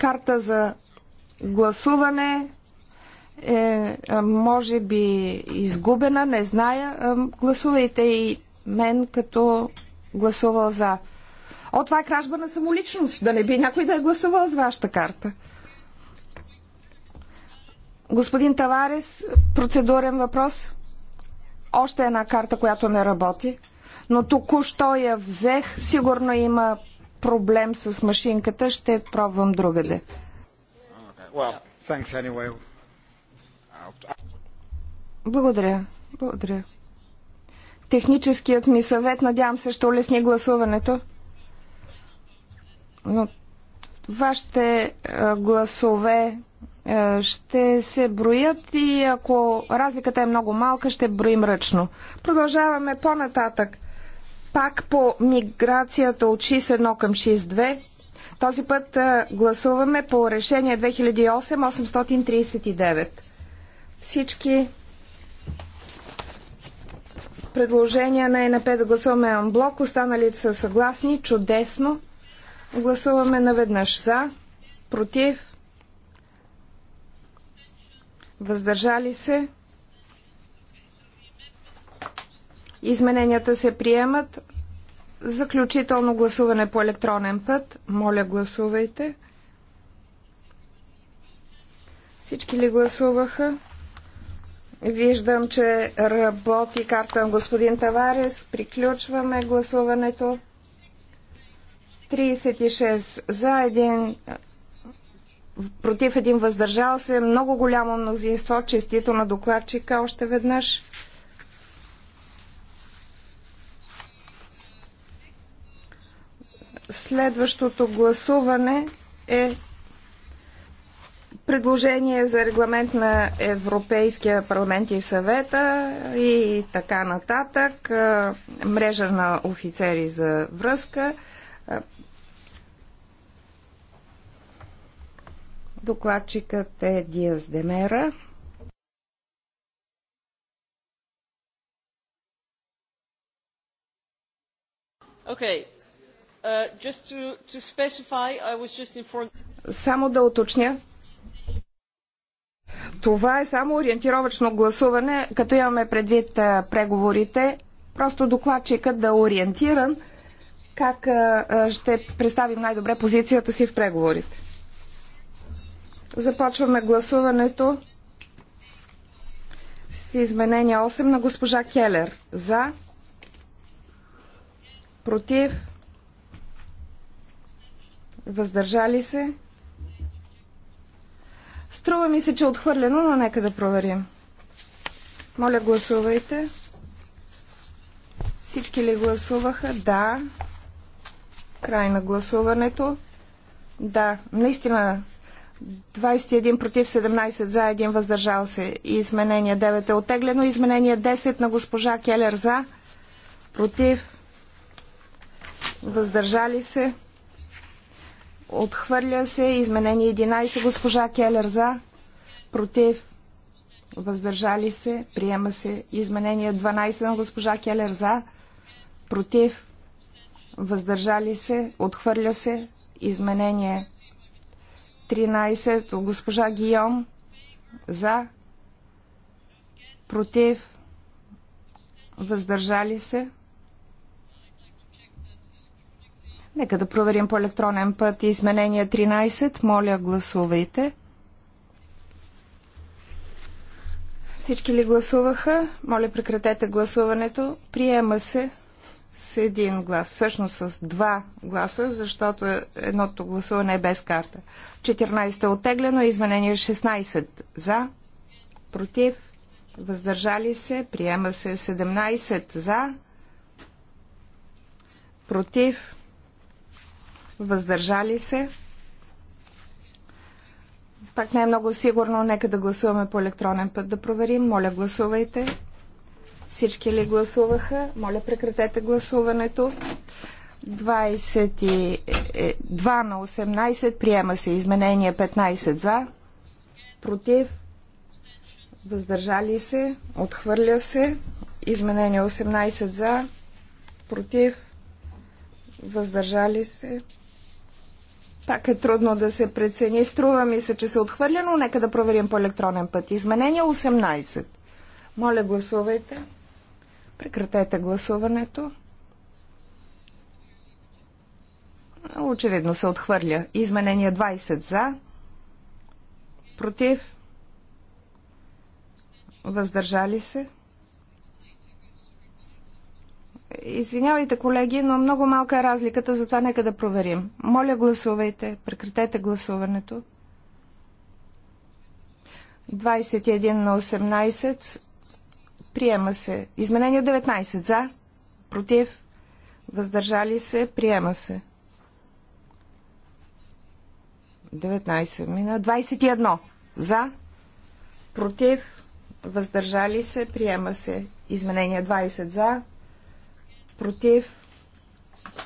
карта за гласуване е, може би, изгубена, не зная. Гласувайте и мен като гласувал за. О, това е кражба на самоличност. Да не би някой да е гласувал с вашата карта. Господин Таварес, процедурен въпрос. Още една карта, която не работи. Но току-що я взех. Сигурно има проблем с машинката, ще пробвам другаде. Благодаря. Благодаря. Техническият ми съвет, надявам се, ще улесни гласуването. Но вашите е, гласове е, ще се броят и ако разликата е много малка, ще броим ръчно. Продължаваме по-нататък. Пак по миграцията от 61 към 62. Този път гласуваме по решение 2008-839. Всички предложения на ЕНП да гласуваме анблок. Останалите са съгласни. Чудесно. Гласуваме наведнъж за, против, въздържали се. Измененията се приемат. Заключително гласуване по електронен път. Моля, гласувайте. Всички ли гласуваха? Виждам, че работи карта на господин Таварес. Приключваме гласуването. 36 за, един против един въздържал се. Много голямо мнозинство. Честито на докладчика още веднъж. Следващото гласуване е предложение за регламент на Европейския парламент и съвета и така нататък, мрежа на офицери за връзка. Докладчикът е Диас Демера. Okay, Uh, само да уточня. Това е само ориентировачно гласуване, като имаме предвид преговорите. Просто докладчика да ориентирам как ще представим най-добре позицията си в преговорите. Започваме гласуването с изменение 8 на госпожа Келер. За, против, Въздържали се? Струва ми се, че е отхвърлено, но нека да проверим. Моля, гласувайте. Всички ли гласуваха? Да. Край на гласуването. Да, наистина 21 против 17 за, 1 въздържал се. И изменение 9 е отеглено. Изменение 10 на госпожа Келер за, против, въздържали се. Отхвърля се изменение 11. Госпожа Келер за. Против. Въздържали се. Приема се изменение 12 на госпожа Келер за. Против. Въздържали се. Отхвърля се изменение 13. Госпожа Гийом за. Против. Въздържали се. Нека да проверим по електронен път изменение 13. Моля, гласувайте. Всички ли гласуваха? Моля, прекратете гласуването. Приема се с един глас. Всъщност с два гласа, защото е едното гласуване е без карта. 14 е оттеглено, изменение 16 за, против, въздържали се, приема се 17 за, против, въздържали се. Пак не е много сигурно, нека да гласуваме по електронен път да проверим. Моля, гласувайте. Всички ли гласуваха? Моля, прекратете гласуването. 22 е, на 18 приема се изменение 15 за, против, въздържали се, отхвърля се, изменение 18 за, против, въздържали се, пак е трудно да се прецени. Струва ми се, че се отхвърля, но нека да проверим по електронен път. Изменение 18. Моля, гласувайте. Прекратете гласуването. Очевидно се отхвърля. Изменение 20 за. Против. Въздържали се. Извинявайте, колеги, но много малка е разликата, затова нека да проверим. Моля, гласувайте. Прекратете гласуването. 21 на 18. Приема се. Изменение 19. За. Против. Въздържали се. Приема се. 19 мина. 21. За. Против. Въздържали се. Приема се. Изменение 20. За против,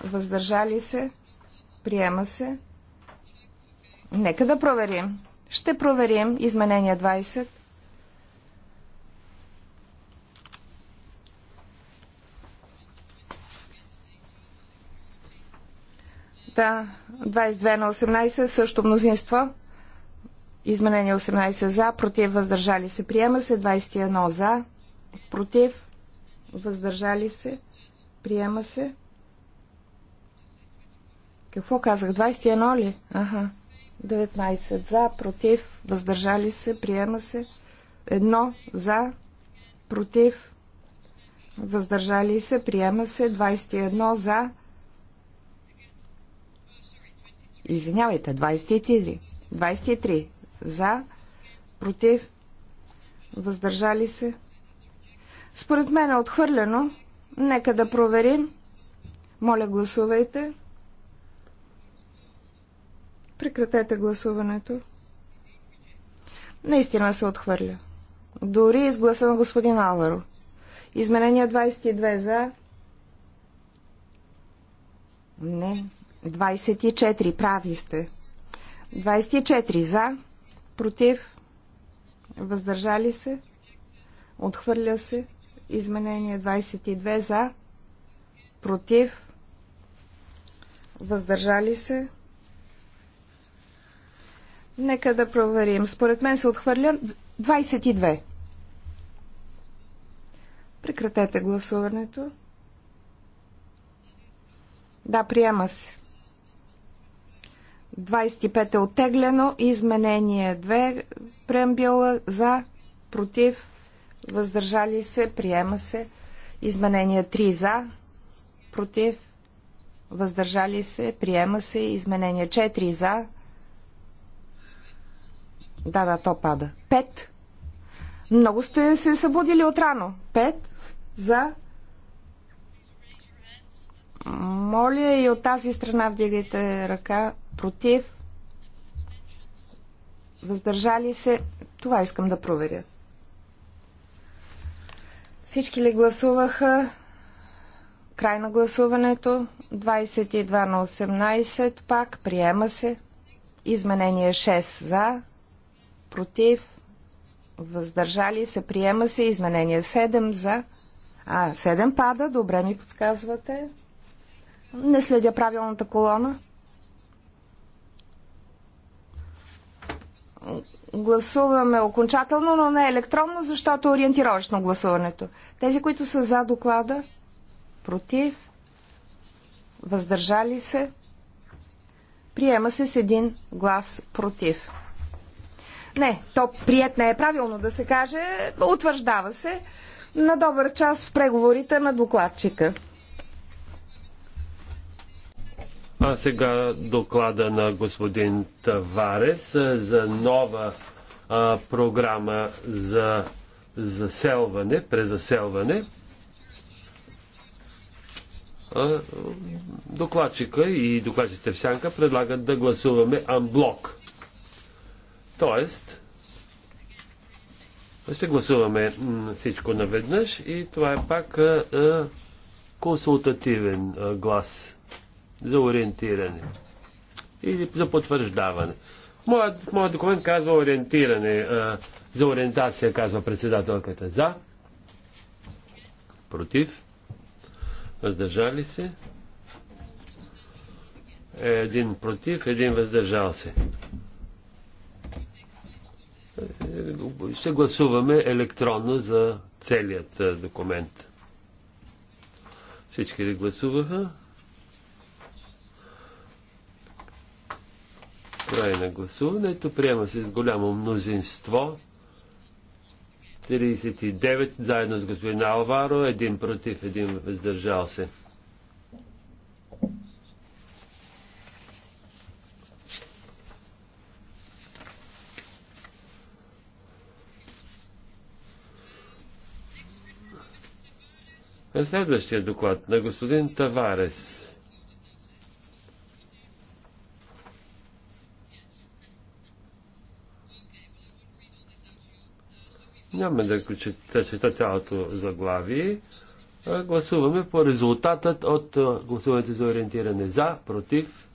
въздържали се, приема се. Нека да проверим. Ще проверим изменение 20. Да, 22 на 18 също мнозинство. Изменение 18 за, против, въздържали се, приема се, 21 за, против, въздържали се, Приема се. Какво казах? 21 ли? Аха. 19 за, против, въздържали се, приема се. Едно за, против, въздържали се, приема се. 21 за. Извинявайте, 23. 23 за, против, въздържали се. Според мен е отхвърлено, Нека да проверим. Моля, гласувайте. Прекратете гласуването. Наистина се отхвърля. Дори изгласа на господин Алваро. Изменение 22 за... Не, 24, прави сте. 24 за, против, въздържали се, отхвърля се. Изменение 22 за, против, въздържали се. Нека да проверим. Според мен се отхвърля 22. Прекратете гласуването. Да, приема се. 25 е оттеглено. Изменение 2. Преамбила за, против, въздържали се, приема се. Изменение 3 за, против, въздържали се, приема се. Изменение 4 за, да, да, то пада. 5. Много сте се събудили от рано. 5 за. Моля и от тази страна вдигайте ръка. Против. Въздържали се. Това искам да проверя. Всички ли гласуваха? Край на гласуването. 22 на 18 пак. Приема се. Изменение 6 за. Против. Въздържали се. Приема се. Изменение 7 за. А, 7 пада. Добре ми подсказвате. Не следя правилната колона гласуваме окончателно, но не електронно, защото ориентировачно гласуването. Тези, които са за доклада, против, въздържали се, приема се с един глас против. Не, то прият не е правилно да се каже, утвърждава се на добър час в преговорите на докладчика. А сега доклада на господин Таварес за нова а, програма за заселване, презаселване. А, докладчика и докладчите в сянка предлагат да гласуваме амблок. Тоест, ще гласуваме всичко наведнъж и това е пак а, консултативен глас за ориентиране или за потвърждаване. Моят, моят документ казва ориентиране, а, за ориентация казва председателката. За, против, въздържали се, един против, един въздържал се. Ще гласуваме електронно за целият документ. Всички ли гласуваха? Край на гласуването. Приема се с голямо мнозинство. 39 заедно с господин Алваро, един против, един въздържал се. Следващия доклад на господин Таварес. Няма да чета, чета цялото заглавие. Гласуваме по резултатът от гласуването за ориентиране за, против,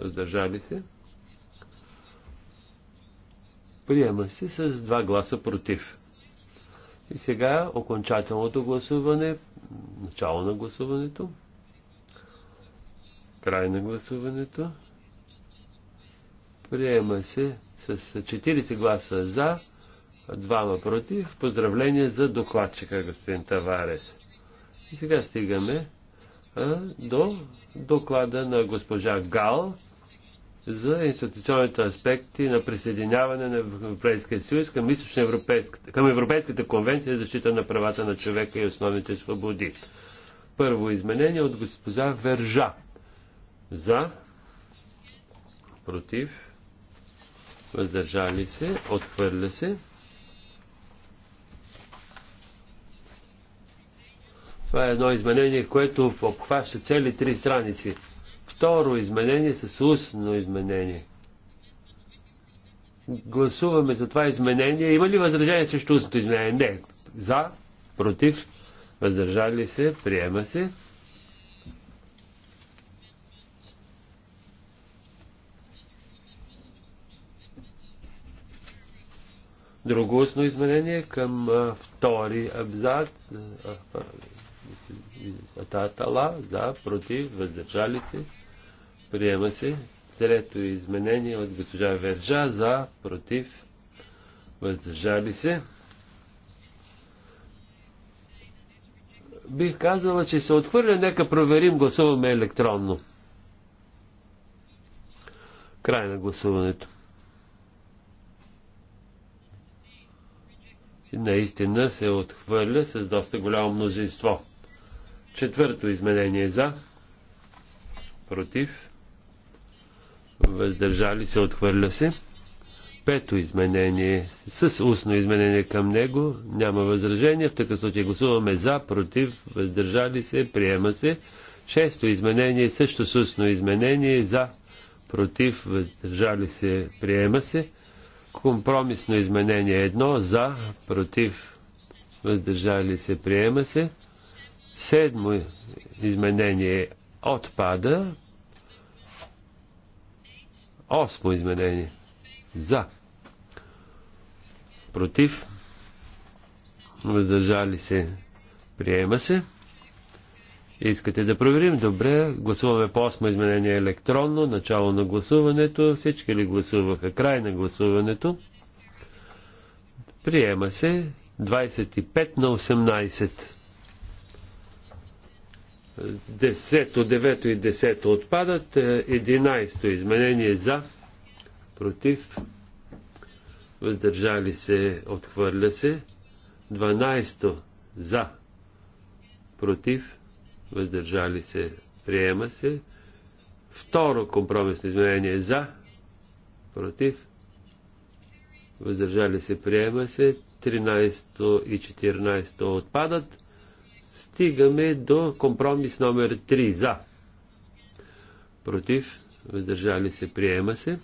въздържали се. Приема се с два гласа против. И сега окончателното гласуване, начало на гласуването, край на гласуването. Приема се с 40 гласа за, двама против. Поздравление за докладчика, господин Таварес. И сега стигаме а, до доклада на госпожа Гал за институционните аспекти на присъединяване на Европейския съюз към, европейската, към Европейската конвенция за защита на правата на човека и основните свободи. Първо изменение от госпожа Вержа. За, против, въздържали се, отхвърля се. Това е едно изменение, което обхваща цели три страници. Второ изменение с устно изменение. Гласуваме за това изменение. Има ли възражение срещу устното изменение? Не. За, против, въздържали се, приема се. Друго устно изменение към а, втори абзац. А, а, Тала, за, против, въздържали се, приема се. Трето изменение от госпожа Верджа, за, против, въздържали се. Бих казала, че се отхвърля, нека проверим, гласуваме електронно. Край на гласуването. наистина се отхвърля с доста голямо мнозинство. Четвърто изменение за, против, въздържали се, отхвърля се. Пето изменение, с устно изменение към него, няма възражение. В такъв случай гласуваме за, против, въздържали се, приема се. Шесто изменение, също с устно изменение, за, против, въздържали се, приема се. Компромисно изменение едно, за, против, въздържали се, приема се. Седмо изменение е отпада. Осмо изменение. За. Против. Въздържали се. Приема се. Искате да проверим? Добре. Гласуваме по осмо изменение електронно. Начало на гласуването. Всички ли гласуваха? Край на гласуването. Приема се. 25 на 18. Десето, девето и десето отпадат. Е, единайсто изменение за, против, въздържали се, отхвърля се. Дванайсто за, против, въздържали се, приема се. Второ компромисно изменение за, против, въздържали се, приема се. 13 и 14 отпадат стигаме до компромис номер 3 за. Против, въздържали се, приема се.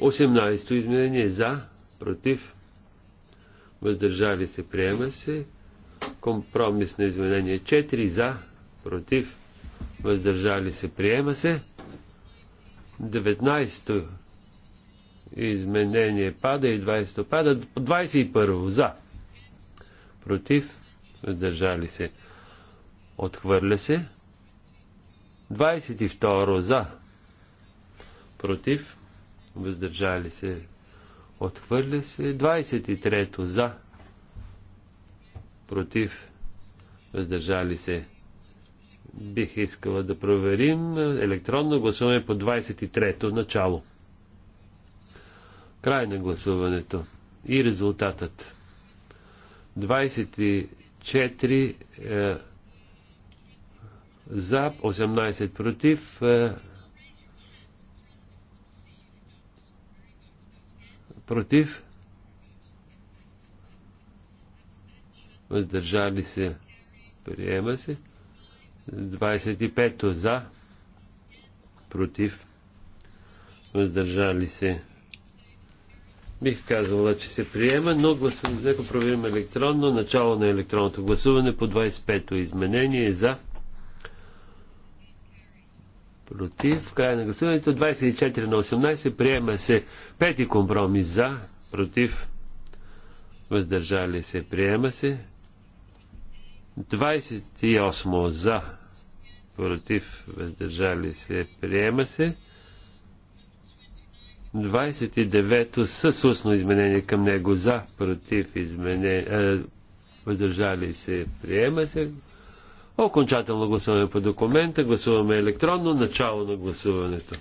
Осемнайсто изменение за, против, въздържали се, приема се. Компромис на изменение 4 за, против, въздържали се, приема се. 19 Изменение пада и 20 пада. 21 за. Против. Въздържали се. Отхвърля се. 22 за. Против. Въздържали се. Отхвърля се. 23 за. Против. Въздържали се. Бих искала да проверим. Електронно гласуваме по 23-то начало. Край на гласуването. И резултатът. 24 е, за, 18 против. Е, против. Въздържали се. Приема се. 25 за. Против. Въздържали се. Бих казала, че се приема, но гласуваме. Нека проверим електронно. Начало на електронното гласуване по 25-то изменение е за. Против. Края на гласуването. 24 на 18. Приема се пети компромис за. Против. Въздържали се. Приема се. 28 за. Против. Въздържали се. Приема се. 29-то с устно изменение към него за, против, изменение, е, въздържали се, приема се. Окончателно гласуване по документа, гласуваме електронно, начало на гласуването.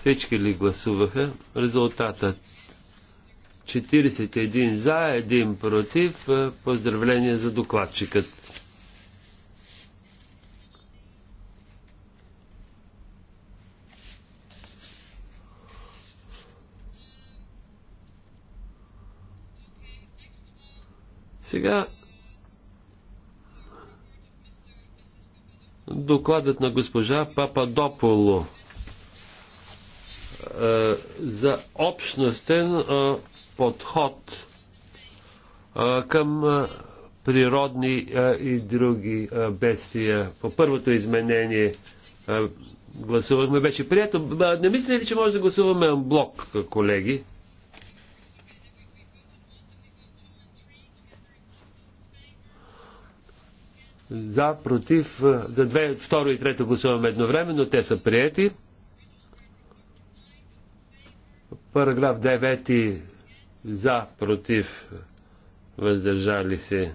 Всички ли гласуваха? Резултата 41 за, 1 против. Е, Поздравление за докладчикът. Сега докладът на госпожа Пападополо е, за общностен е, подход е, към е, природни е, и други е, бедствия. По първото изменение гласувахме, беше прието. Не мисля ли, че може да гласуваме блок, колеги? за, против, за две, второ и трето гласуваме едновременно, те са приети. Параграф 9 за, против, въздържали се.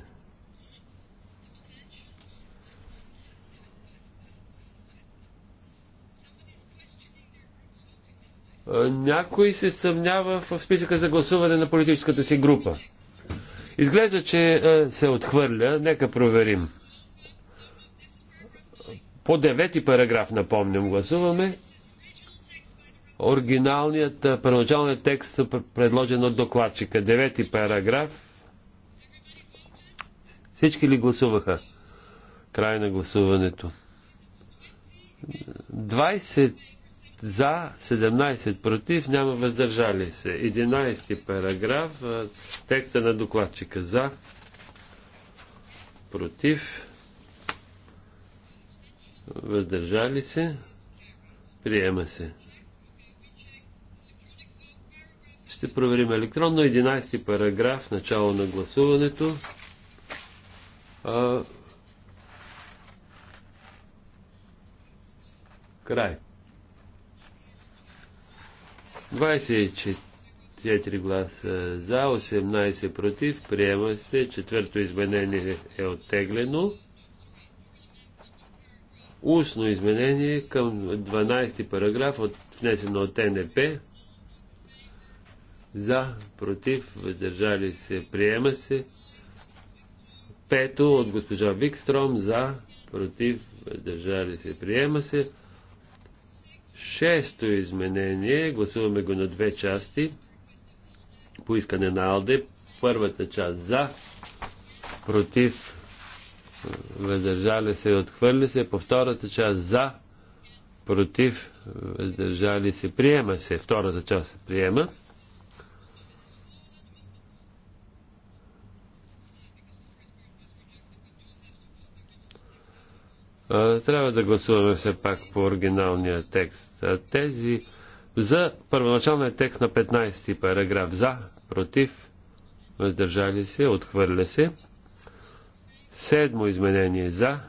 Някой се съмнява в списъка за гласуване на политическата си група. Изглежда, че се отхвърля. Нека проверим. По девети параграф, напомням, гласуваме. Оригиналният, първоначалният текст, предложен от докладчика. Девети параграф. Всички ли гласуваха? Край на гласуването. 20 за, 17 против, няма въздържали се. 11 параграф, текста на докладчика за, против, въздържали се, приема се. Ще проверим електронно 11 параграф, начало на гласуването. А... Край. 24 гласа за, 18 против, приема се, четвърто изменение е оттеглено устно изменение към 12 параграф, от, внесено от НП. За, против, въздържали се, приема се. Пето от госпожа Викстром, за, против, въздържали се, приема се. Шесто изменение, гласуваме го на две части. Поискане на Алде, първата част за, против, въздържали се, отхвърли се. По втората част за, против, въздържали се, приема се. Втората част се приема. Трябва да гласуваме все пак по оригиналния текст. Тези за първоначалния текст на 15 параграф за, против, въздържали се, отхвърля се. Седмо изменение за,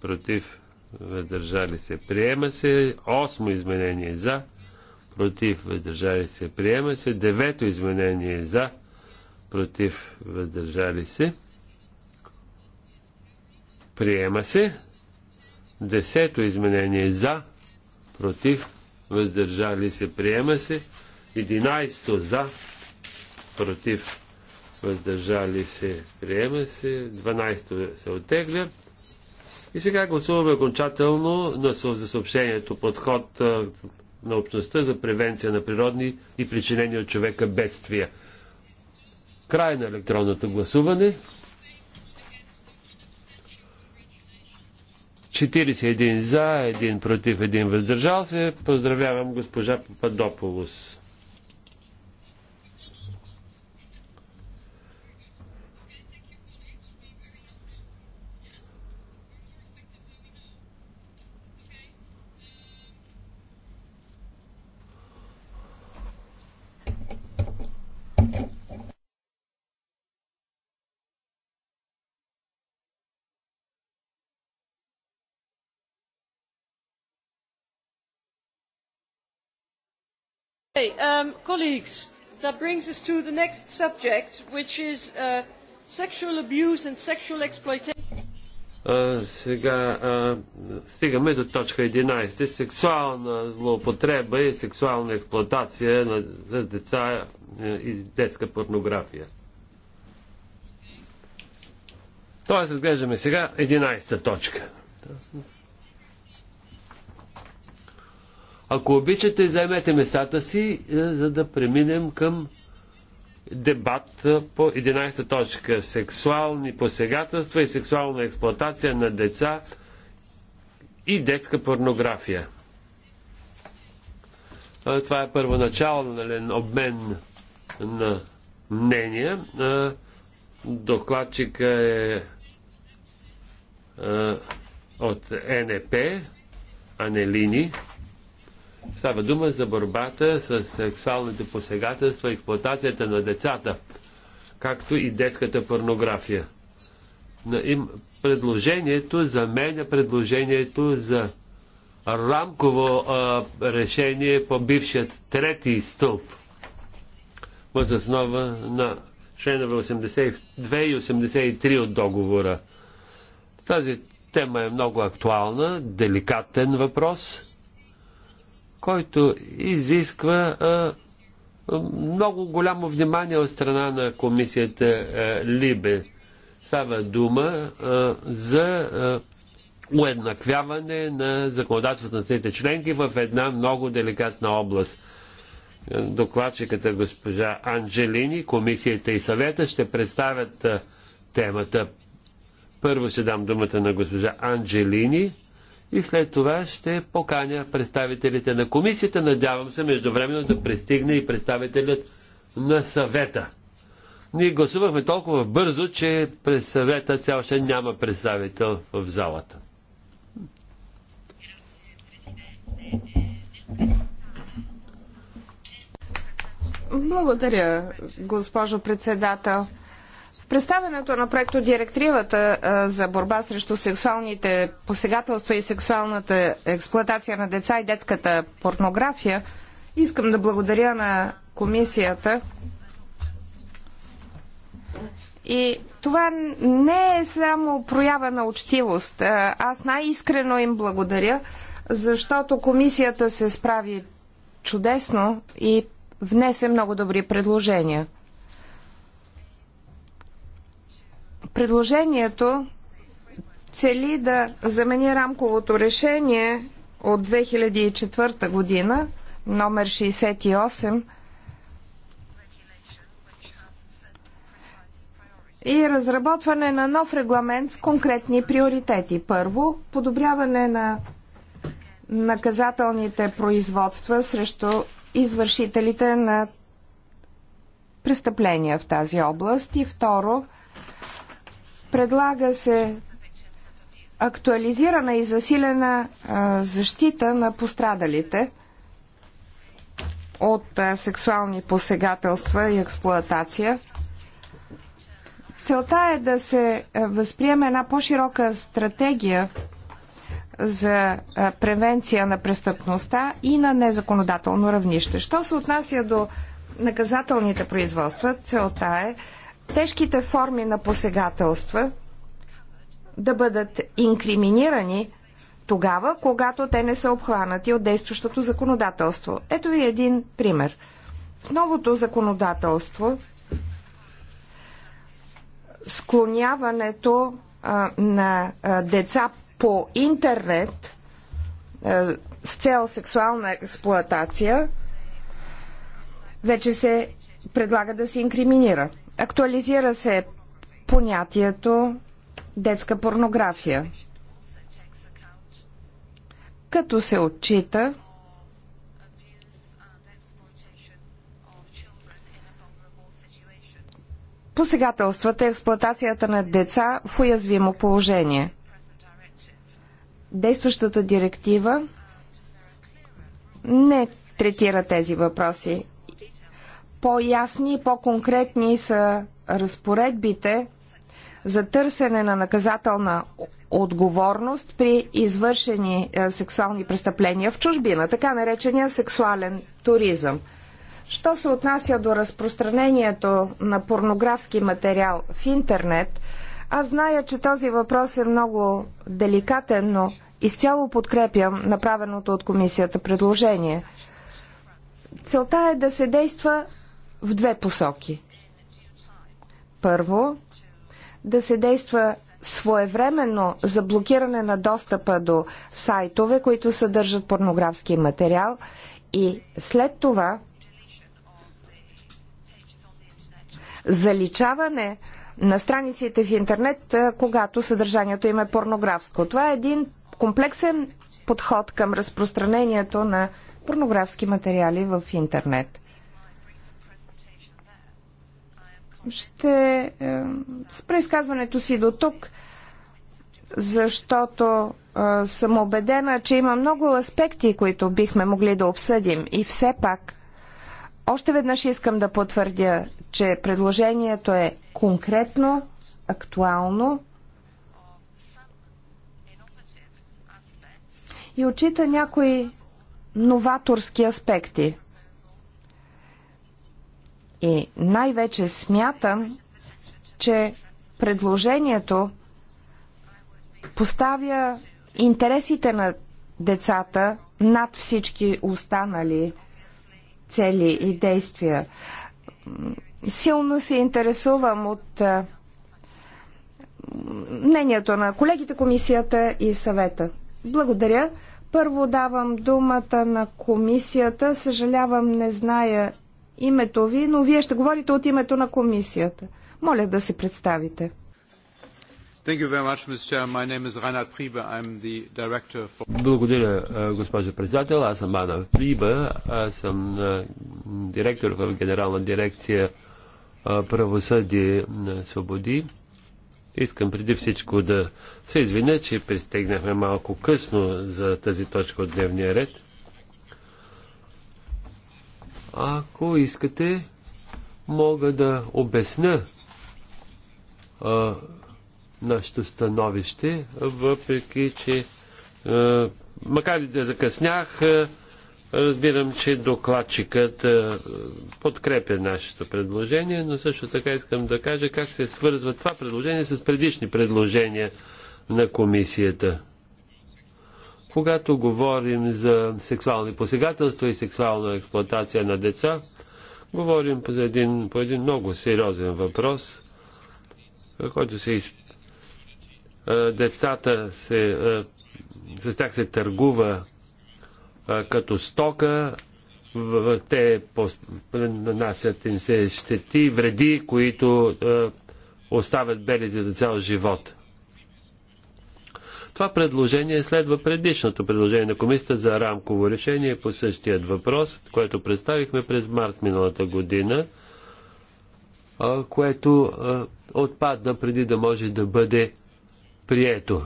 против, въздържали се, приема се. Осмо изменение за, против, въздържали се, приема се. Девето изменение за, против, въздържали се, приема се. Десето изменение за, против, въздържали се, приема се. Единайсто за, против, въздържали се, приема се, 12 се оттегля. И сега гласуваме окончателно на, за съобщението подход на общността за превенция на природни и причинени от човека бедствия. Край на електронното гласуване. 41 за, 1 против, 1 въздържал се. Поздравявам госпожа Пападополус. Okay, um, colleagues, that brings us to the next subject, which is uh, sexual abuse and sexual exploitation. сега стигаме до точка 11. Сексуална злоупотреба и сексуална на, деца е, и детска порнография. Тоест, разглеждаме сега 11 точка. Ако обичате, займете местата си, е, за да преминем към дебат е, по 11 та точка. Сексуални посегателства и сексуална експлоатация на деца и детска порнография. Е, това е първоначален обмен на мнения. Докладчика е от НП, Анелини. Лини. Става дума за борбата с сексуалните посегателства, експлуатацията на децата, както и детската порнография. Предложението за мен е предложението за рамково а, решение по бившият трети стълб въз основа на членове 82 и 83 от договора. Тази тема е много актуална, деликатен въпрос който изисква много голямо внимание от страна на комисията Либе. Става дума за уеднаквяване на законодателството на трите членки в една много деликатна област. Докладчиката госпожа Анджелини, комисията и съвета ще представят темата. Първо ще дам думата на госпожа Анджелини и след това ще поканя представителите на комисията. Надявам се междувременно да пристигне и представителят на съвета. Ние гласувахме толкова бързо, че през съвета все още няма представител в залата. Благодаря, госпожо председател. Представянето на проекто директивата е, за борба срещу сексуалните посегателства и сексуалната експлоатация на деца и детската порнография, искам да благодаря на комисията. И това не е само проява на учтивост. Е, аз най-искрено им благодаря, защото комисията се справи чудесно и внесе много добри предложения. Предложението цели да замени рамковото решение от 2004 година, номер 68, и разработване на нов регламент с конкретни приоритети. Първо, подобряване на наказателните производства срещу извършителите на престъпления в тази област. И второ, Предлага се актуализирана и засилена защита на пострадалите от сексуални посегателства и експлоатация. Целта е да се възприеме една по-широка стратегия за превенция на престъпността и на незаконодателно равнище. Що се отнася до наказателните производства, целта е тежките форми на посегателства да бъдат инкриминирани тогава, когато те не са обхванати от действащото законодателство. Ето ви един пример. В новото законодателство склоняването а, на а, деца по интернет а, с цел сексуална експлоатация вече се предлага да се инкриминира. Актуализира се понятието детска порнография, като се отчита посегателствата и експлоатацията на деца в уязвимо положение. Действащата директива не третира тези въпроси по-ясни и по-конкретни са разпоредбите за търсене на наказателна отговорност при извършени е, сексуални престъпления в чужбина, така наречения сексуален туризъм. Що се отнася до разпространението на порнографски материал в интернет, аз зная, че този въпрос е много деликатен, но изцяло подкрепям направеното от комисията предложение. Целта е да се действа в две посоки. Първо, да се действа своевременно за блокиране на достъпа до сайтове, които съдържат порнографски материал и след това заличаване на страниците в интернет, когато съдържанието им е порнографско. Това е един комплексен подход към разпространението на порнографски материали в интернет. ще е, спре изказването си до тук, защото е, съм убедена, че има много аспекти, които бихме могли да обсъдим. И все пак, още веднъж искам да потвърдя, че предложението е конкретно, актуално и отчита някои новаторски аспекти. И най-вече смятам, че предложението поставя интересите на децата над всички останали цели и действия. Силно се интересувам от мнението на колегите, комисията и съвета. Благодаря. Първо давам думата на комисията. Съжалявам, не зная името ви, но вие ще говорите от името на комисията. Моля да се представите. Благодаря, госпожо председател. Аз съм Ана Приба. Аз съм директор в Генерална дирекция правосъдие на свободи. Искам преди всичко да се извиня, че пристигнахме малко късно за тази точка от дневния ред. Ако искате, мога да обясня а, нашето становище, въпреки че а, макар и да закъснях, а, разбирам, че докладчикът а, подкрепя нашето предложение, но също така искам да кажа как се свързва това предложение с предишни предложения на комисията. Когато говорим за сексуални посегателства и сексуална експлуатация на деца, говорим по един, по един много сериозен въпрос, който се из... децата се, с тях се търгува като стока, те нанасят им се щети, вреди, които оставят белези за цял живот. Това предложение следва предишното предложение на комисията за рамково решение по същият въпрос, което представихме през март миналата година, което отпадна преди да може да бъде прието.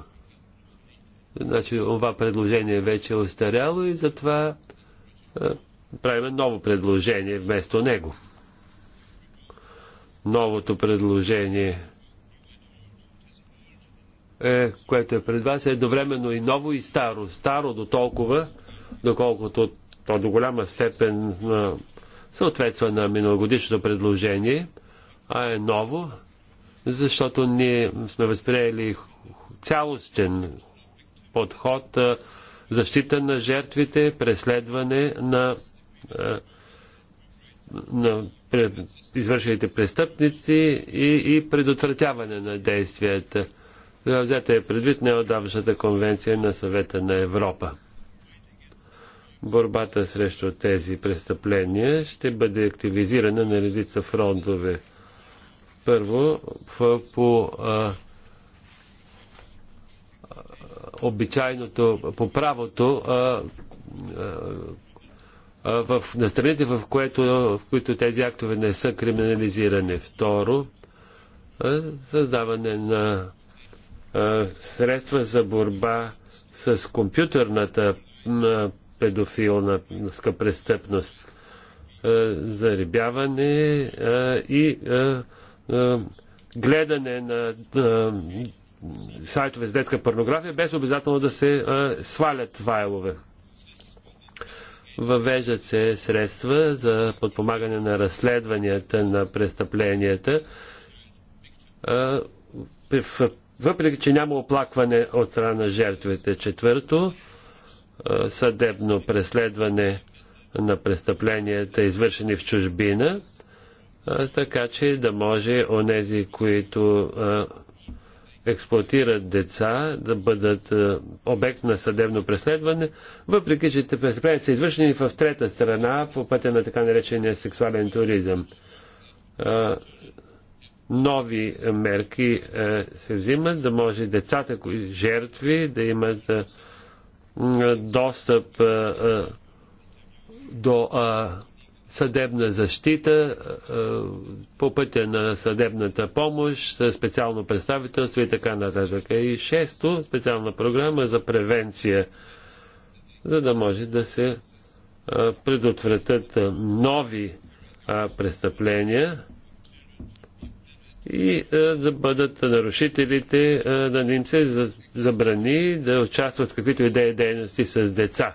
Значи, това предложение вече е остаряло и затова правим ново предложение вместо него. Новото предложение е, което е пред вас, е едновременно и ново и старо. Старо до толкова, доколкото то до голяма степен на, съответства на миналогодишното предложение, а е ново, защото ние сме възприели цялостен подход, е, защита на жертвите, преследване на, е, на извършените престъпници и, и предотвратяване на действията взета е предвид неодавшната конвенция на съвета на Европа. Борбата срещу тези престъпления ще бъде активизирана на редица фронтове. Първо, в, по а, обичайното, по правото а, а, в, на страните, в, което, в които тези актове не са криминализирани. Второ, а, създаване на средства за борба с компютърната педофилна престъпност, заребяване и гледане на сайтове с детска порнография, без обязателно да се свалят файлове. Въвеждат се средства за подпомагане на разследванията на престъпленията в въпреки че няма оплакване от страна на жертвите. Четвърто, съдебно преследване на престъпленията, извършени в чужбина, така че да може онези, които експлуатират деца, да бъдат обект на съдебно преследване, въпреки че те престъпления са извършени в трета страна по пътя на така наречения сексуален туризъм нови мерки е, се взимат, да може децата, кои жертви, да имат е, достъп е, до съдебна защита по пътя на съдебната помощ, специално представителство и така нататък. И шесто, специална програма за превенция, за да може да се предотвратят нови престъпления и е, да бъдат нарушителите, е, да не им се забрани да участват в каквито идеи е дейности с деца.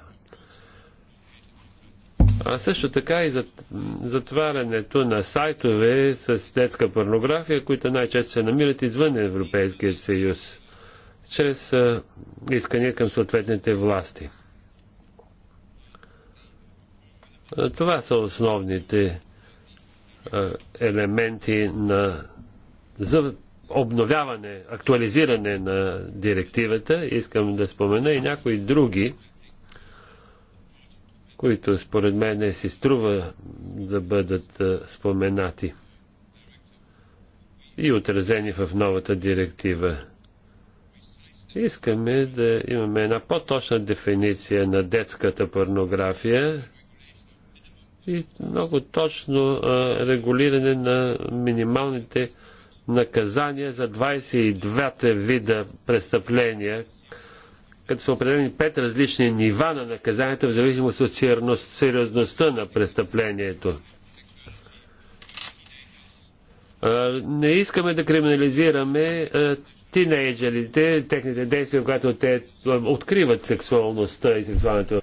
А също така и затварянето на сайтове с детска порнография, които най-често се намират извън Европейския съюз, чрез искания към съответните власти. Това са основните елементи на за обновяване, актуализиране на директивата. Искам да спомена и някои други, които според мен си струва да бъдат споменати и отразени в новата директива. Искаме да имаме една по-точна дефиниция на детската порнография и много точно регулиране на минималните наказания за 22 вида престъпления, като са определени пет различни нива на наказанията в зависимост от сериозността на престъплението. Не искаме да криминализираме тинейджерите, техните действия, когато те откриват сексуалността и сексуалното.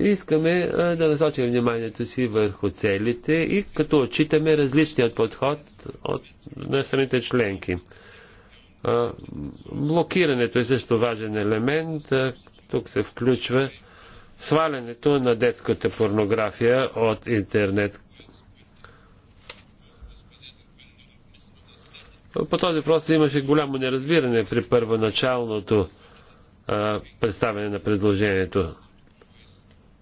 Искаме да насочим вниманието си върху целите и като отчитаме различният подход от, на самите членки. Блокирането е също важен елемент. Тук се включва свалянето на детската порнография от интернет. По този въпрос имаше голямо неразбиране при първоначалното представяне на предложението.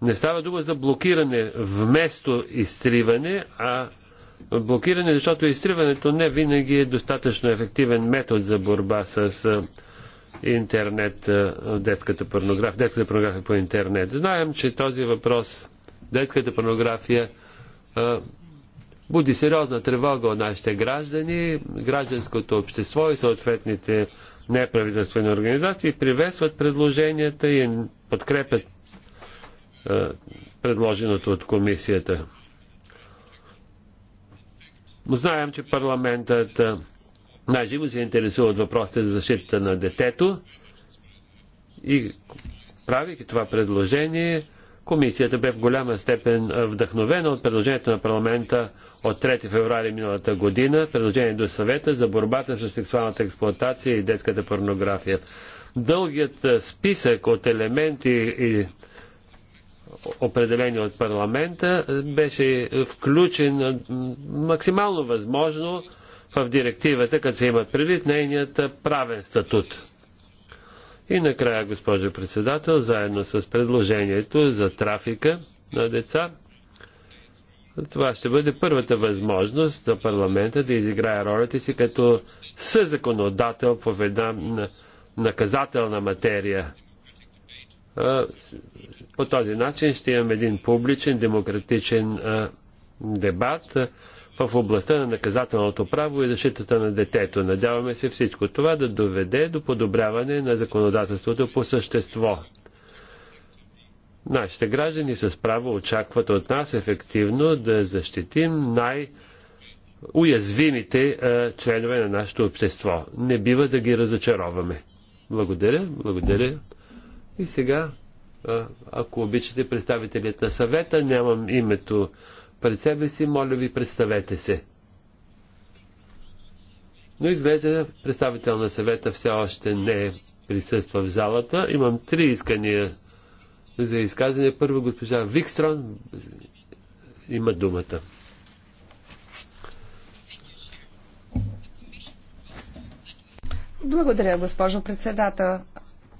Не става дума за блокиране вместо изтриване, а блокиране, защото изтриването не винаги е достатъчно ефективен метод за борба с интернет, детската порнография, детската порнография по интернет. Знаем, че този въпрос, детската порнография, буди сериозна тревога от нашите граждани, гражданското общество и съответните неправителствени организации приветстват предложенията и подкрепят е, предложеното от комисията. Знаем, че парламентът е, най-живо се интересува от въпросите за защита на детето и правейки това предложение, комисията бе в голяма степен вдъхновена от предложението на парламента от 3 феврари миналата година, предложение до съвета за борбата с сексуалната експлуатация и детската порнография. Дългият е, списък от елементи и определени от парламента, беше включен максимално възможно в директивата, като се има предвид нейният правен статут. И накрая, госпожо председател, заедно с предложението за трафика на деца, това ще бъде първата възможност за парламента да изиграе ролята си като съзаконодател по една наказателна материя по този начин ще имаме един публичен, демократичен дебат в областта на наказателното право и защитата на детето. Надяваме се всичко това да доведе до подобряване на законодателството по същество. Нашите граждани с право очакват от нас ефективно да защитим най- уязвимите членове на нашето общество. Не бива да ги разочароваме. Благодаря, благодаря. И сега, ако обичате представителят на съвета, нямам името пред себе си, моля ви, представете се. Но изглежда представител на съвета все още не присъства в залата. Имам три искания за изказване. Първо госпожа Викстрон има думата. Благодаря, госпожо председател.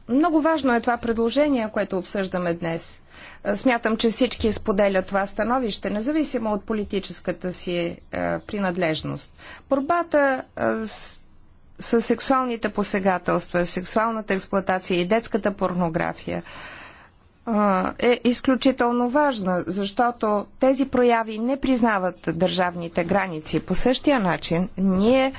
Много важно е това предложение, което обсъждаме днес. Е, смятам, че всички споделят това становище, независимо от политическата си е, принадлежност. Борбата е, с с сексуалните посегателства, сексуалната експлоатация и детската порнография е изключително важна, защото тези прояви не признават държавните граници. По същия начин ние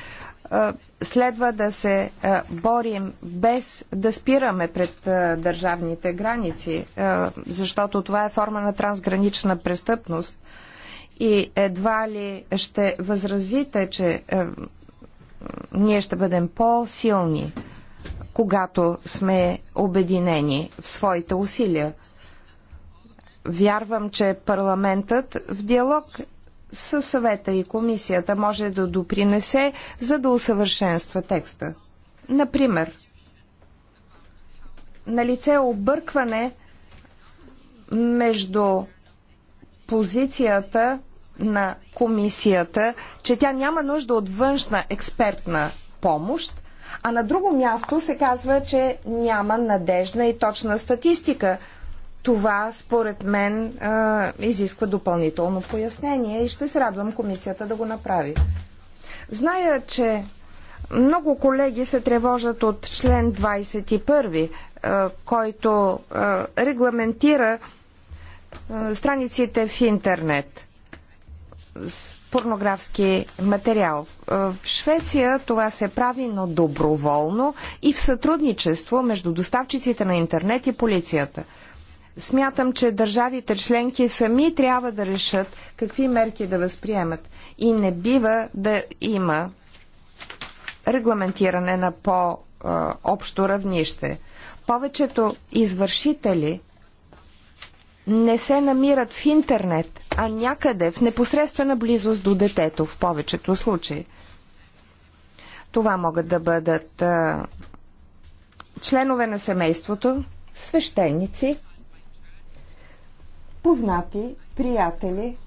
следва да се е, борим без да спираме пред е, държавните граници, е, защото това е форма на трансгранична престъпност. И едва ли ще възразите, че ние ще бъдем по-силни, когато сме обединени в своите усилия. Вярвам, че парламентът в диалог със съвета и комисията може да допринесе, за да усъвършенства текста. Например, на лице е объркване между позицията на комисията, че тя няма нужда от външна експертна помощ, а на друго място се казва, че няма надежна и точна статистика това, според мен, изисква допълнително пояснение и ще се радвам комисията да го направи. Зная, че много колеги се тревожат от член 21, който регламентира страниците в интернет с порнографски материал. В Швеция това се прави, но доброволно и в сътрудничество между доставчиците на интернет и полицията. Смятам, че държавите членки сами трябва да решат какви мерки да възприемат. И не бива да има регламентиране на по-общо равнище. Повечето извършители не се намират в интернет, а някъде в непосредствена близост до детето в повечето случаи. Това могат да бъдат а, членове на семейството, свещеници, познати, приятели,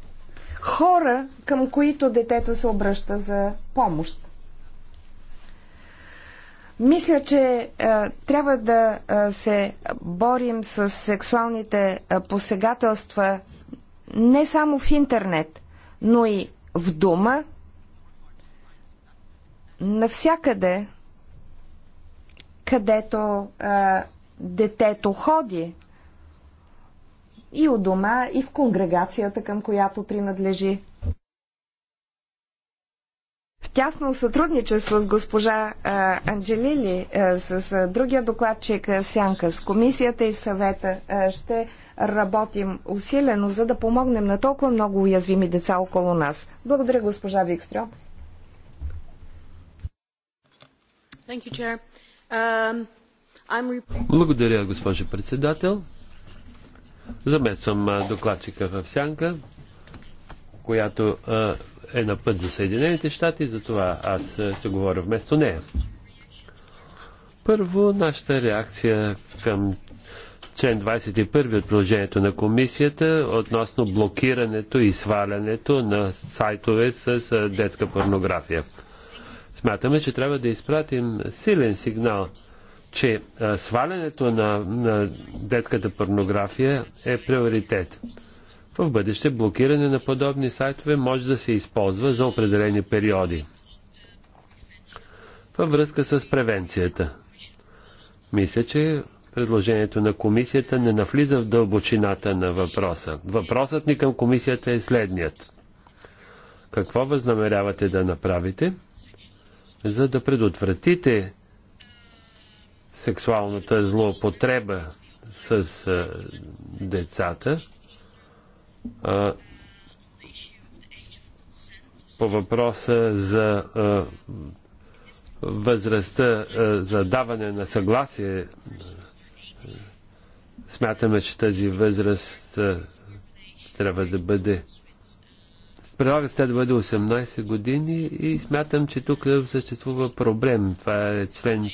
хора, към които детето се обръща за помощ. Мисля, че е, трябва да е, се борим с сексуалните е, посегателства не само в интернет, но и в дома, навсякъде, където е, детето ходи и у дома, и в конгрегацията, към която принадлежи. В тясно сътрудничество с госпожа а, Анджелили, а, с а, другия докладчик в Сянка, с комисията и в съвета, а, ще работим усилено, за да помогнем на толкова много уязвими деца около нас. Благодаря, госпожа Викстрё. Um, Благодаря, госпожа председател. Замествам докладчика в Сянка, която е на път за Съединените щати, затова аз ще говоря вместо нея. Първо, нашата реакция към член 21 от приложението на комисията относно блокирането и свалянето на сайтове с детска порнография. Смятаме, че трябва да изпратим силен сигнал – че свалянето на, на детската порнография е приоритет. В бъдеще блокиране на подобни сайтове може да се използва за определени периоди. Във връзка с превенцията. Мисля, че предложението на комисията не навлиза в дълбочината на въпроса. Въпросът ни към комисията е следният. Какво възнамерявате да направите, за да предотвратите сексуалната злоупотреба с а, децата. А, по въпроса за а, възрастта а, за даване на съгласие, смятаме, че тази възраст а, трябва да бъде. Предлагат се да бъде 18 години и смятам, че тук съществува проблем. Това е член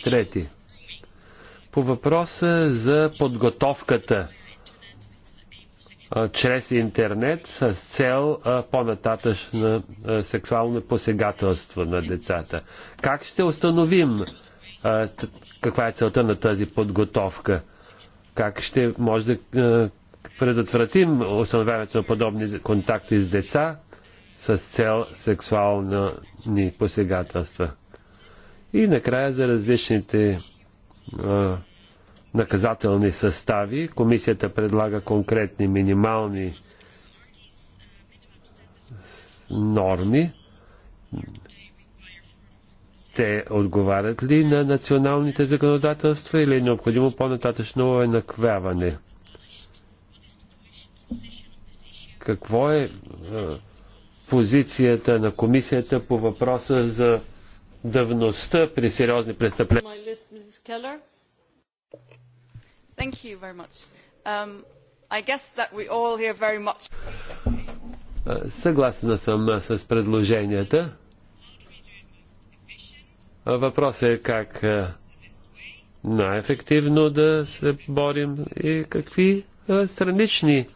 по въпроса за подготовката чрез интернет с цел по-нататъчна сексуално посегателство на децата. Как ще установим каква е целта на тази подготовка? Как ще може да предотвратим установяването на подобни контакти с деца с цел сексуални посегателства? И накрая за различните наказателни състави. Комисията предлага конкретни минимални норми. Те отговарят ли на националните законодателства или е необходимо по-нататъчно наквяване. Какво е позицията на комисията по въпроса за давността при сериозни престъпления. Um, Съгласна съм с предложенията. Въпросът е как най-ефективно да се борим и какви странични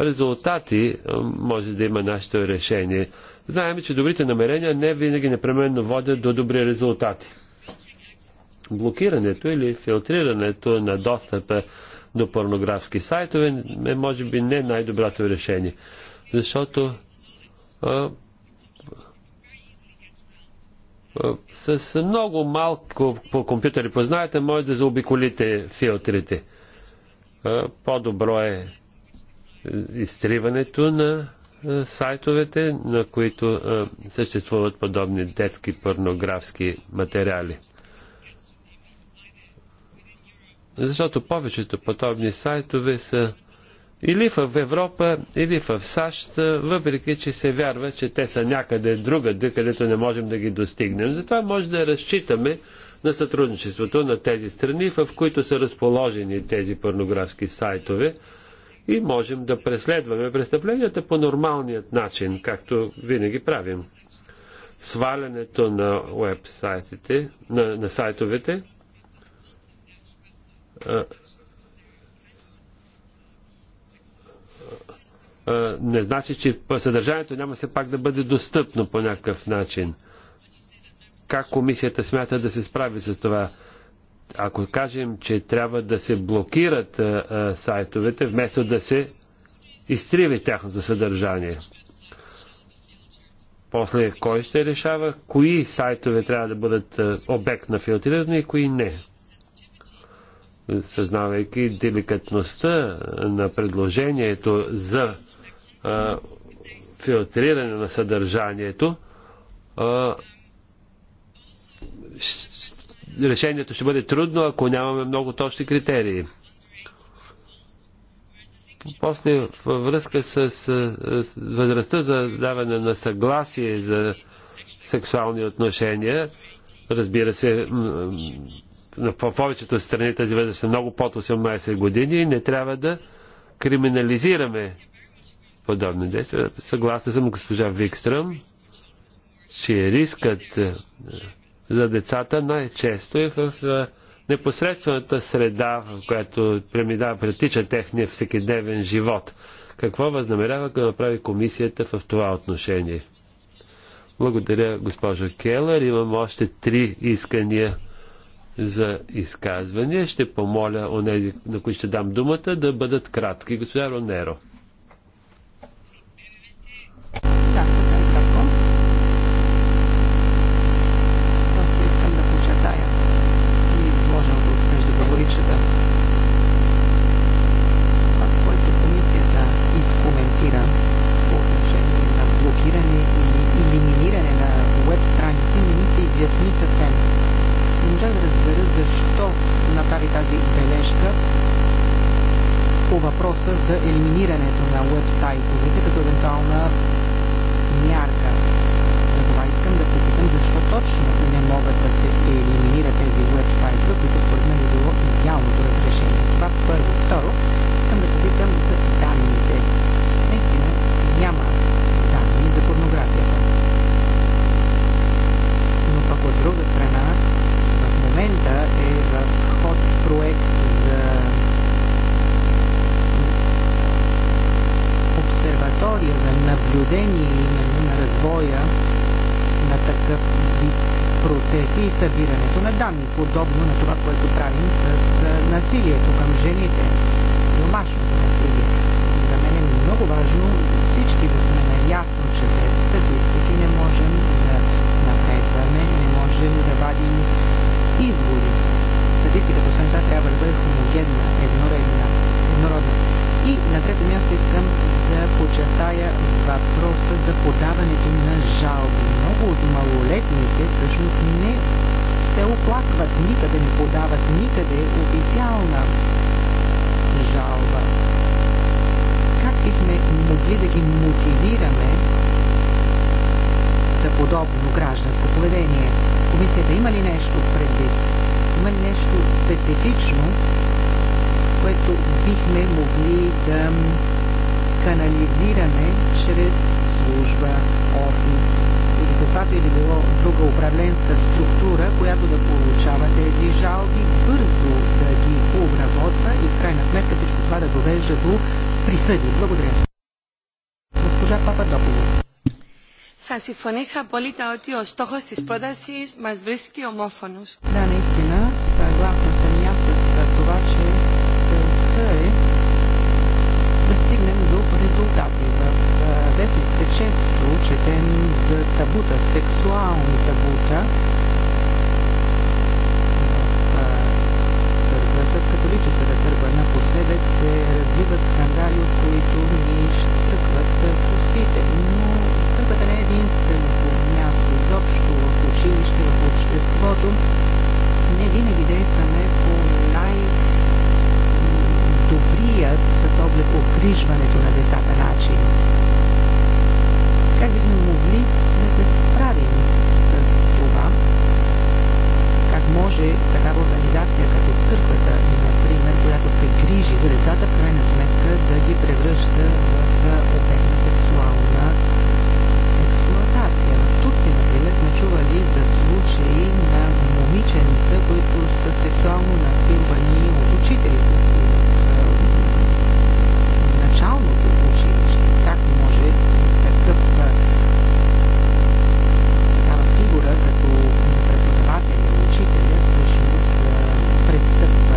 резултати може да има нашето решение. Знаем, че добрите намерения не винаги непременно водят до добри резултати. Блокирането или филтрирането на достъпа до порнографски сайтове е може би не най-доброто решение, защото а, а, с много малко по компютъри познаете, може да заобиколите филтрите. По-добро е, е изтриването на сайтовете, на които съществуват подобни детски порнографски материали. Защото повечето подобни сайтове са или в Европа, или в САЩ, въпреки че се вярва, че те са някъде другаде, където не можем да ги достигнем. Затова може да разчитаме на сътрудничеството на тези страни, в които са разположени тези порнографски сайтове, и можем да преследваме престъпленията по нормалният начин, както винаги правим. Свалянето на вебсайтите, на, на сайтовете, а, а, не значи, че съдържанието няма се пак да бъде достъпно по някакъв начин. Как комисията смята да се справи с това? ако кажем, че трябва да се блокират а, а, сайтовете, вместо да се изтриви тяхното съдържание. После кой ще решава кои сайтове трябва да бъдат а, обект на филтриране и кои не. Съзнавайки деликатността на предложението за а, филтриране на съдържанието, а, решението ще бъде трудно, ако нямаме много точни критерии. После във връзка с, с, възрастта за даване на съгласие за сексуални отношения, разбира се, на повечето страни тази възраст е много под 18 години и не трябва да криминализираме подобни действия. Съгласна съм госпожа Викстръм, че рискът за децата най-често е в непосредствената среда, в която преминава, претича техния всекидневен живот. Какво възнамерява да направи комисията в това отношение? Благодаря, госпожо Келър. Имам още три искания за изказване. Ще помоля онези, на които ще дам думата, да бъдат кратки. Госпожа Ронеро. Да, направи тази бележка по въпроса за елиминирането на уебсайтовете като евентуална мярка. Затова искам да попитам защо точно не могат да се елиминират тези уебсайтове, които според мен е било идеалното разрешение. Това първо. Второ, момента е в ход проект за обсерватория за наблюдение именно на развоя на такъв вид процеси и събирането на данни, подобно на това, което правим с насилието към жените, домашното насилие. За мен е много важно всички да сме наясно, че без статистики не можем да напредваме, не можем да вадим избори. Статистиката освен това трябва да бъде хомогенна, еднородна. еднородна. И на трето място искам да почертая въпроса за подаването на жалби. Много от малолетните всъщност не се оплакват никъде, не подават никъде официална жалба. Как бихме могли да ги мотивираме за подобно гражданско поведение. Комисията има ли нещо предвид? Има ли нещо специфично, което бихме могли да канализираме чрез служба, офис или каквато и да било друга управленска структура, която да получава тези жалби, бързо да ги обработва и в крайна сметка всичко това да довежда до присъди. Благодаря. Госпожа Папа Пападополо. Θα συμφωνήσω απόλυτα ότι ο στόχος της πρότασης μας βρίσκει ομόφωνος. Да, наистина, съгласна съм и аз с това, че целта е да стигнем до резултати. В вестниците често четем за табута, сексуални табута, историческата църква. Напоследък се развиват скандали, от които ни изтъкват косите. Но църквата не е единственото място. Изобщо в училище, в обществото не винаги действаме по най-добрият с оглед обгрижването на децата начин. Как бихме могли да се справим може такава организация като църквата, например, която се грижи за децата, в крайна сметка да ги превръща в обект на сексуална експлоатация. В Турция, например, сме чували за случаи на момиченца, които са сексуално насилвани от учителите си в началното учителя всъщност престъпва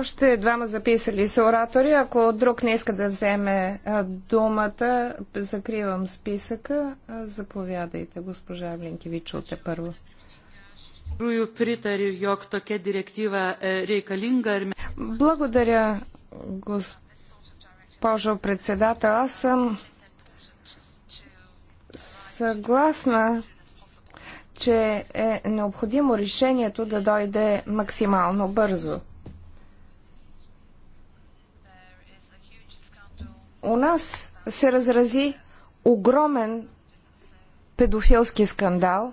Още двама записали са оратори. Ако друг не иска да вземе думата, закривам списъка. Заповядайте, госпожа Блинкевичуте първо. Благодаря, госпожо председател. Аз съм съгласна, че е необходимо решението да дойде максимално бързо. у нас се разрази огромен педофилски скандал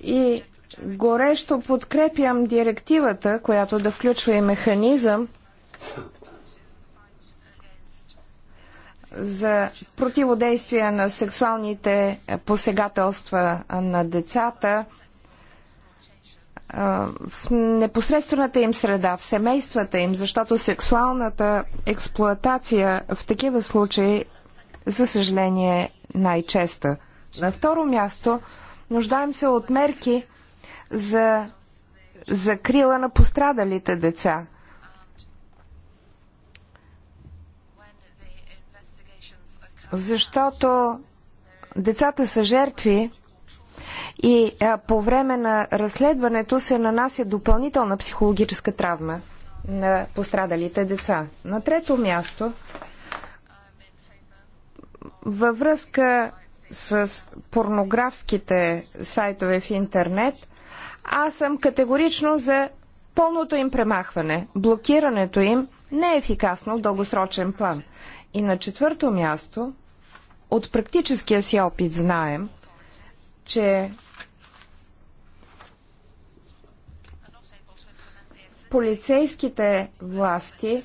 и горещо подкрепям директивата, която да включва и механизъм за противодействие на сексуалните посегателства на децата в непосредствената им среда, в семействата им, защото сексуалната експлоатация в такива случаи, за съжаление, е най-честа. На второ място, нуждаем се от мерки за закрила на пострадалите деца. Защото децата са жертви и по време на разследването се нанася допълнителна психологическа травма на пострадалите деца. На трето място, във връзка с порнографските сайтове в интернет, аз съм категорично за пълното им премахване. Блокирането им не е ефикасно в дългосрочен план. И на четвърто място, от практическия си опит знаем, че полицейските власти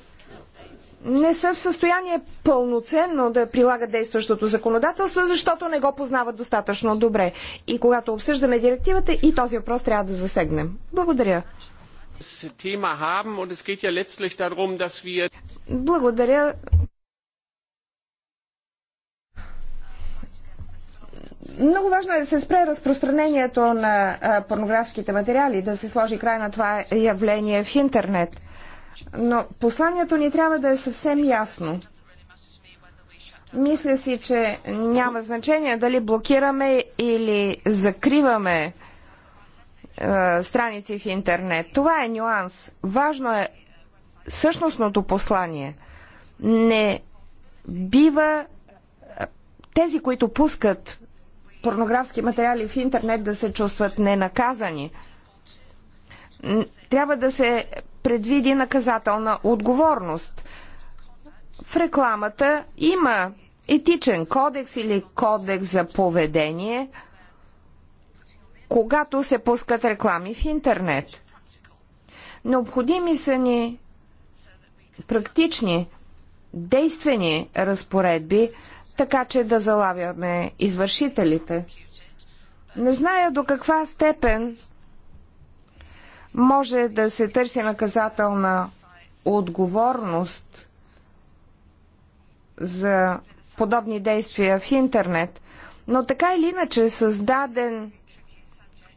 не са в състояние пълноценно да прилагат действащото законодателство, защото не го познават достатъчно добре. И когато обсъждаме директивата, и този въпрос трябва да засегнем. Благодаря. Благодаря. много важно е да се спре разпространението на порнографските материали, да се сложи край на това явление в интернет. Но посланието ни трябва да е съвсем ясно. Мисля си, че няма значение дали блокираме или закриваме е, страници в интернет. Това е нюанс. Важно е същностното послание. Не бива тези, които пускат порнографски материали в интернет да се чувстват ненаказани. Трябва да се предвиди наказателна отговорност. В рекламата има етичен кодекс или кодекс за поведение, когато се пускат реклами в интернет. Необходими са ни практични, действени разпоредби, така че да залавяме извършителите. Не зная до каква степен може да се търси наказателна отговорност за подобни действия в интернет, но така или иначе създаден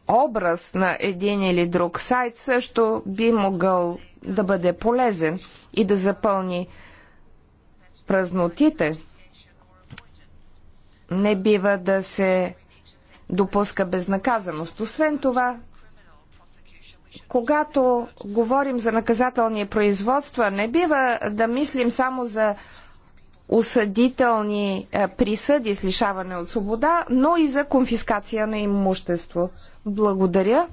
образ на един или друг сайт също би могъл да бъде полезен и да запълни празнотите не бива да се допуска безнаказаност. Освен това, когато говорим за наказателни производства, не бива да мислим само за осъдителни е, присъди с лишаване от свобода, но и за конфискация на имущество. Благодаря.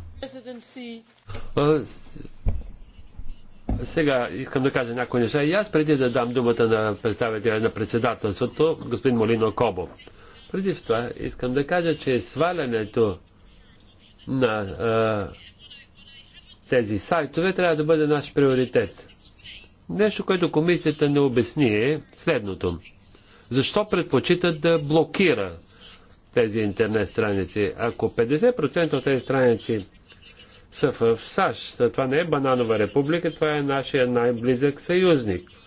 Сега искам да кажа някои неща и аз преди да дам думата на представителя на председателството, господин Молино Кобо. Преди това искам да кажа, че свалянето на а, тези сайтове трябва да бъде наш приоритет. Нещо, което комисията не обясни е следното. Защо предпочитат да блокира тези интернет страници? Ако 50% от тези страници са в САЩ, това не е бананова република, това е нашия най-близък съюзник –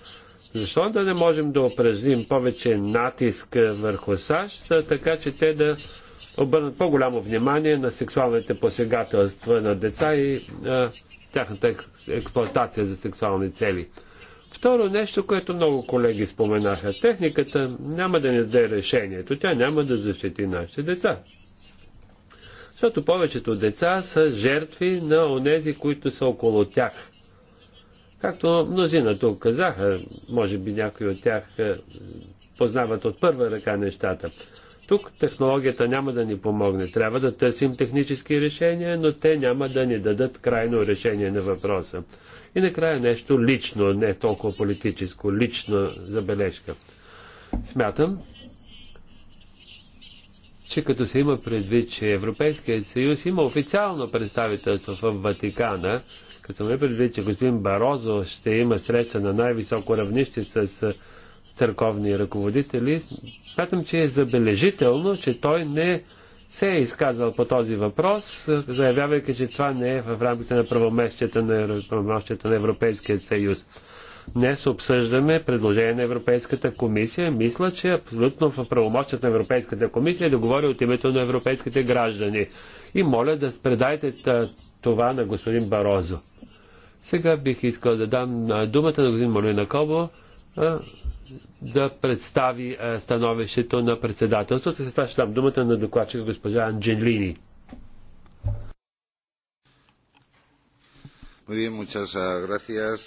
защо да не можем да упражним повече натиск върху САЩ, така че те да обърнат по-голямо внимание на сексуалните посегателства на деца и а, тяхната експлоатация за сексуални цели. Второ нещо, което много колеги споменаха. Техниката няма да ни даде решението. Тя няма да защити нашите деца. Защото повечето деца са жертви на онези, които са около тях – Както мнозина тук казаха, може би някои от тях е, познават от първа ръка нещата. Тук технологията няма да ни помогне. Трябва да търсим технически решения, но те няма да ни дадат крайно решение на въпроса. И накрая нещо лично, не толкова политическо, лично забележка. Смятам, че като се има предвид, че Европейският съюз има официално представителство в Ватикана, като ме предвиди, че господин Барозо ще има среща на най-високо равнище с църковни ръководители, смятам, че е забележително, че той не се е изказал по този въпрос, заявявайки, че това не е в рамките на правомещията на, правомещията на Европейския съюз. Днес обсъждаме предложение на Европейската комисия. Мисля, че е абсолютно в правомощът на Европейската комисия да говори от името на европейските граждани. И моля да предайте това на господин Барозо. Сега бих искал да дам думата на господин Кобо да представи становището на председателството. Сега ще дам думата на докладчик госпожа Анджелини. Muy bien, muchas gracias.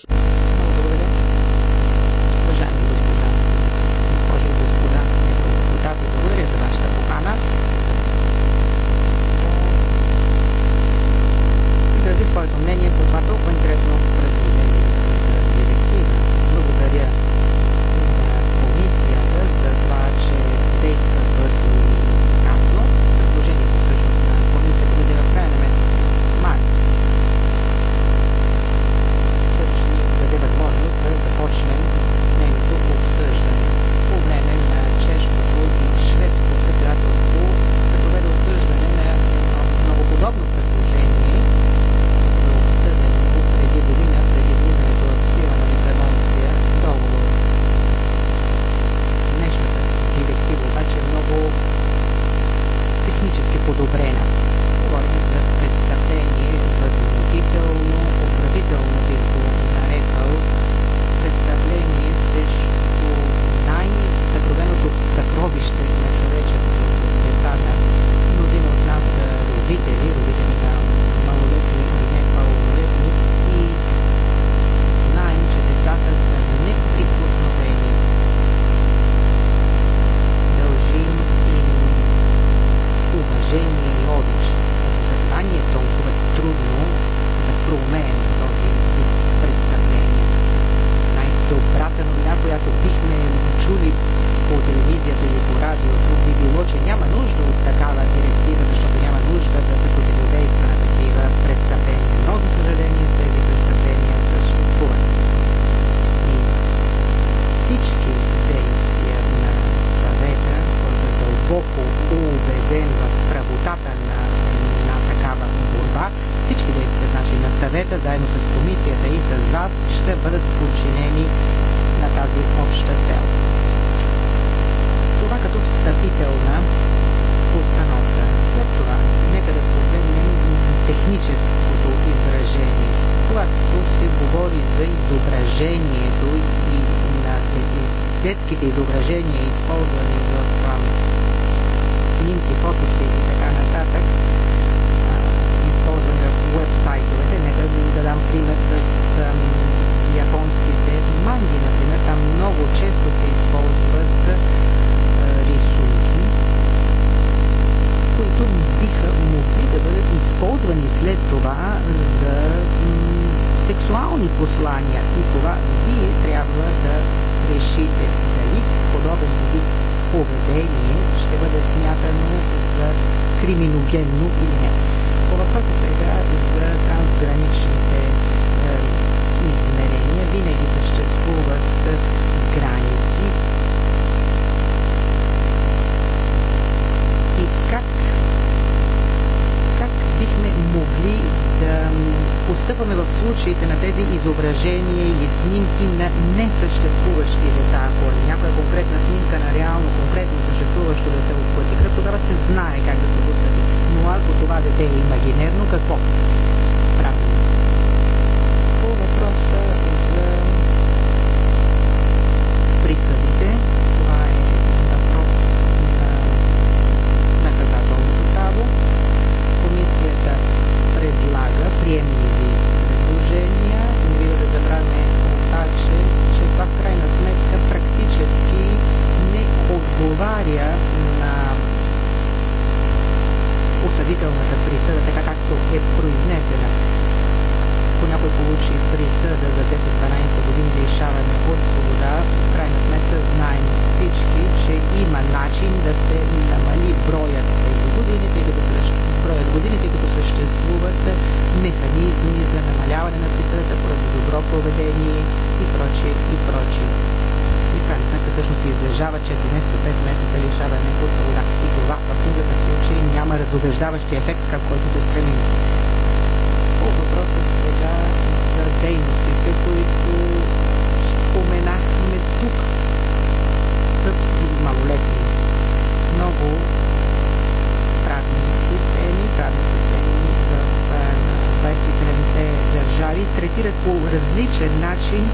начин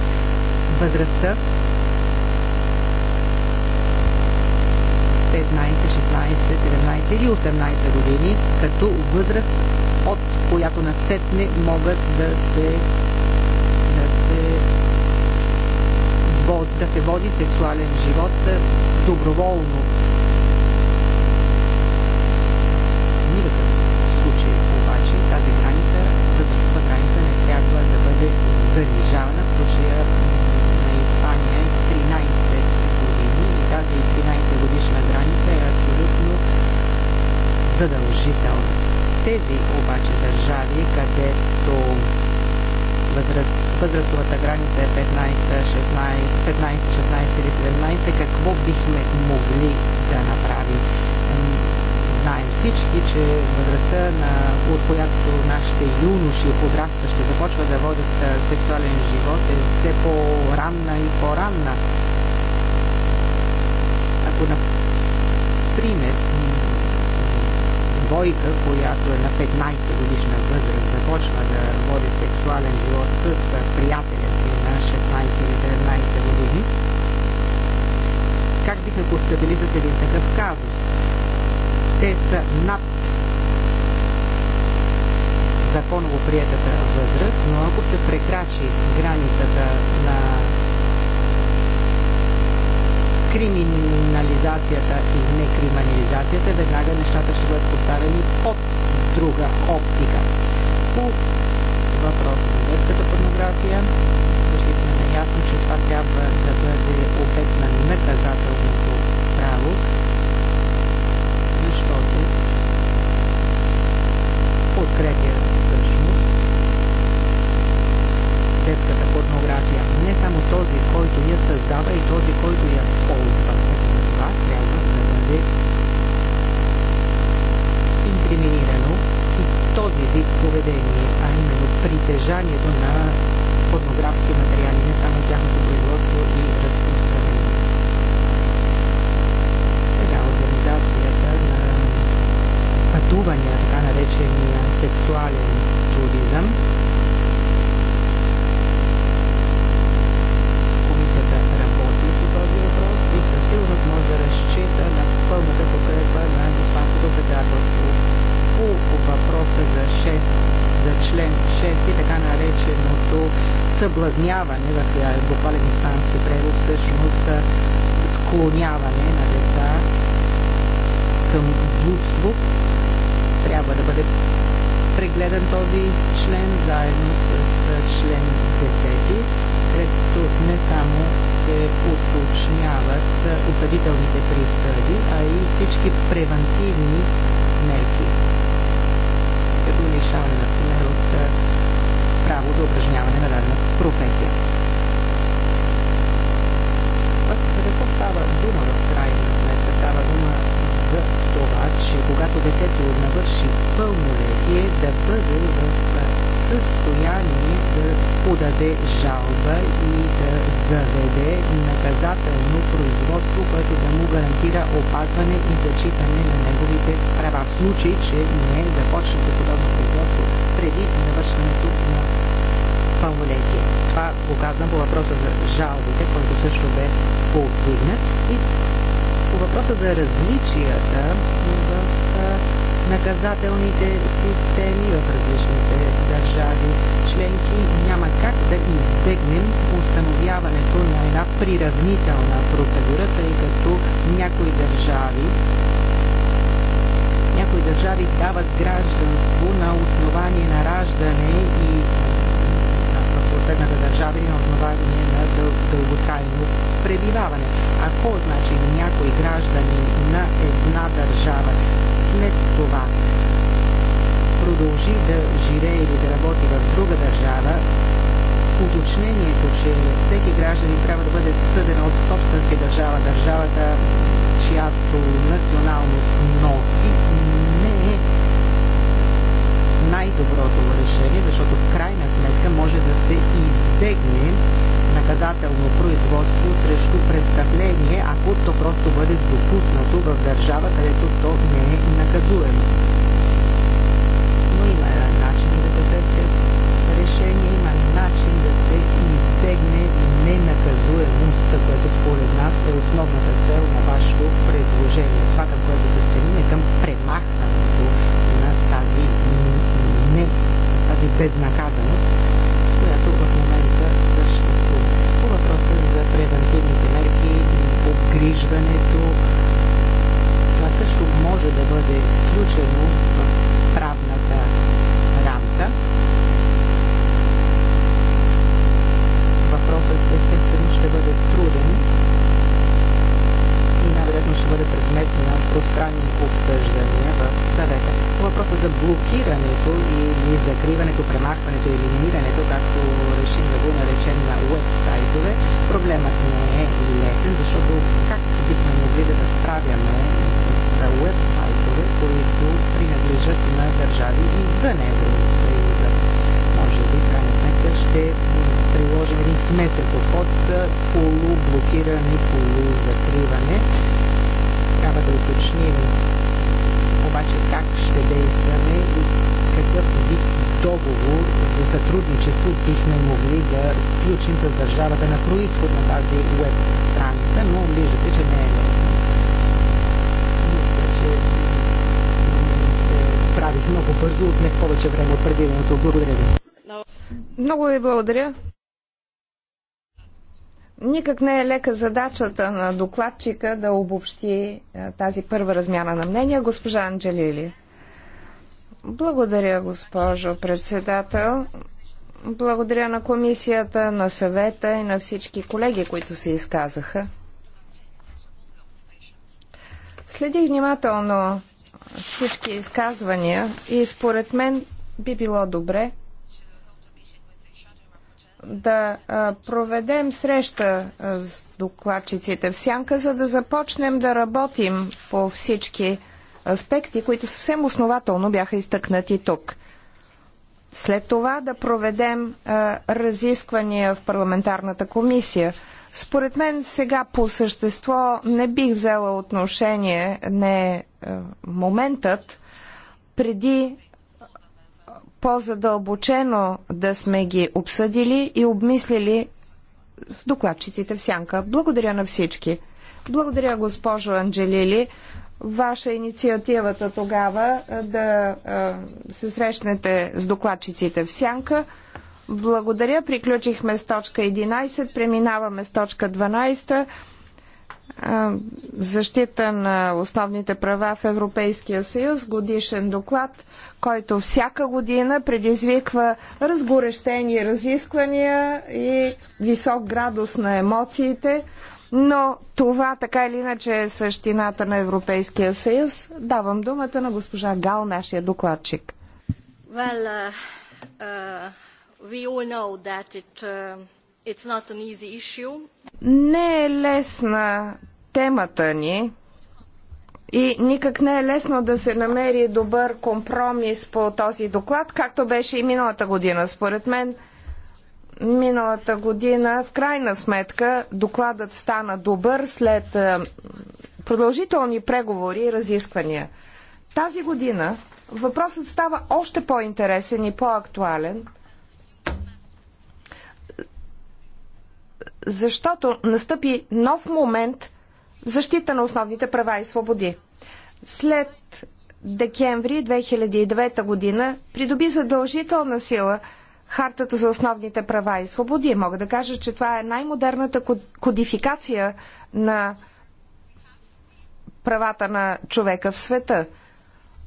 възрастта 15, 16, 17 или 18 години, като възраст от която насетне могат да се, да се, да се води сексуален живот е, доброволно тези обаче държави, където възраст, възрастовата граница е 15, 16, 15, 16 или 17, какво бихме могли да направим? Знаем всички, че възрастта, на, от която нашите юноши, подрастващи, започват да водят сексуален живот, е все по-ранна и по-ранна. Ако, например, девойка, която е на 15 годишна възраст, започва да води сексуален живот с приятеля си на 16 или 17 години, как биха постъпили с един такъв казус? Те са над законово приятата възраст, но ако се прекрачи границата на криминализацията и некриминализацията, веднага нещата ще бъдат поставени под друга оптика. По въпроса на детската порнография, също сме наясно, че това трябва да бъде обект на наказателното право, защото подкрепя всъщност детската порнография. Не само този, който я създава и този, който демографски упразняване, в е, буквален испански превод всъщност е, склоняване на деца към блудство. Трябва да бъде прегледан този член заедно с е, член 10, където не само се уточняват осъдителните присъди, а и всички превентивни мерки, като лишаване, например, от право за упражняване на дадена професия. за какво става дума в крайна сметка? Става дума за това, че когато детето навърши пълнолетие, да бъде в състояние да подаде жалба и да заведе наказателно производство, което да му гарантира опазване и зачитане на неговите права, в случай, че не е започнато подобно производство преди навършването на пълнолетие. Това го казвам по въпроса за жалбите, който също бе повдигнат и по въпроса за различията в наказателните системи в различните държави членки. Няма как да избегнем установяването на една приравнителна процедура, тъй като някои държави някои държави дават гражданство на основание на раждане и в съответната държава и на основание на дъл дълготрайно пребиваване. Ако, значи, някой граждани на една държава след това продължи да живее или да работи в друга държава, уточнението, че всеки гражданин трябва да бъде съден от собствената си държава, държавата, чиято националност носи, не е най-доброто решение, защото в крайна сметка може да се избегне наказателно производство срещу престъпление, ако то просто бъде допуснато в държава, където то не е наказуемо. Но има начин да се търсят решения, има начин да се избегне ненаказуемостта, което според нас е основната цел на вашето предложение. Това, към което се стремим е към премахването на тази, не, тази безнаказаност която в момента съществува. По въпроса за превентивните мерки, обгрижването, това също може да бъде включено в правната рамка. Въпросът естествено ще бъде труден, вероятно ще бъде предмет на пространни обсъждания в съвета. Въпросът за блокирането или закриването, премахването, елиминирането, както решим да го наречем на уебсайтове, проблемът не е лесен, защото как бихме могли да се справяме с уебсайтове, които принадлежат на държави извън Евросъюза? Може би, крайна сметка, ще приложим един смесен подход, полублокиране, полузакриване, трябва да уточним обаче как ще действаме и какъв вид договор за сътрудничество бихме могли да сключим с държавата на происход на тази веб страница, но виждате, че не е лесно. Мисля, че се справих много бързо, отнех повече време от предвиденото. Благодаря ви. Много ви благодаря. Никак не е лека задачата на докладчика да обобщи е, тази първа размяна на мнения. Госпожа Анджелили. Благодаря, госпожо председател. Благодаря на комисията, на съвета и на всички колеги, които се изказаха. Следих внимателно всички изказвания и според мен би било добре да проведем среща с докладчиците в Сянка, за да започнем да работим по всички аспекти, които съвсем основателно бяха изтъкнати тук. След това да проведем а, разисквания в парламентарната комисия. Според мен сега по същество не бих взела отношение, не а, моментът, преди по-задълбочено да сме ги обсъдили и обмислили с докладчиците в сянка. Благодаря на всички. Благодаря, госпожо Анджелили. Ваша инициативата тогава да се срещнете с докладчиците в сянка. Благодаря. Приключихме с точка 11. Преминаваме с точка 12 защита на основните права в Европейския съюз, годишен доклад, който всяка година предизвиква разгорещени разисквания и висок градус на емоциите, но това така или иначе е същината на Европейския съюз. Давам думата на госпожа Гал, нашия докладчик. Well, uh, uh, we all know that it, uh... It's not an easy issue. Не е лесна темата ни и никак не е лесно да се намери добър компромис по този доклад, както беше и миналата година. Според мен, миналата година, в крайна сметка, докладът стана добър след е, продължителни преговори и разисквания. Тази година въпросът става още по-интересен и по-актуален – защото настъпи нов момент в защита на основните права и свободи. След декември 2009 година придоби задължителна сила Хартата за основните права и свободи. Мога да кажа, че това е най-модерната кодификация на правата на човека в света.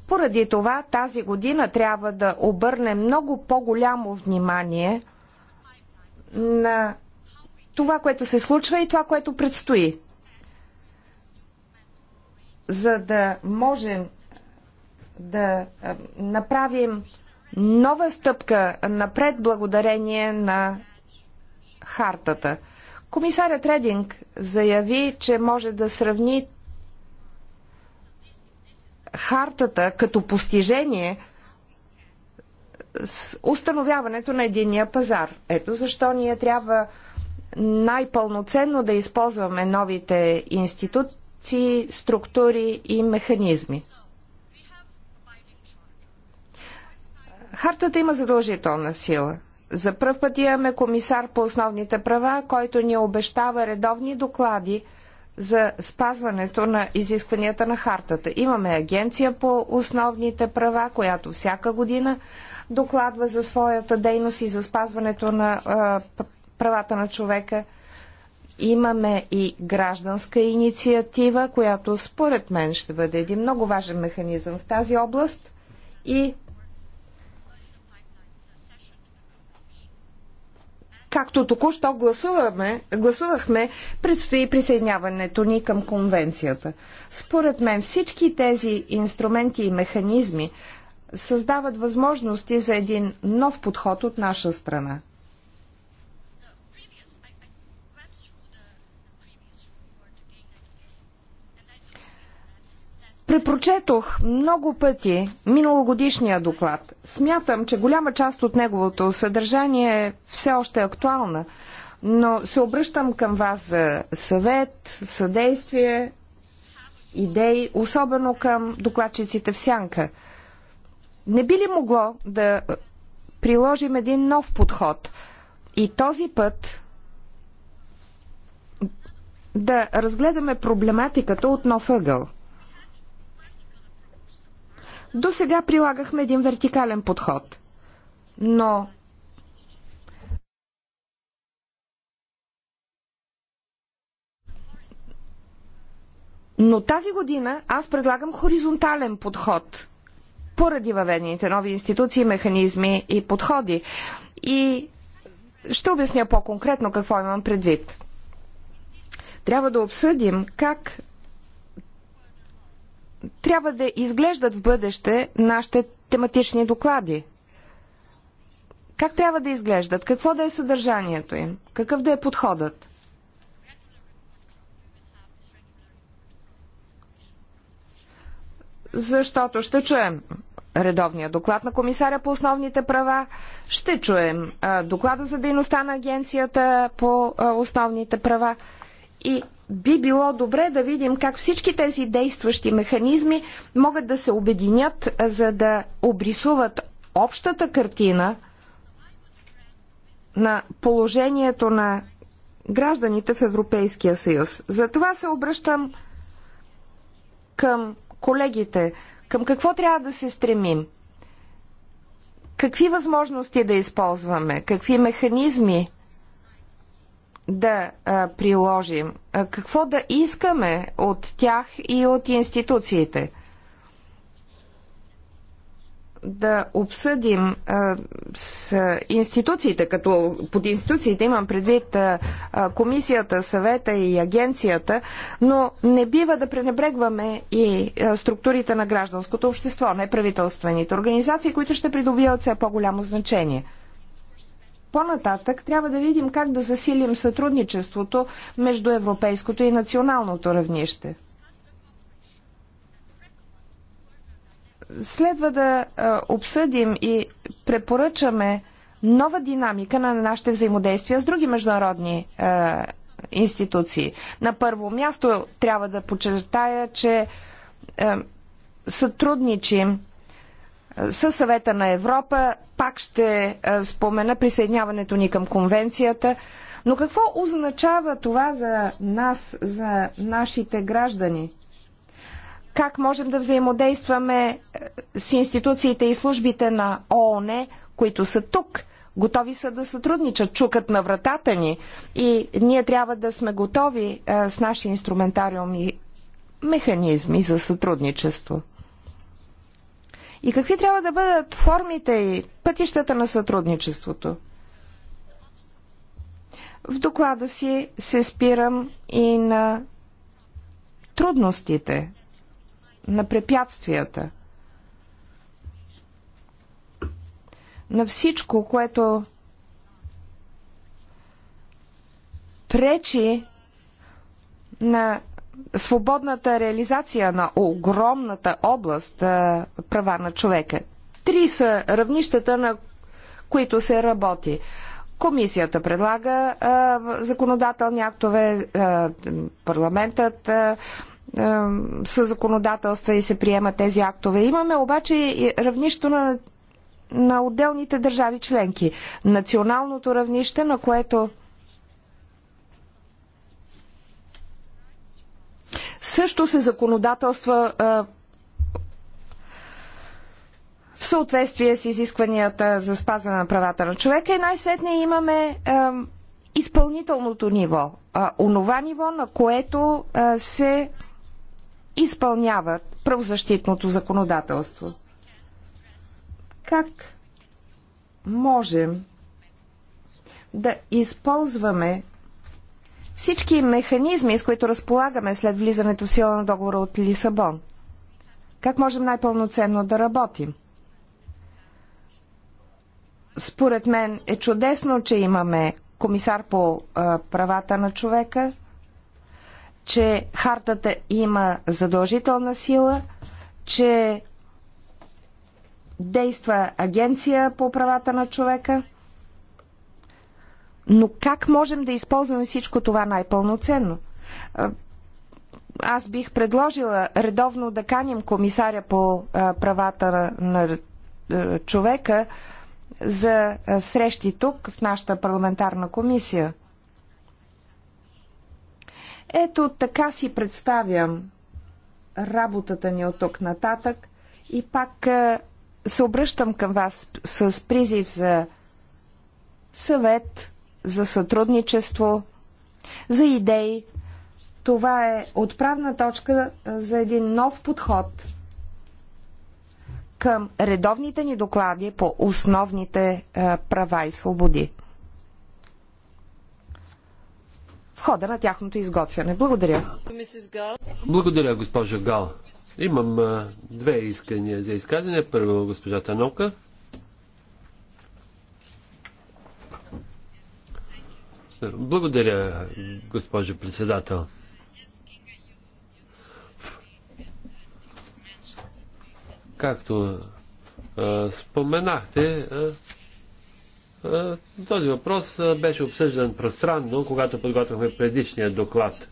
Поради това тази година трябва да обърне много по-голямо внимание на това, което се случва и това, което предстои. За да можем да направим нова стъпка напред благодарение на хартата. Комисарят Рединг заяви, че може да сравни хартата като постижение с установяването на единия пазар. Ето защо ние трябва най-пълноценно да използваме новите институции, структури и механизми. Хартата има задължителна сила. За първ път имаме комисар по основните права, който ни обещава редовни доклади за спазването на изискванията на хартата. Имаме агенция по основните права, която всяка година докладва за своята дейност и за спазването на а, правата на човека. Имаме и гражданска инициатива, която според мен ще бъде един много важен механизъм в тази област и както току-що гласуваме, гласувахме, предстои присъединяването ни към конвенцията. Според мен всички тези инструменти и механизми създават възможности за един нов подход от наша страна. Препрочетох много пъти миналогодишния доклад. Смятам, че голяма част от неговото съдържание е все още актуална, но се обръщам към вас за съвет, съдействие, идеи, особено към докладчиците в сянка. Не би ли могло да приложим един нов подход и този път да разгледаме проблематиката от нов ъгъл? До сега прилагахме един вертикален подход, но Но тази година аз предлагам хоризонтален подход поради въведените нови институции, механизми и подходи. И ще обясня по-конкретно какво имам предвид. Трябва да обсъдим как трябва да изглеждат в бъдеще нашите тематични доклади? Как трябва да изглеждат? Какво да е съдържанието им? Какъв да е подходът? Защото ще чуем редовния доклад на комисаря по основните права, ще чуем доклада за дейността на агенцията по основните права и би било добре да видим как всички тези действащи механизми могат да се обединят, за да обрисуват общата картина на положението на гражданите в Европейския съюз. Затова се обръщам към колегите, към какво трябва да се стремим, какви възможности да използваме, какви механизми да а, приложим? А, какво да искаме от тях и от институциите? Да обсъдим а, с институциите, като под институциите имам предвид а, а, комисията, съвета и агенцията, но не бива да пренебрегваме и а, структурите на гражданското общество, неправителствените организации, които ще придобиват все по-голямо значение – по-нататък трябва да видим как да засилим сътрудничеството между европейското и националното равнище. Следва да обсъдим и препоръчаме нова динамика на нашите взаимодействия с други международни е, институции. На първо място трябва да подчертая, че е, сътрудничим със съвета на Европа. Пак ще е, спомена присъединяването ни към конвенцията. Но какво означава това за нас, за нашите граждани? Как можем да взаимодействаме е, с институциите и службите на ООН, които са тук? Готови са да сътрудничат, чукат на вратата ни и ние трябва да сме готови е, с нашия инструментариум и механизми за сътрудничество. И какви трябва да бъдат формите и пътищата на сътрудничеството? В доклада си се спирам и на трудностите, на препятствията, на всичко, което пречи на свободната реализация на огромната област а, права на човека. Три са равнищата, на които се работи. Комисията предлага а, законодателни актове, а, парламентът а, а, със законодателства и се приема тези актове. Имаме обаче и равнището на, на отделните държави членки. Националното равнище, на което също се законодателства в съответствие с изискванията за спазване на правата на човека и най-сетне имаме изпълнителното ниво, Е, онова ниво, на което е, се изпълнява правозащитното законодателство. Как можем да използваме всички механизми, с които разполагаме след влизането в сила на договора от Лисабон. Как можем най-пълноценно да работим? Според мен е чудесно, че имаме комисар по а, правата на човека, че хартата има задължителна сила, че действа агенция по правата на човека – но как можем да използваме всичко това най-пълноценно? Аз бих предложила редовно да каним комисаря по правата на човека за срещи тук в нашата парламентарна комисия. Ето така си представям работата ни от тук нататък и пак се обръщам към вас с призив за съвет, за сътрудничество, за идеи. Това е отправна точка за един нов подход към редовните ни доклади по основните права и свободи. В хода на тяхното изготвяне. Благодаря. Благодаря, госпожо Гал. Имам две искания за изказване. Първо, госпожа Танока. Благодаря, госпожо председател. Както а, споменахте, а, а, този въпрос а, беше обсъждан пространно, когато подготвяхме предишния доклад.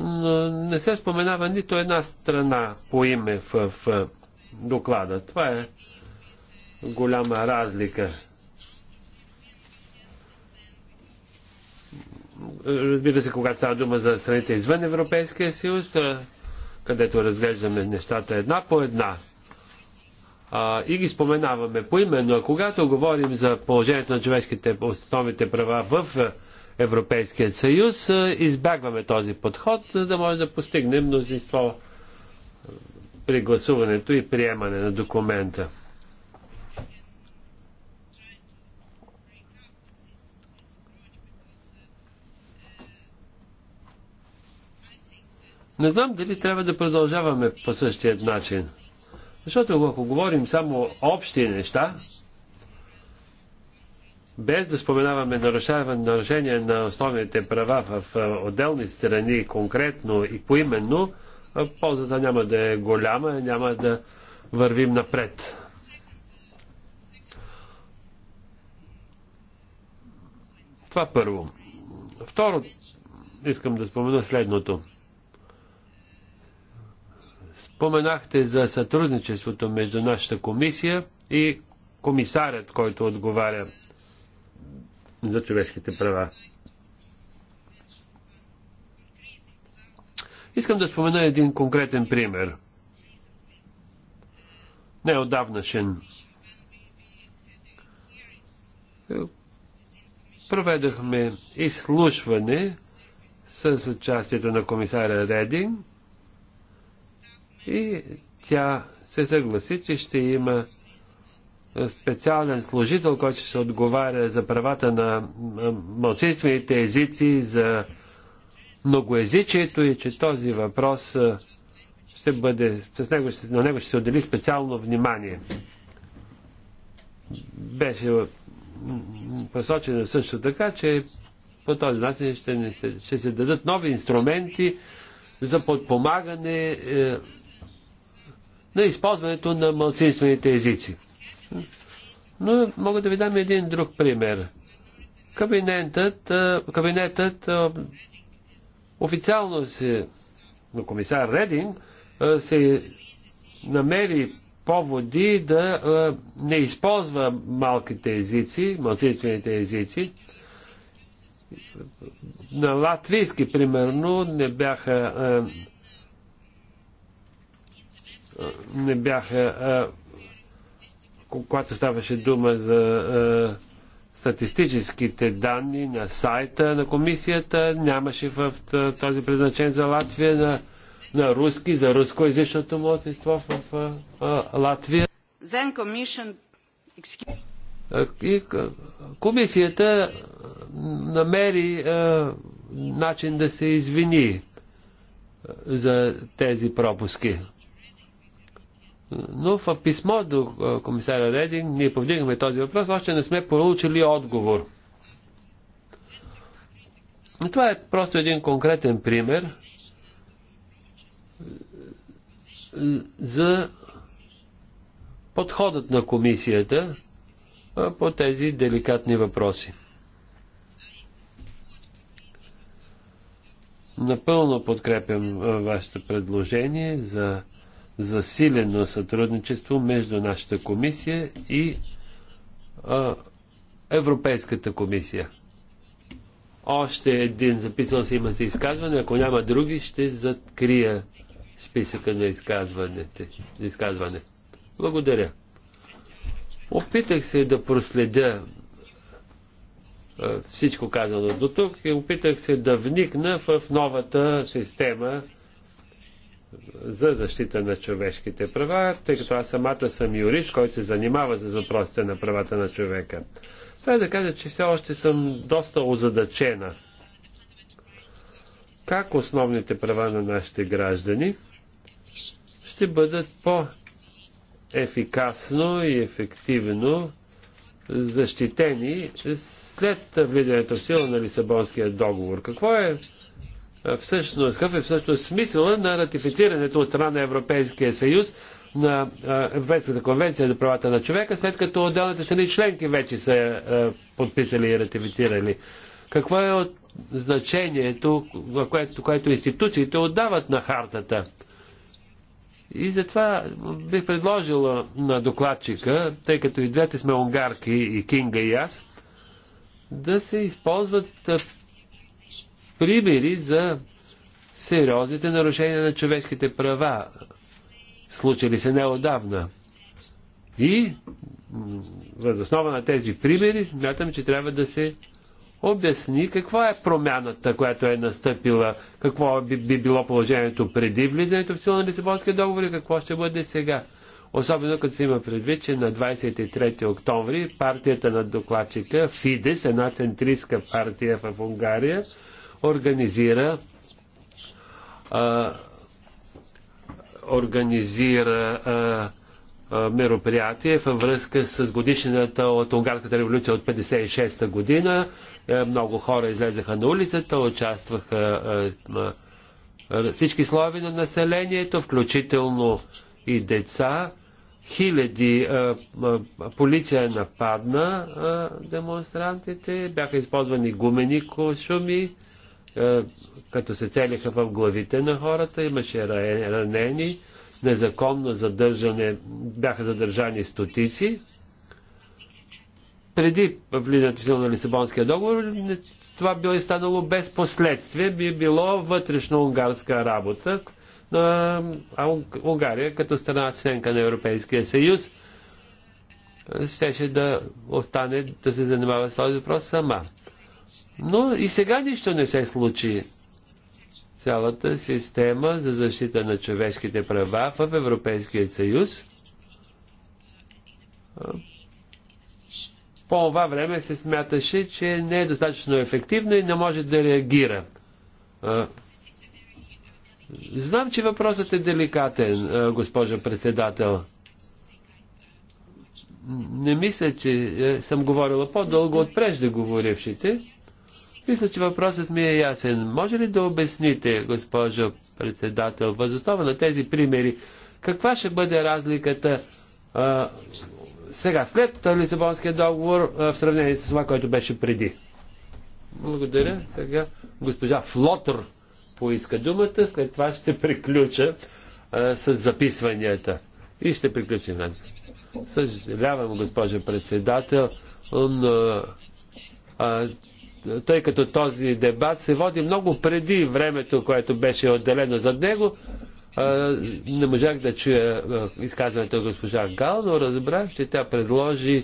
Но не се споменава нито една страна по име в, в доклада. Това е голяма разлика. Разбира се, когато става дума за страните извън Европейския съюз, където разглеждаме нещата една по една а, и ги споменаваме поименно, а когато говорим за положението на човешките основните права в Европейския съюз, избягваме този подход, за да може да постигнем мнозинство при гласуването и приемане на документа. Не знам дали трябва да продължаваме по същия начин. Защото ако говорим само общи неща, без да споменаваме нарушение на основните права в отделни страни, конкретно и поименно, ползата няма да е голяма, няма да вървим напред. Това първо. Второ, искам да спомена следното. Споменахте за сътрудничеството между нашата комисия и комисарят, който отговаря за човешките права. Искам да спомена един конкретен пример. Неодавнашен. Проведохме изслушване с участието на комисаря Редин и тя се съгласи, че ще има специален служител, който ще отговаря за правата на малцинствените езици, за многоязичието и че този въпрос ще бъде, с него, на него ще се отдели специално внимание. Беше посочено също така, че по този начин ще, не се, ще се дадат нови инструменти за подпомагане е, на използването на малцинствените езици. Но мога да ви дам един друг пример. Кабинетът, е, кабинетът е, Официално се, на комисар Редин се намери поводи да не използва малките езици, малцинствените езици. На латвийски, примерно, не бяха не бяха когато ставаше дума за статистическите данни на сайта на комисията. Нямаше в е, този предначен за Латвия на, на руски, за рускоязичното младсинство в, в а, е, е, Латвия. И комисията намери а, начин да се извини за тези пропуски. Но в писмо до комисаря Рединг ние повдигаме този въпрос, още не сме получили отговор. Това е просто един конкретен пример за подходът на комисията по тези деликатни въпроси. Напълно подкрепям вашето предложение за засилено сътрудничество между нашата комисия и а, Европейската комисия. Още един записал се има за изказване. Ако няма други, ще закрия списъка на изказваните. изказване. Благодаря. Опитах се да проследя всичко казано до тук и опитах се да вникна в новата система за защита на човешките права, тъй като аз самата съм юрист, който се занимава с въпросите на правата на човека. е да кажа, че все още съм доста озадачена. Как основните права на нашите граждани ще бъдат по-ефикасно и ефективно защитени след влизането в сила на Лисабонския договор? Какво е е, всъщност, какъв е всъщност смисъла на ратифицирането от страна на Европейския съюз на е, Европейската конвенция за правата на човека, след като отделните страни членки вече са е, подписали и ратифицирали. Какво е от значението, което, което институциите отдават на хартата? И затова бих предложила на докладчика, тъй като и двете сме унгарки, и Кинга и аз, да се използват примери за сериозните нарушения на човешките права, случили се неодавна. И възоснова на тези примери смятам, че трябва да се обясни каква е промяната, която е настъпила, какво би, би било положението преди влизането в сила на Лисабонския договор и какво ще бъде сега. Особено като се има предвид, че на 23 октомври партията на докладчика Фидес, една центристка партия в Унгария, организира а, организира а, а, мероприятие във връзка с годишнината от Унгарската революция от 56-та година. Е, много хора излезаха на улицата, участваха а, а, всички слови на населението, включително и деца. Хиляди а, а, полиция нападна а, демонстрантите, бяха използвани гумени кошуми е, като се целиха в главите на хората, имаше ранени, незаконно задържане, бяха задържани стотици. Преди влизането в сила на Лисабонския договор, това било и станало без последствие, би било вътрешно-унгарска работа на Унгария като страна членка на Европейския съюз щеше да остане да се занимава с този въпрос сама. Но и сега нищо не се случи. Цялата система за защита на човешките права в Европейския съюз по това време се смяташе, че не е достатъчно ефективно и не може да реагира. Знам, че въпросът е деликатен, госпожо председател. Не мисля, че е, съм говорила по-дълго от преждеговорившите. Мисля, че въпросът ми е ясен. Може ли да обясните, госпожо председател, възоснова на тези примери, каква ще бъде разликата а, сега, след Лисабонския договор, а, в сравнение с това, което беше преди? Благодаря. Сега госпожа Флотър поиска думата, след това ще приключа а, с записванията. И ще приключим. Съжалявам, госпожа председател, но а, тъй като този дебат се води много преди времето, което беше отделено за него, не можах да чуя изказването на госпожа Гал, но разбрах, че тя предложи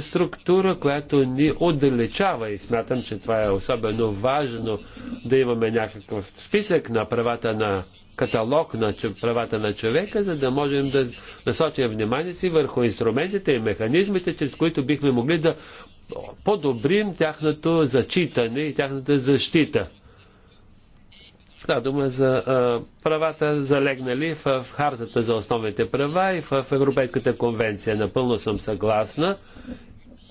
структура, която ни отдалечава и смятам, че това е особено важно да имаме някакъв списък на правата на каталог на правата на човека, за да можем да насочим внимание си върху инструментите и механизмите, чрез които бихме могли да подобрим тяхното зачитане и тяхната защита. Да, дума за а, правата, залегнали в, в Хартата за основните права и в, в Европейската конвенция. Напълно съм съгласна.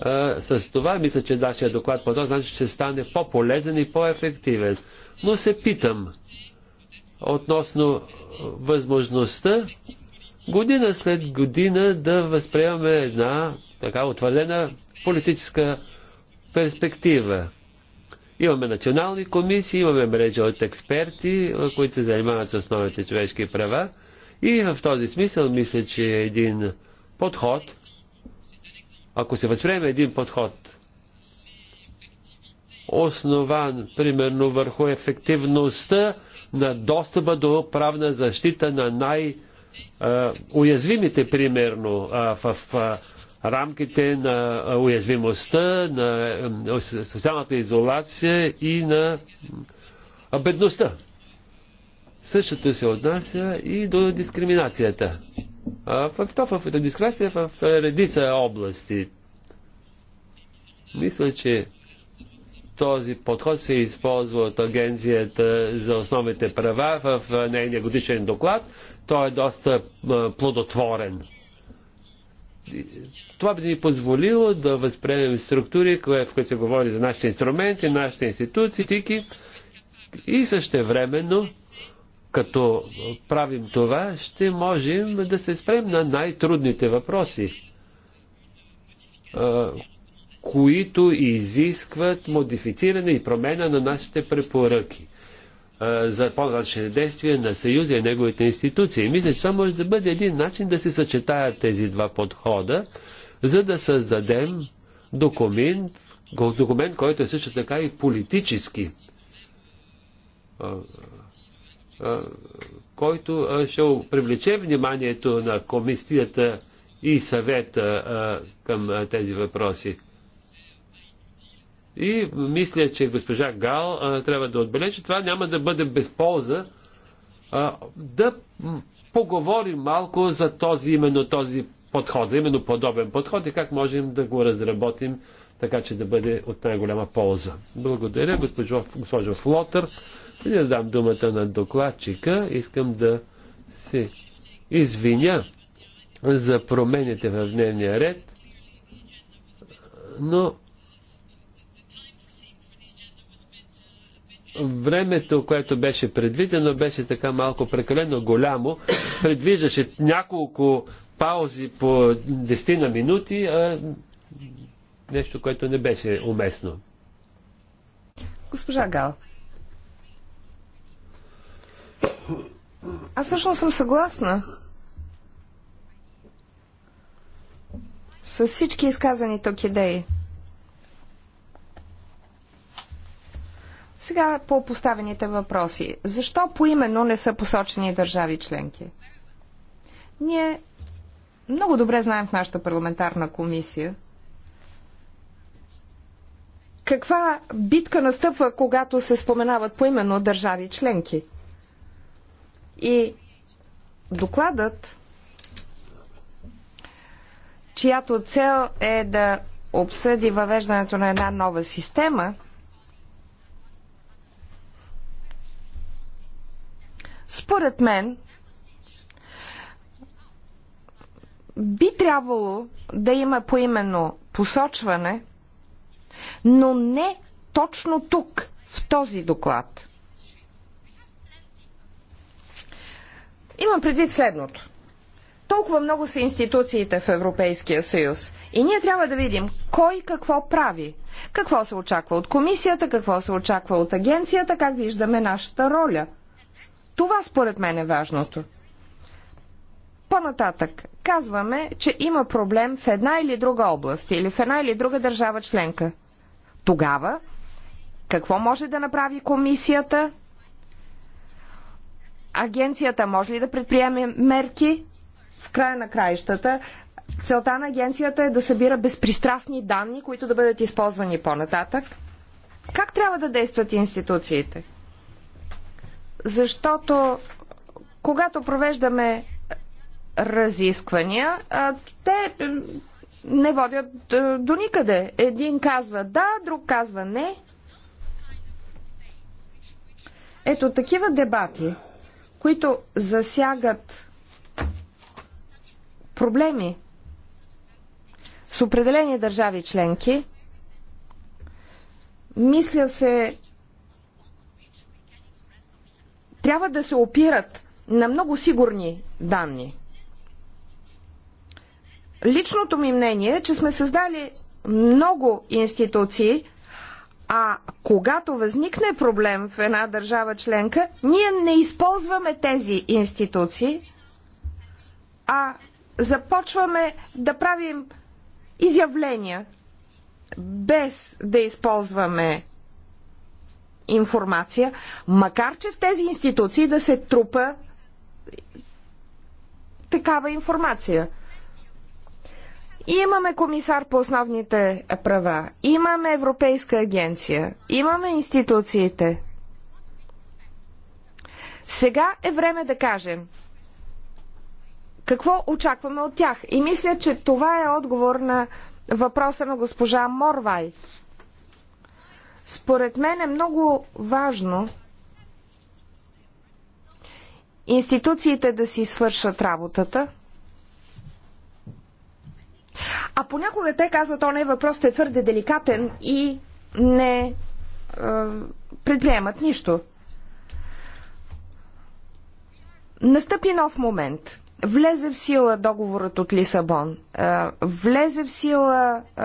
А, с това мисля, че нашия доклад по този начин ще стане по-полезен и по-ефективен. Но се питам, относно възможността година след година да възприемаме една така утвърдена политическа перспектива. Имаме национални комисии, имаме мрежа от експерти, които се занимават с новите човешки права. И в този смисъл мисля, че е един подход, ако се възприеме един подход, основан примерно върху ефективността на достъпа до правна защита на най-уязвимите, примерно, в рамките на уязвимостта, на социалната изолация и на бедността. Същото се отнася и до дискриминацията. В, то, в дискриминация в редица области. Мисля, че този подход се използва от Агенцията за основните права в нейния годишен доклад. Той е доста плодотворен. Това би ни позволило да възприемем структури, в които се говори за нашите инструменти, нашите институции, и също времено като правим това, ще можем да се спрем на най-трудните въпроси, които изискват модифициране и промена на нашите препоръки за по-нататъчни действия на Съюза и неговите институции. Мисля, че това може да бъде един начин да се съчетаят тези два подхода, за да създадем документ, документ който е също така и политически, който ще привлече вниманието на комисията и съвета към тези въпроси. И мисля, че госпожа Гал а, трябва да отбележи, това няма да бъде без полза а, да поговорим малко за този именно този подход, за именно подобен подход и как можем да го разработим така, че да бъде от най-голяма полза. Благодаря, госпожо, госпожо Флотър. Преди да дам думата на докладчика, искам да се извиня за промените в дневния ред, но времето, което беше предвидено, беше така малко прекалено голямо. Предвиждаше няколко паузи по 10 на минути, а нещо, което не беше уместно. Госпожа Гал. Аз всъщност съм съгласна с всички изказани тук идеи. Сега по поставените въпроси. Защо поименно не са посочени държави членки? Ние много добре знаем в нашата парламентарна комисия каква битка настъпва, когато се споменават поименно държави членки. И докладът, чиято цел е да обсъди въвеждането на една нова система – Според мен, би трябвало да има поименно посочване, но не точно тук, в този доклад. Имам предвид следното. Толкова много са институциите в Европейския съюз. И ние трябва да видим кой какво прави. Какво се очаква от комисията, какво се очаква от агенцията, как виждаме нашата роля – това според мен е важното. По-нататък казваме, че има проблем в една или друга област или в една или друга държава членка. Тогава какво може да направи комисията? Агенцията може ли да предприеме мерки? В края на краищата целта на агенцията е да събира безпристрастни данни, които да бъдат използвани по-нататък. Как трябва да действат институциите? Защото когато провеждаме разисквания, те не водят до никъде. Един казва да, друг казва не. Ето такива дебати, които засягат проблеми с определени държави членки, мисля се, трябва да се опират на много сигурни данни. Личното ми мнение е, че сме създали много институции, а когато възникне проблем в една държава членка, ние не използваме тези институции, а започваме да правим изявления без да използваме информация, макар че в тези институции да се трупа такава информация. И имаме комисар по основните права, имаме Европейска агенция, имаме институциите. Сега е време да кажем какво очакваме от тях. И мисля, че това е отговор на въпроса на госпожа Морвай. Според мен е много важно институциите да си свършат работата. А понякога те казват, о не, въпросът е твърде деликатен и не е, предприемат нищо. Настъпи нов момент. Влезе в сила договорът от Лисабон. Е, влезе в сила е,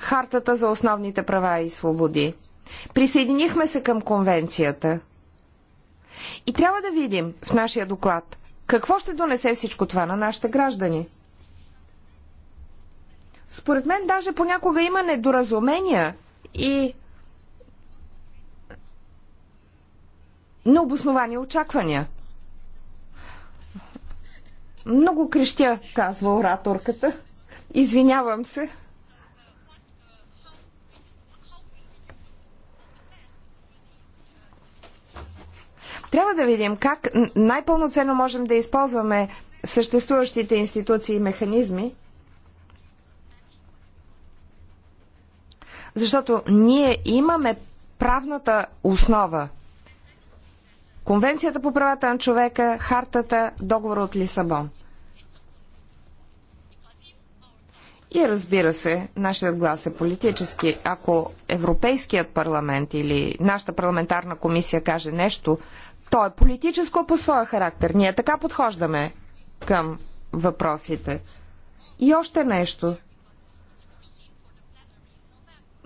Хартата за основните права и свободи. Присъединихме се към конвенцията. И трябва да видим в нашия доклад какво ще донесе всичко това на нашите граждани. Според мен даже понякога има недоразумения и необосновани очаквания. Много крещя, казва ораторката. Извинявам се. Трябва да видим как най-пълноценно можем да използваме съществуващите институции и механизми, защото ние имаме правната основа. Конвенцията по правата на човека, хартата, договор от Лисабон. И разбира се, нашият глас е политически. Ако Европейският парламент или нашата парламентарна комисия каже нещо, то е политическо по своя характер. Ние така подхождаме към въпросите. И още нещо.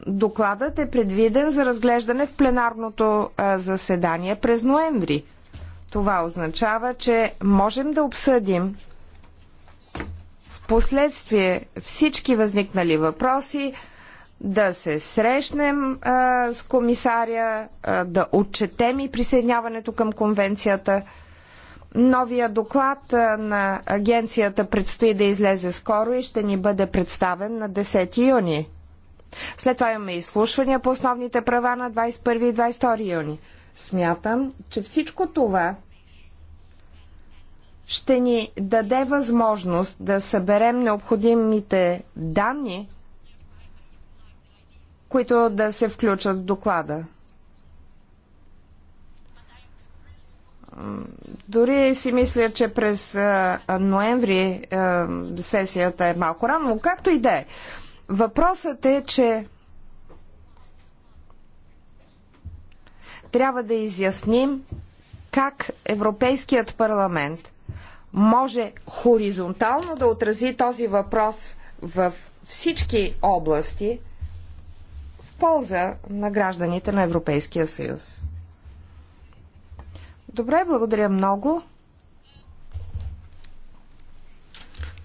Докладът е предвиден за разглеждане в пленарното заседание през ноември. Това означава, че можем да обсъдим в последствие всички възникнали въпроси, да се срещнем а, с комисаря, а, да отчетем и присъединяването към конвенцията. Новия доклад а, на агенцията предстои да излезе скоро и ще ни бъде представен на 10 юни. След това имаме изслушвания по основните права на 21 и 22 юни. Смятам, че всичко това ще ни даде възможност да съберем необходимите данни които да се включат в доклада. Дори си мисля, че през ноември сесията е малко рано, но както и да е. Въпросът е, че трябва да изясним как Европейският парламент може хоризонтално да отрази този въпрос в всички области – полза на гражданите на Европейския съюз. Добре, благодаря много.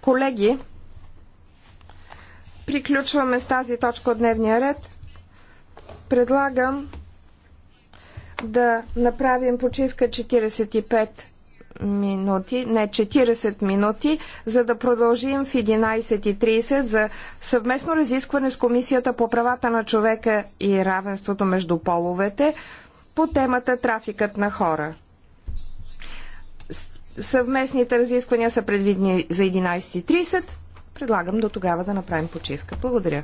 Колеги, приключваме с тази точка от дневния ред. Предлагам да направим почивка 45 минути, не 40 минути, за да продължим в 11.30 за съвместно разискване с Комисията по правата на човека и равенството между половете по темата трафикът на хора. Съвместните разисквания са предвидени за 11.30. Предлагам до тогава да направим почивка. Благодаря.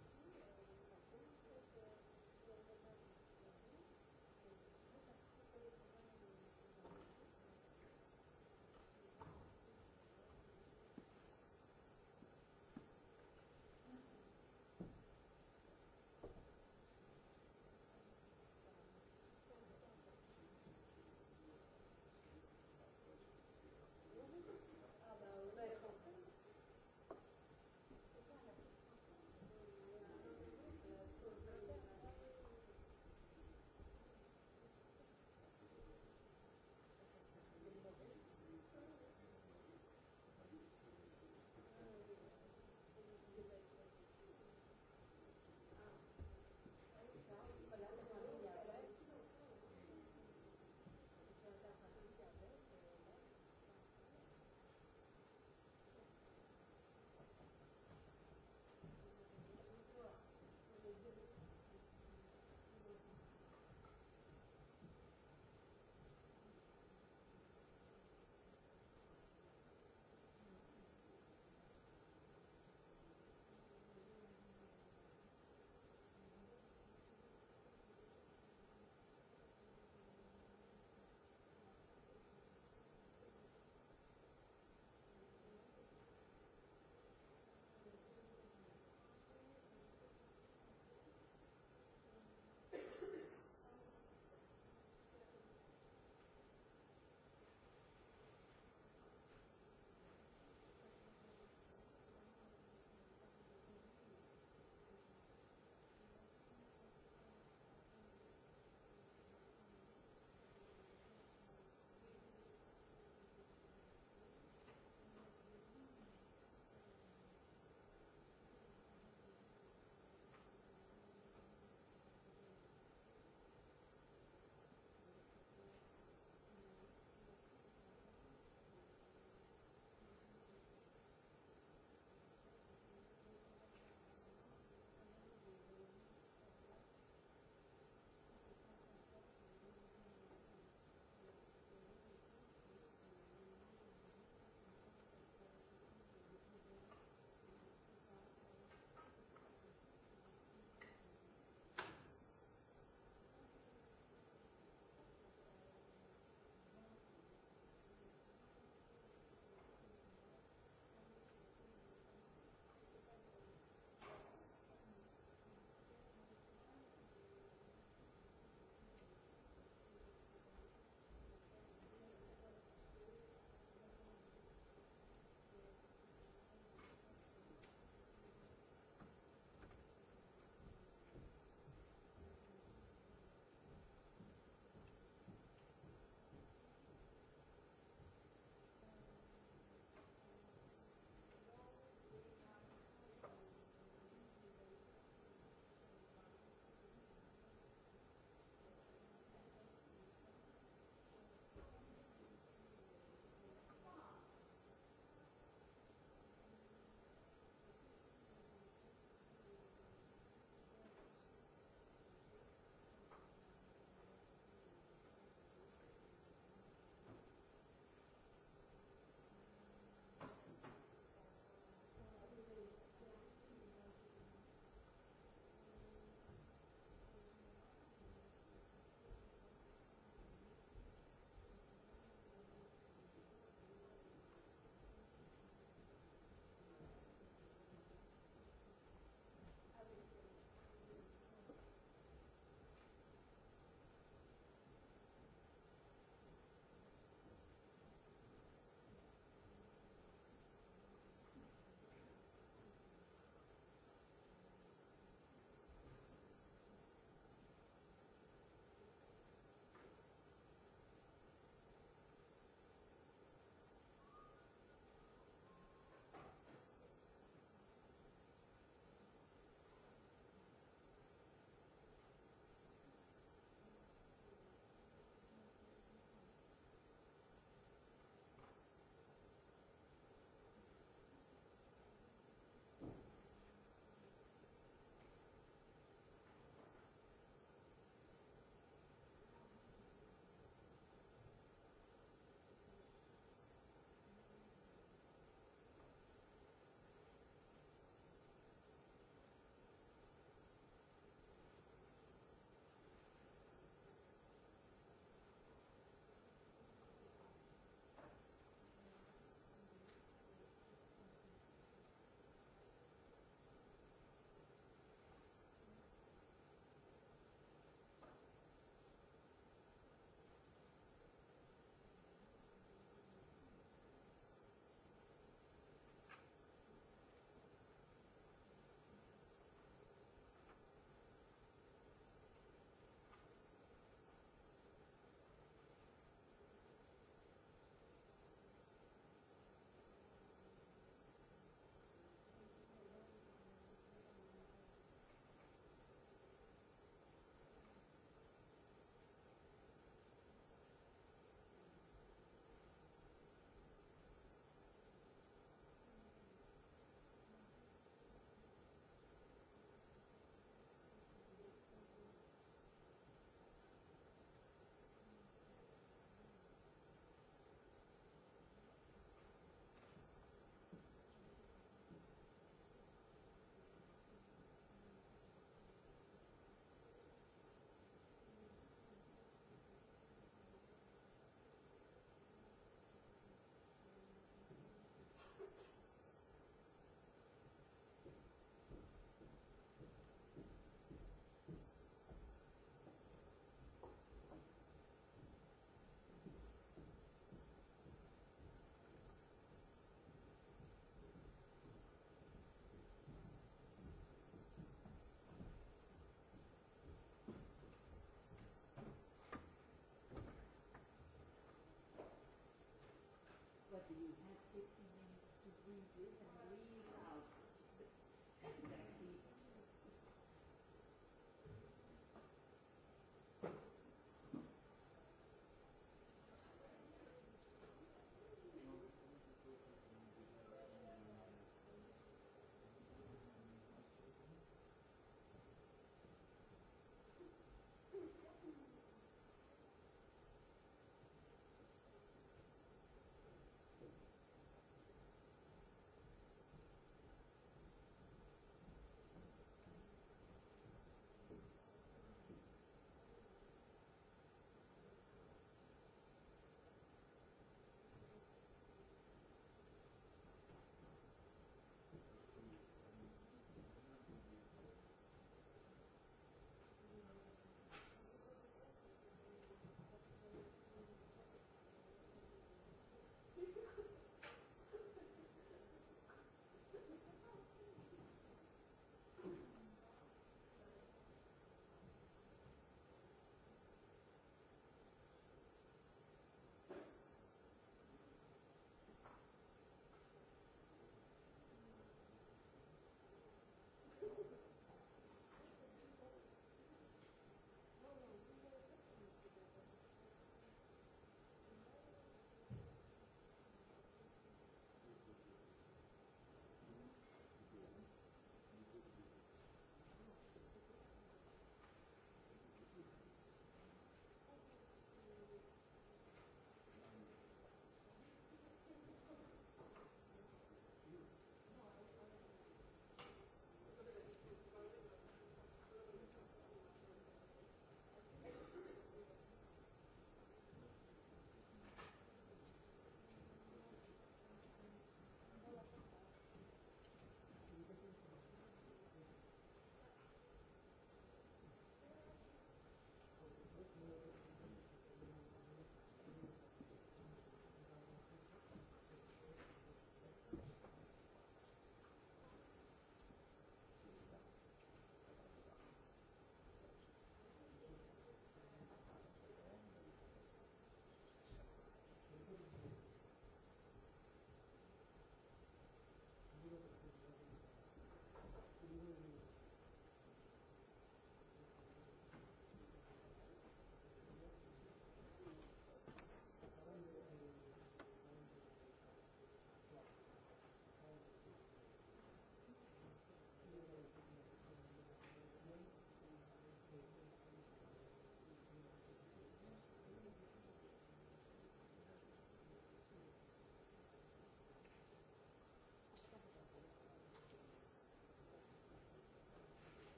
you have 50 minutes to read it and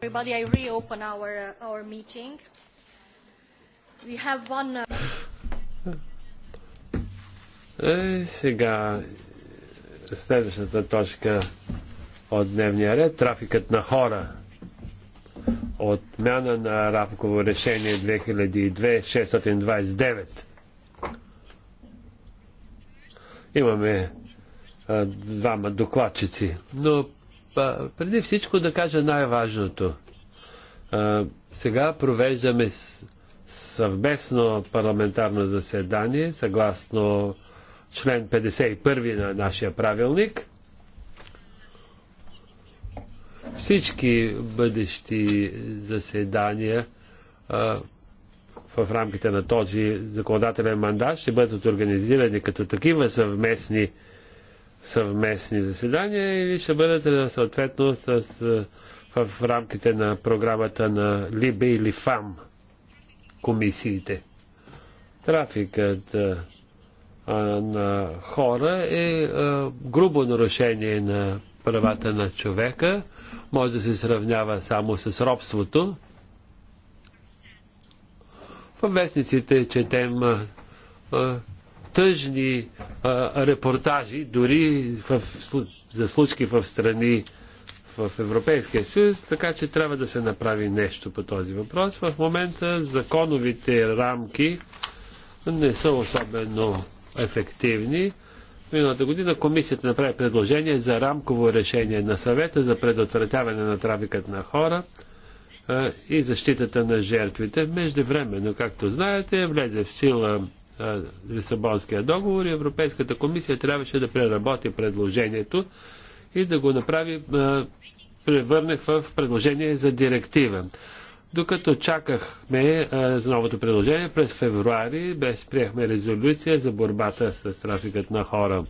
Everybody, I reopen our, uh, our meeting. We have one... Uh, е, сега следващата точка от дневния ред трафикът на хора. Отмяна на рамково решение 2002-629. Имаме а, двама докладчици, но преди всичко да кажа най-важното. Сега провеждаме съвместно парламентарно заседание, съгласно член 51 на нашия правилник. Всички бъдещи заседания в рамките на този законодателен мандат ще бъдат организирани като такива съвместни съвместни заседания или ще бъдат съответно с, в рамките на програмата на ЛИБЕ или ФАМ комисиите. Трафикът а, на хора е а, грубо нарушение на правата на човека, може да се сравнява само с робството. В вестниците четем а, тъжни а, репортажи, дори в, за случки в страни в Европейския съюз, така че трябва да се направи нещо по този въпрос. В момента законовите рамки не са особено ефективни. Миналата година комисията направи предложение за рамково решение на съвета за предотвратяване на трафикът на хора и защитата на жертвите. Междувременно, както знаете, влезе в сила е, Лисабонския договор и Европейската комисия трябваше да преработи предложението и да го направи, е, превърне в предложение за директива. Докато чакахме е, за новото предложение, през февруари без приехме резолюция за борбата с трафикът на хора.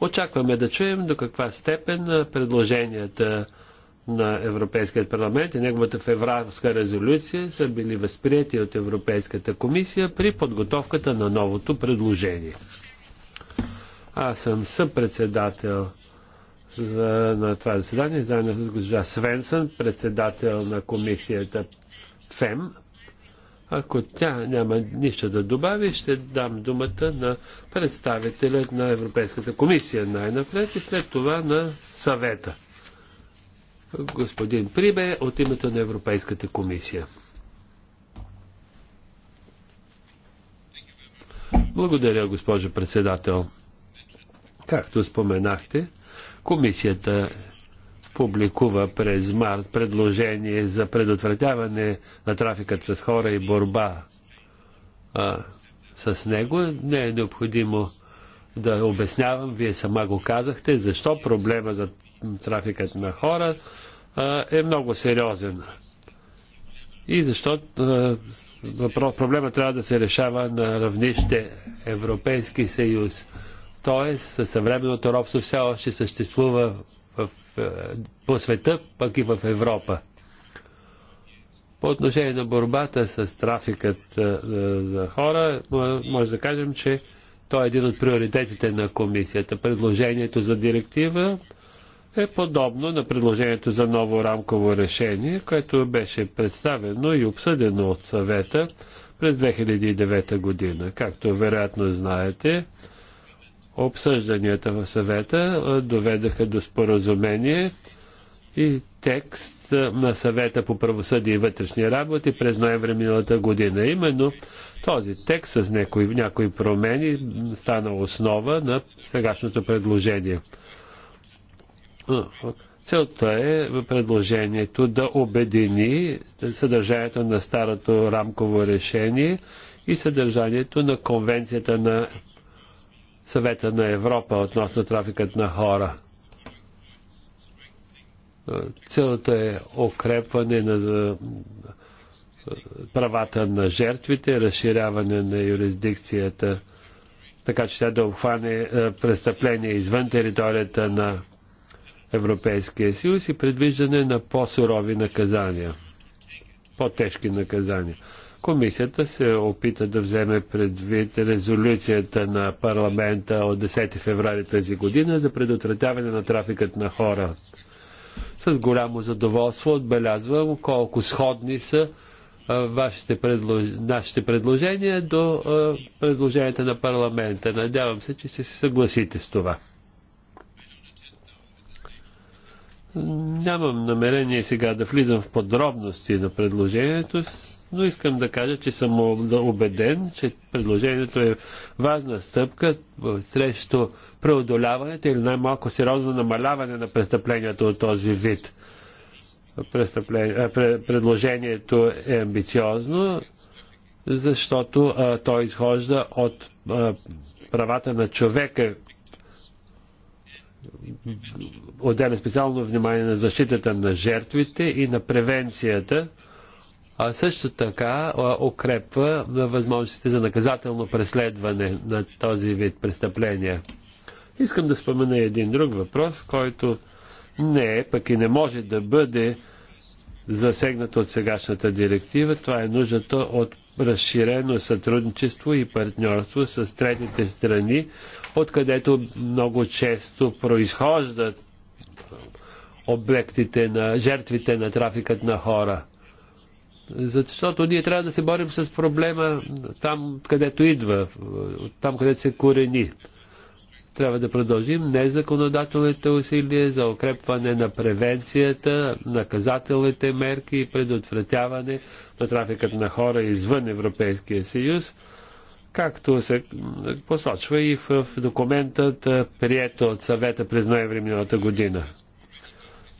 Очакваме да чуем до каква степен предложенията на Европейския парламент и неговата февралска резолюция са били възприяти от Европейската комисия при подготовката на новото предложение. Аз съм съпредседател за, на това заседание, заедно с госпожа Свенсън, председател на комисията ФЕМ. Ако тя няма нищо да добави, ще дам думата на представителят на Европейската комисия най-напред и след това на съвета господин Прибе от името на Европейската комисия. Благодаря, госпожо председател. Както споменахте, комисията публикува през март предложение за предотвратяване на трафикът с хора и борба а, с него. Не е необходимо да обяснявам, вие сама го казахте, защо проблема за трафикът на хора е много сериозен. И защото проблема трябва да се решава на равнище Европейски съюз. Тоест, със съвременното робство все още съществува в, по света, пък и в Европа. По отношение на борбата с трафикът за хора, може да кажем, че той е един от приоритетите на комисията. Предложението за директива е подобно на предложението за ново рамково решение, което беше представено и обсъдено от съвета през 2009 година. Както вероятно знаете, обсъжданията в съвета доведаха до споразумение и текст на съвета по правосъдие и вътрешни работи през ноември миналата година. Именно този текст с някои, някои промени стана основа на сегашното предложение. Целта е предложението да обедини съдържанието на старото рамково решение и съдържанието на Конвенцията на Съвета на Европа относно трафикът на хора. Целта е укрепване на правата на жертвите, разширяване на юрисдикцията, така че тя да обхване престъпления извън територията на Европейския съюз и предвиждане на по-сурови наказания, по-тежки наказания. Комисията се опита да вземе предвид резолюцията на парламента от 10 феврари тази година за предотвратяване на трафикът на хора. С голямо задоволство отбелязвам колко сходни са вашите предлож... нашите предложения до предложенията на парламента. Надявам се, че ще се съгласите с това. Нямам намерение сега да влизам в подробности на предложението, но искам да кажа, че съм убеден, че предложението е важна стъпка срещу преодоляването или най-малко сериозно намаляване на престъплението от този вид. Предложението е амбициозно, защото а, то изхожда от а, правата на човека, отделя специално внимание на защитата на жертвите и на превенцията, а също така укрепва на възможностите за наказателно преследване на този вид престъпления. Искам да спомена един друг въпрос, който не е, пък и не може да бъде засегнат от сегашната директива. Това е нуждата от разширено сътрудничество и партньорство с третите страни, откъдето много често произхождат обектите на жертвите на трафикът на хора. Защото ние трябва да се борим с проблема там, където идва, там, където се корени. Трябва да продължим незаконодателните усилия за укрепване на превенцията, наказателните мерки и предотвратяване на трафикът на хора извън Европейския съюз, както се посочва и в документът, прият от съвета през ноември миналата година.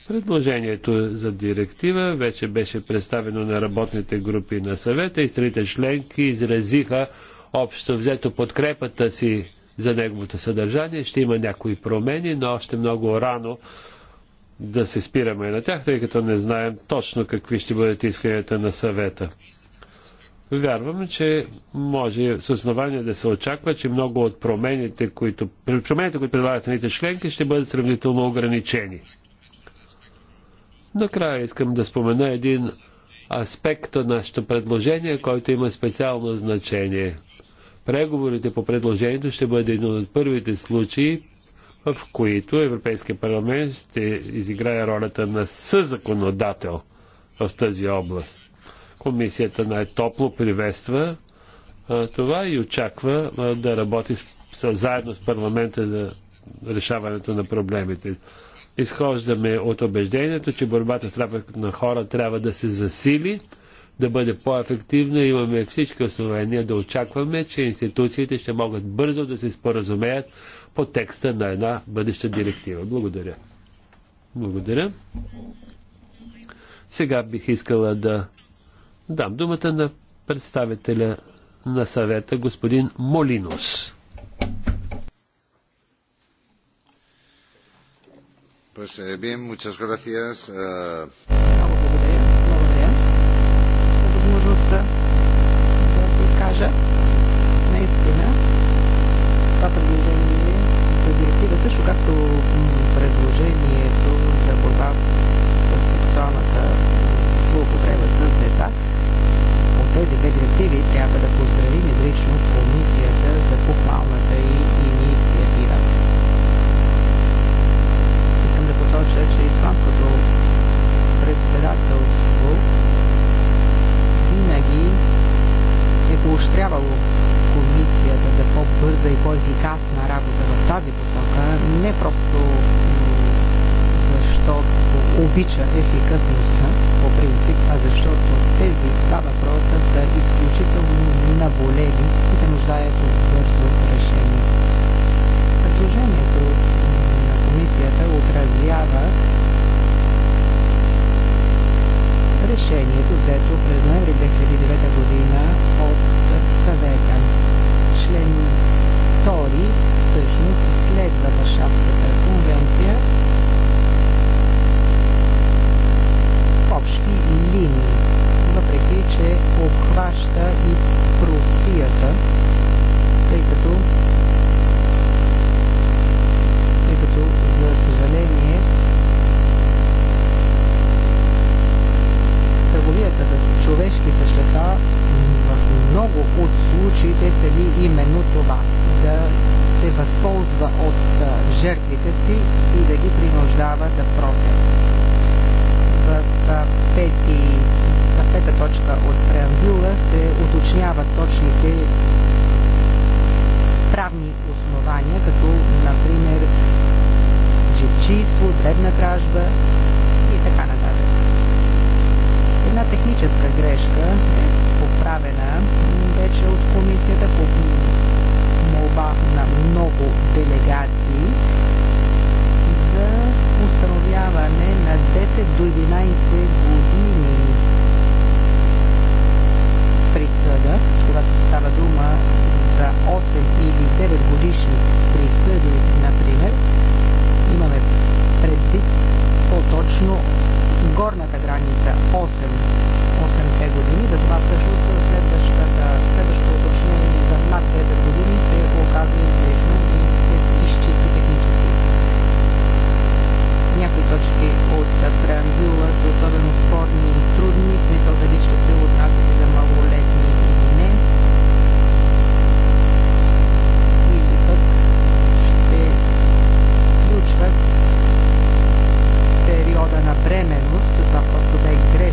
Предложението за директива вече беше представено на работните групи на съвета и страните членки изразиха общо взето подкрепата си за неговото съдържание. Ще има някои промени, но още много рано да се спираме на тях, тъй като не знаем точно какви ще бъдат исканията на съвета. Вярвам, че може с основание да се очаква, че много от промените, които, промените, които предлагат страните членки, ще бъдат сравнително ограничени. Накрая искам да спомена един аспект на нашето предложение, който има специално значение – Преговорите по предложението ще бъде един от първите случаи, в които Европейския парламент ще изиграе ролята на съзаконодател в тази област. Комисията най-топло приветства това и очаква да работи с, с, заедно с парламента за решаването на проблемите. Изхождаме от убеждението, че борбата с трафик на хора трябва да се засили да бъде по-ефективна. Имаме всички основания да очакваме, че институциите ще могат бързо да се споразумеят по текста на една бъдеща директива. Благодаря. Благодаря. Сега бих искала да дам думата на представителя на съвета, господин Молинус. Pues eh, bien, muchas gracias. Uh... кажа, наистина, това предложение за директива, също както предложението за борба с сексуалната злоупотреба с деца, от тези две директиви трябва да поздравим изрично комисията за похвалната и инициатива. Искам да посоча, че Исландското председателство поощрявало комисията за по-бърза и по-ефикасна работа в тази посока, не просто защото обича ефикасността по принцип, а защото тези два въпроса са изключително наболели и се нуждаят от бързо решение. Предложението на комисията отразява решението, взето през ноември 2009 година от съвета. Член 2 всъщност следва Варшавската конвенция в общи линии, въпреки че обхваща и Прусията, тъй като тъй като за съжаление връзката с човешки същества, в много от случаите цели именно това да се възползва от жертвите си и да ги принуждава да просят. В пети, на пета точка от преамбюла се уточняват точните правни основания, като, например, джипчийство, дребна кражба, една техническа грешка, поправена вече от комисията по молба на много делегации за установяване на 10 до 11 години присъда, когато става дума за 8 или 9 годишни присъди, например, имаме предвид по-точно горната граница 8, 8-те години. Затова с следващата, следващото уточнение за над 10 години се оказа излишно и се изчисти технически. Някои точки от преамбюла са особено спорни и трудни, в смисъл дали ще се отнасят за малолетни на бременност, това просто бе грешка,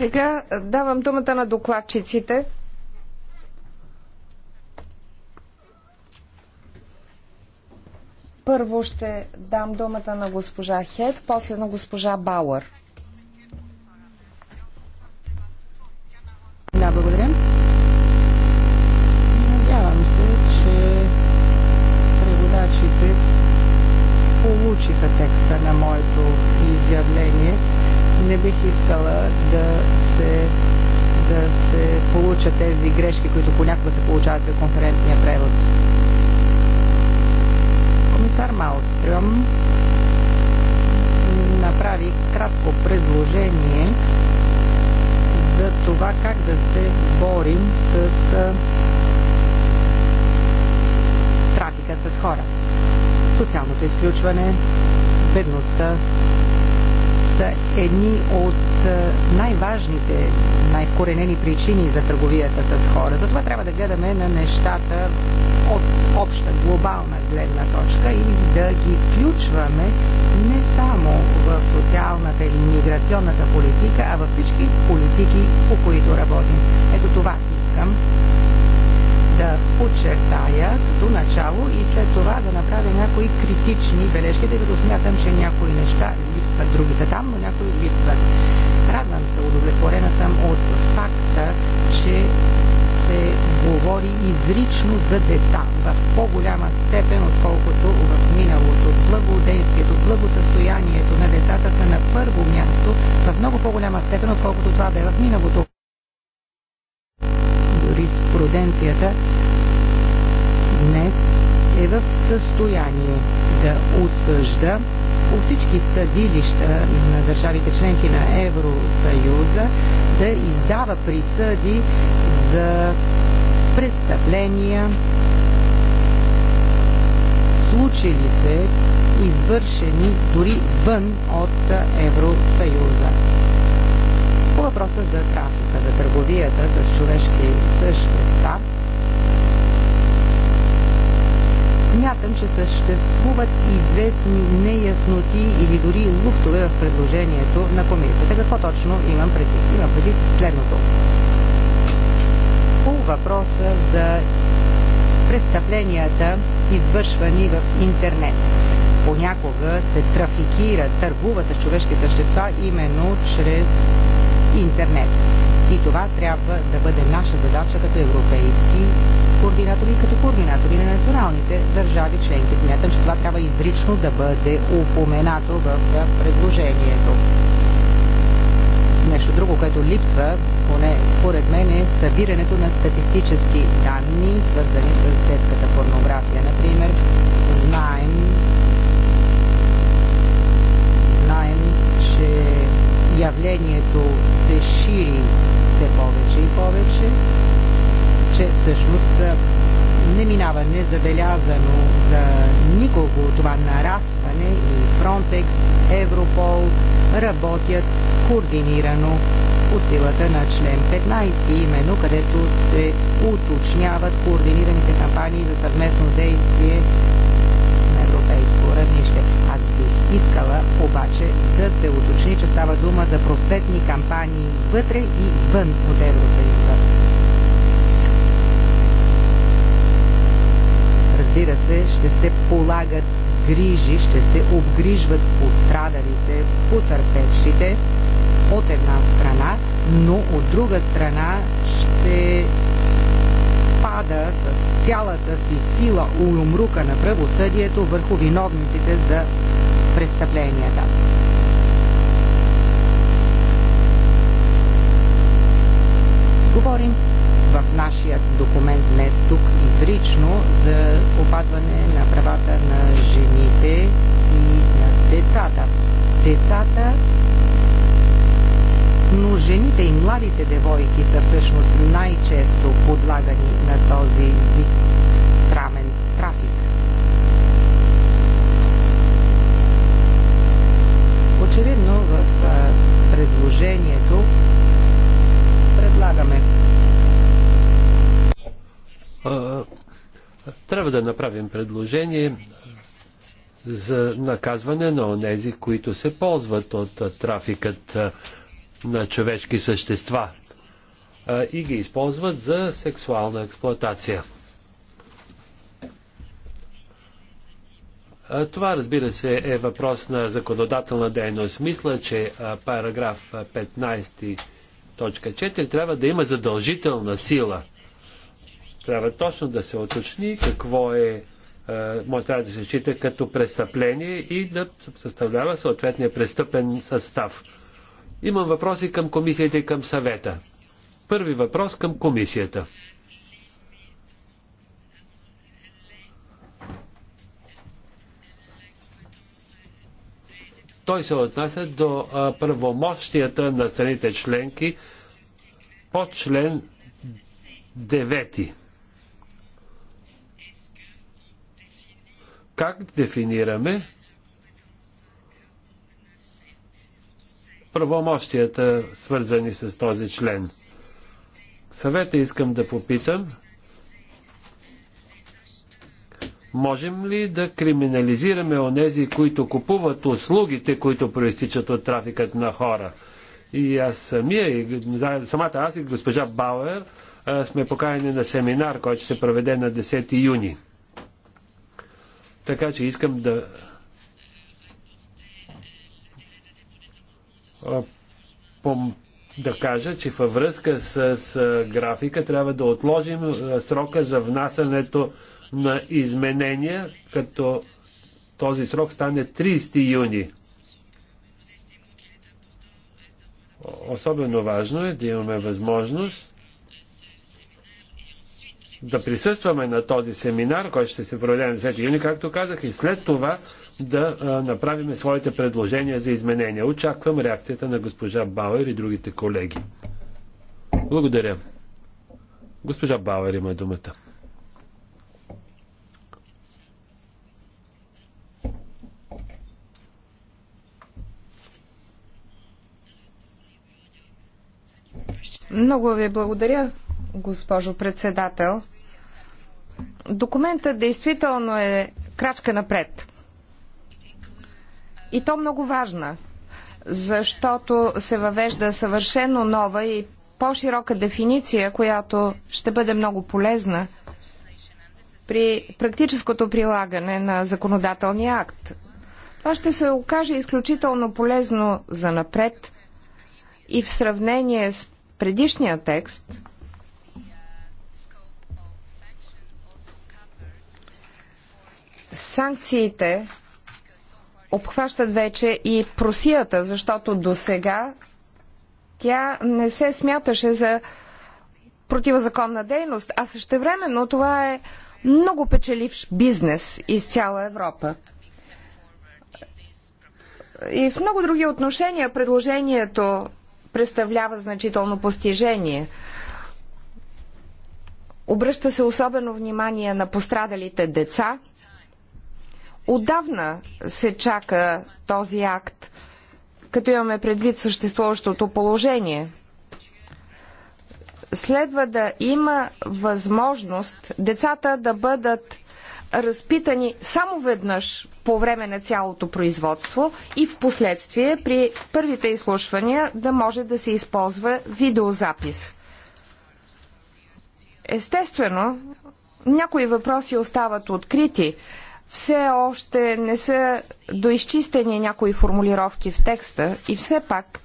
Сега давам думата на докладчиците. Първо ще дам думата на госпожа Хед, после на госпожа Бауър. изключване, бедността са едни от е, най-важните, най-коренени причини за търговията с хора. Затова трябва да гледаме на нещата от обща, глобална гледна точка и да ги включваме не само в социалната или миграционната политика, а във всички политики, по които работим. Ето това искам да подчертая като начало и след това да направя някои критични бележки, тъй като смятам, че някои неща липсват, други са там, но някои липсват. Радвам се, удовлетворена съм от факта, че се говори изрично за деца в по-голяма степен, отколкото в миналото. Благодействието, благосъстоянието на децата са на първо място в много по-голяма степен, отколкото това бе в миналото юриспруденцията днес е в състояние да осъжда по всички съдилища на държавите членки на Евросъюза да издава присъди за престъпления, случили се, извършени дори вън от Евросъюза. По въпроса за трафика, за търговията с човешки същества, смятам, че съществуват известни неясноти или дори луфтове в предложението на комисията. Какво точно имам предвид? Имам предвид следното. По въпроса за престъпленията, извършвани в интернет. Понякога се трафикира, търгува с човешки същества именно чрез интернет. И това трябва да бъде наша задача като европейски координатори и като координатори на националните държави членки. Смятам, че това трябва изрично да бъде упоменато в предложението. Нещо друго, което липсва, поне според мен, е събирането на статистически данни, свързани с детската порнография. Например, знаем, знаем, че явлението се шири все повече и повече, че всъщност не минава незабелязано за никого това нарастване и Frontex, Европол работят координирано по силата на член 15, именно където се уточняват координираните кампании за съвместно действие равнище. Аз бих искала обаче да се уточни, че става дума за просветни кампании вътре и вън от Евросъюза. Разбира се, ще се полагат грижи, ще се обгрижват пострадалите, потърпевшите от една страна, но от друга страна ще напада с цялата си сила улумрука на правосъдието върху виновниците за престъпленията. Говорим в нашия документ днес тук изрично за опазване на правата на жените и на децата. Децата но жените и младите девойки са всъщност най-често подлагани на този вид срамен трафик. Очевидно в предложението предлагаме. Трябва да направим предложение за наказване на онези, които се ползват от трафикът на човешки същества и ги използват за сексуална експлоатация. Това, разбира се, е въпрос на законодателна дейност. Мисля, че параграф 15, точка 4 трябва да има задължителна сила. Трябва точно да се оточни какво е, може трябва да се счита като престъпление и да съставлява съответния престъпен състав. Имам въпроси към комисията и към съвета. Първи въпрос към комисията. Той се отнася до правомощията на страните членки по член 9. Как дефинираме правомощията, свързани с този член. Съвета искам да попитам, можем ли да криминализираме онези, които купуват услугите, които проистичат от трафикът на хора? И аз самия, и, самата аз и госпожа Бауер сме поканени на семинар, който се проведе на 10 юни. Така че искам да да кажа, че във връзка с, графика трябва да отложим срока за внасянето на изменения, като този срок стане 30 юни. Особено важно е да имаме възможност да присъстваме на този семинар, който ще се проведе на 10 юни, както казах, и след това да направим своите предложения за изменения. Очаквам реакцията на госпожа Бауер и другите колеги. Благодаря. Госпожа Бауер има думата. Много ви благодаря, госпожо председател. Документът действително е крачка напред. И то много важна, защото се въвежда съвършено нова и по-широка дефиниция, която ще бъде много полезна при практическото прилагане на законодателния акт. Това ще се окаже изключително полезно за напред и в сравнение с предишния текст, санкциите обхващат вече и просията, защото до сега тя не се смяташе за противозаконна дейност, а същевременно това е много печеливш бизнес из цяла Европа. И в много други отношения предложението представлява значително постижение. Обръща се особено внимание на пострадалите деца – отдавна се чака този акт, като имаме предвид съществуващото положение. Следва да има възможност децата да бъдат разпитани само веднъж по време на цялото производство и в последствие при първите изслушвания да може да се използва видеозапис. Естествено, някои въпроси остават открити, все още не са доизчистени някои формулировки в текста и все пак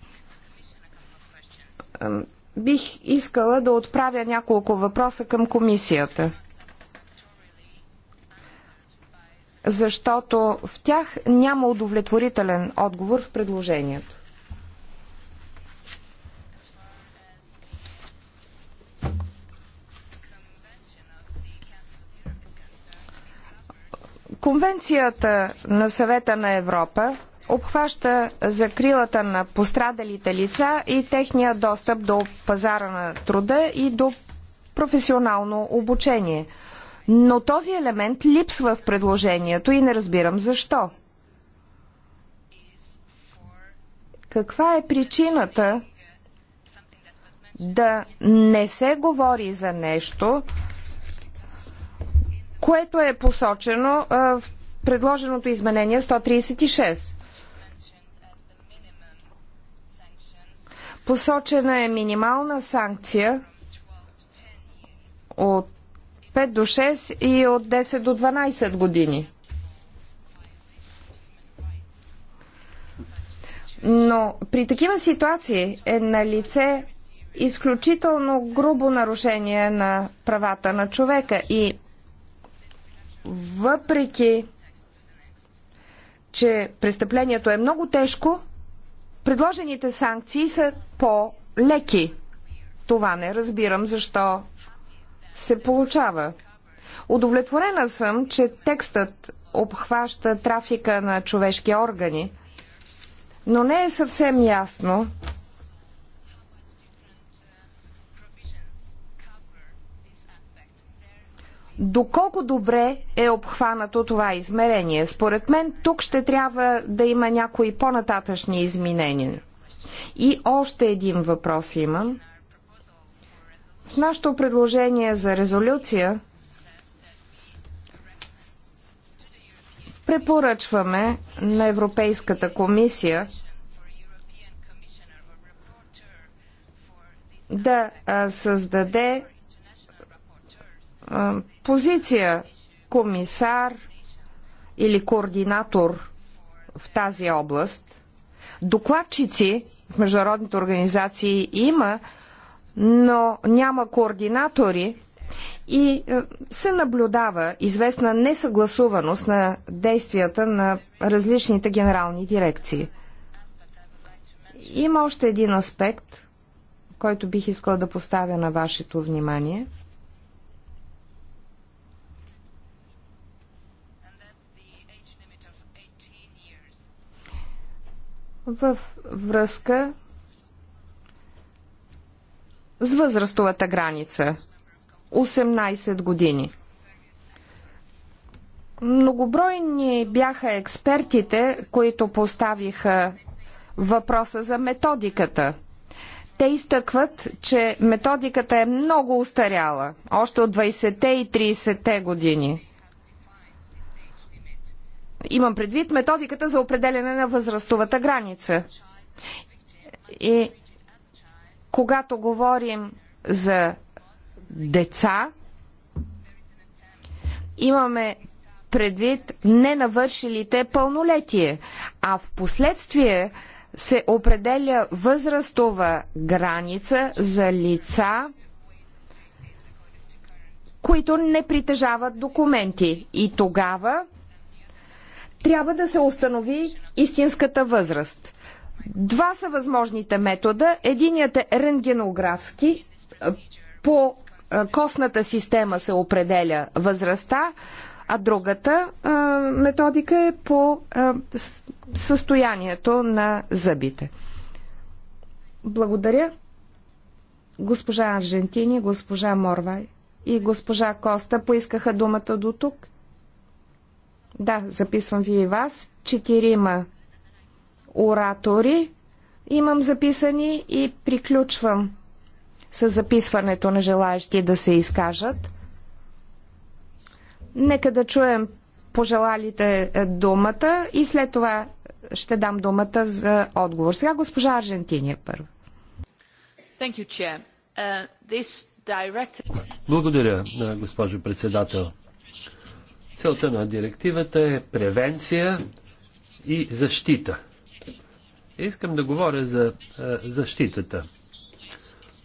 бих искала да отправя няколко въпроса към комисията. Защото в тях няма удовлетворителен отговор в предложението. Конвенцията на съвета на Европа обхваща закрилата на пострадалите лица и техния достъп до пазара на труда и до професионално обучение. Но този елемент липсва в предложението и не разбирам защо. Каква е причината да не се говори за нещо, което е посочено в предложеното изменение 136. Посочена е минимална санкция от 5 до 6 и от 10 до 12 години. Но при такива ситуации е на лице изключително грубо нарушение на правата на човека и въпреки че престъплението е много тежко, предложените санкции са по-леки. Това не разбирам защо се получава. Удовлетворена съм, че текстът обхваща трафика на човешки органи, но не е съвсем ясно доколко добре е обхванато това измерение. Според мен тук ще трябва да има някои по-нататъчни изменения. И още един въпрос имам. В нашето предложение за резолюция препоръчваме на Европейската комисия да създаде позиция комисар или координатор в тази област. Докладчици в международните организации има, но няма координатори и е, се наблюдава известна несъгласуваност на действията на различните генерални дирекции. Има още един аспект, който бих искала да поставя на вашето внимание – в връзка с възрастовата граница 18 години. Многобройни бяха експертите, които поставиха въпроса за методиката. Те изтъкват, че методиката е много устаряла, още от 20-те и 30-те години. Имам предвид методиката за определене на възрастовата граница. И когато говорим за деца, имаме предвид ненавършилите пълнолетие, а в последствие се определя възрастова граница за лица, които не притежават документи. И тогава трябва да се установи истинската възраст. Два са възможните метода. Единият е рентгенографски. По костната система се определя възрастта, а другата методика е по състоянието на зъбите. Благодаря. Госпожа Аржентини, госпожа Морвай и госпожа Коста поискаха думата до тук. Да, записвам ви и вас. Четирима оратори имам записани и приключвам с записването на желаящи да се изкажат. Нека да чуем пожелалите е, думата и след това ще дам думата за отговор. Сега госпожа Аржентини е първа. Uh, Благодаря, е, госпожо председател. Целта на директивата е превенция и защита. Искам да говоря за е, защитата.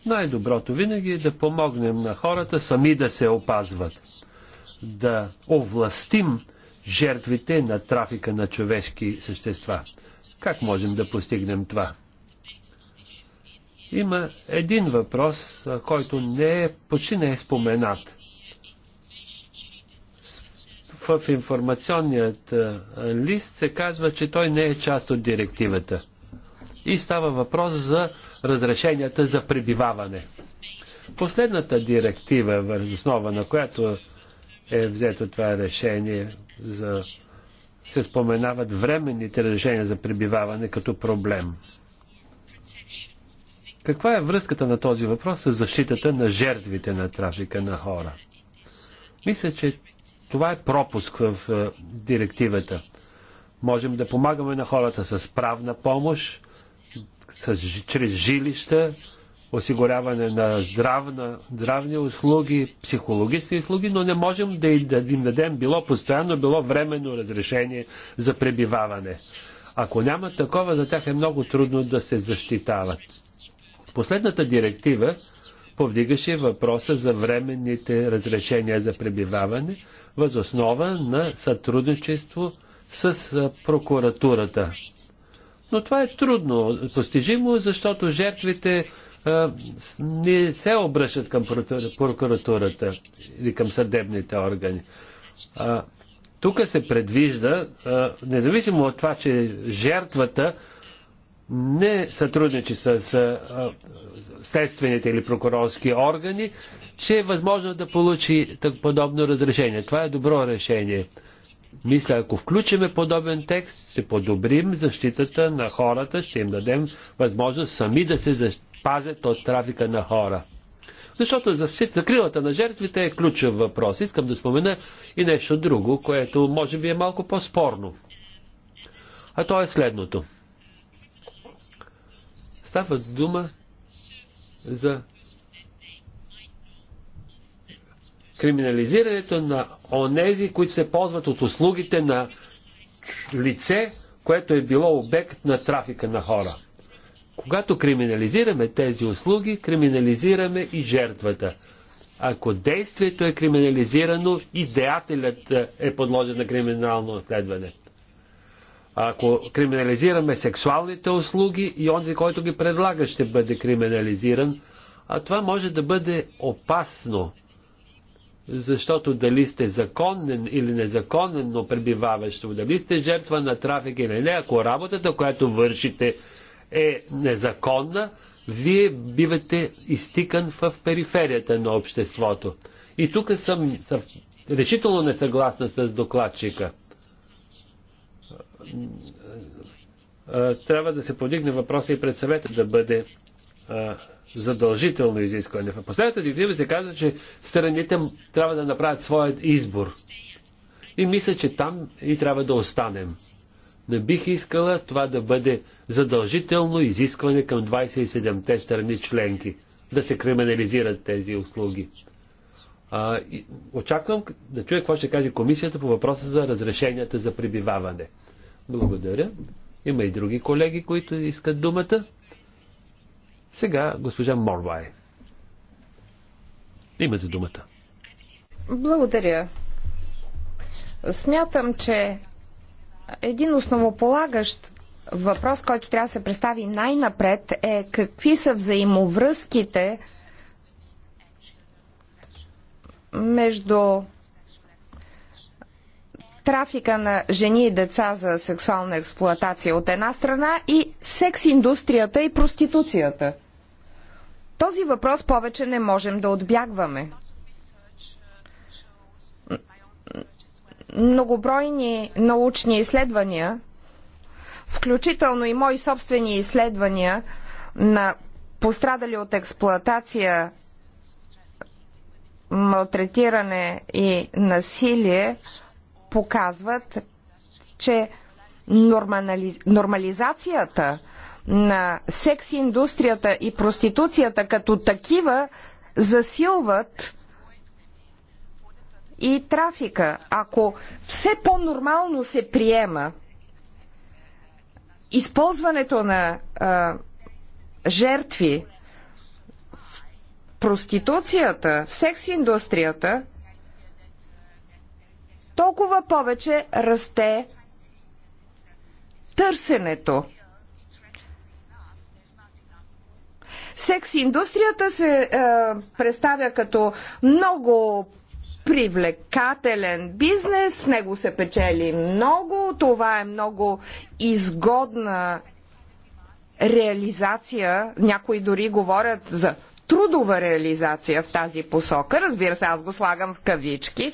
Най-доброто винаги е да помогнем на хората сами да се опазват, да овластим жертвите на трафика на човешки същества. Как можем да постигнем това? Има един въпрос, е, който не е, почти не е споменат в информационният лист се казва, че той не е част от директивата. И става въпрос за разрешенията за пребиваване. Последната директива, въз основа на която е взето това решение за се споменават временните решения за пребиваване като проблем. Каква е връзката на този въпрос с защитата на жертвите на трафика на хора? Мисля, че това е пропуск в е, директивата. Можем да помагаме на хората с правна помощ, с, чрез жилища, осигуряване на здравна, здравни услуги, психологически услуги, но не можем да им дадем било постоянно, било временно разрешение за пребиваване. Ако няма такова, за тях е много трудно да се защитават. Последната директива повдигаше въпроса за временните разрешения за пребиваване – възоснова на сътрудничество с прокуратурата. Но това е трудно постижимо, защото жертвите а, не се обръщат към прокуратурата или към съдебните органи. А, тук се предвижда, а, независимо от това, че жертвата не сътрудничи с а, следствените или прокурорски органи, че е възможно да получи так подобно разрешение. Това е добро решение. Мисля, ако включиме подобен текст, ще подобрим защитата на хората, ще им дадем възможност сами да се пазят от трафика на хора. Защото защита, закрилата на жертвите е ключов въпрос. Искам да спомена и нещо друго, което може би е малко по-спорно. А то е следното. Става дума за криминализирането на онези, които се ползват от услугите на лице, което е било обект на трафика на хора. Когато криминализираме тези услуги, криминализираме и жертвата. Ако действието е криминализирано и деятелят е подложен на криминално следване. Ако криминализираме сексуалните услуги и онзи, който ги предлага, ще бъде криминализиран, а това може да бъде опасно, защото дали сте законен или незаконен но пребиваващо, дали сте жертва на трафик или не, ако работата, която вършите е незаконна, вие бивате изтикан в периферията на обществото. И тук съм, съм решително несъгласна с докладчика – трябва да се подигне въпроса и пред съвета да бъде задължително изискване. В последната директива се казва, че страните трябва да направят своят избор. И мисля, че там и трябва да останем. Не бих искала това да бъде задължително изискване към 27-те страни членки, да се криминализират тези услуги. А, и, очаквам да чуя какво ще каже комисията по въпроса за разрешенията за прибиваване. Благодаря. Има и други колеги, които искат думата. Сега госпожа Морвай. Имате думата. Благодаря. Смятам, че един основополагащ въпрос, който трябва да се представи най-напред е какви са взаимовръзките между трафика на жени и деца за сексуална експлоатация от една страна и секс индустрията и проституцията. Този въпрос повече не можем да отбягваме. Многобройни научни изследвания, включително и мои собствени изследвания на пострадали от експлоатация, малтретиране и насилие, показват, че нормализацията на секс индустрията и проституцията като такива засилват и трафика. Ако все по-нормално се приема използването на а, жертви в проституцията, в секс индустрията, толкова повече расте търсенето. Секс индустрията се е, представя като много привлекателен бизнес, в него се печели много, това е много изгодна реализация, някои дори говорят за трудова реализация в тази посока, разбира се, аз го слагам в кавички,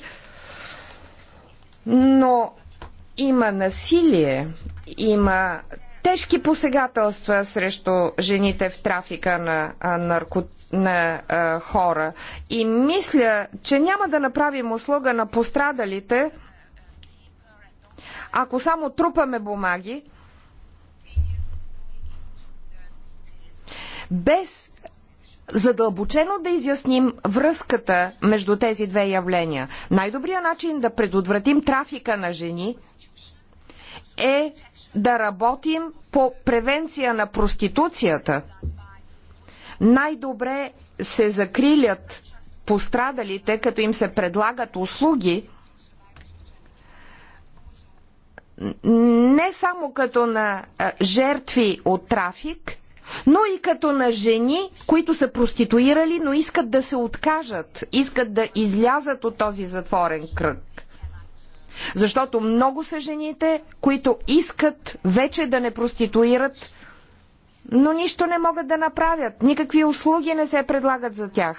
но има насилие, има тежки посегателства срещу жените в трафика на, нарко... на а, хора. И мисля, че няма да направим услуга на пострадалите, ако само трупаме бумаги, без задълбочено да изясним връзката между тези две явления. Най-добрият начин да предотвратим трафика на жени е да работим по превенция на проституцията. Най-добре се закрилят пострадалите, като им се предлагат услуги, не само като на жертви от трафик, но и като на жени, които са проституирали, но искат да се откажат, искат да излязат от този затворен кръг. Защото много са жените, които искат вече да не проституират, но нищо не могат да направят. Никакви услуги не се предлагат за тях.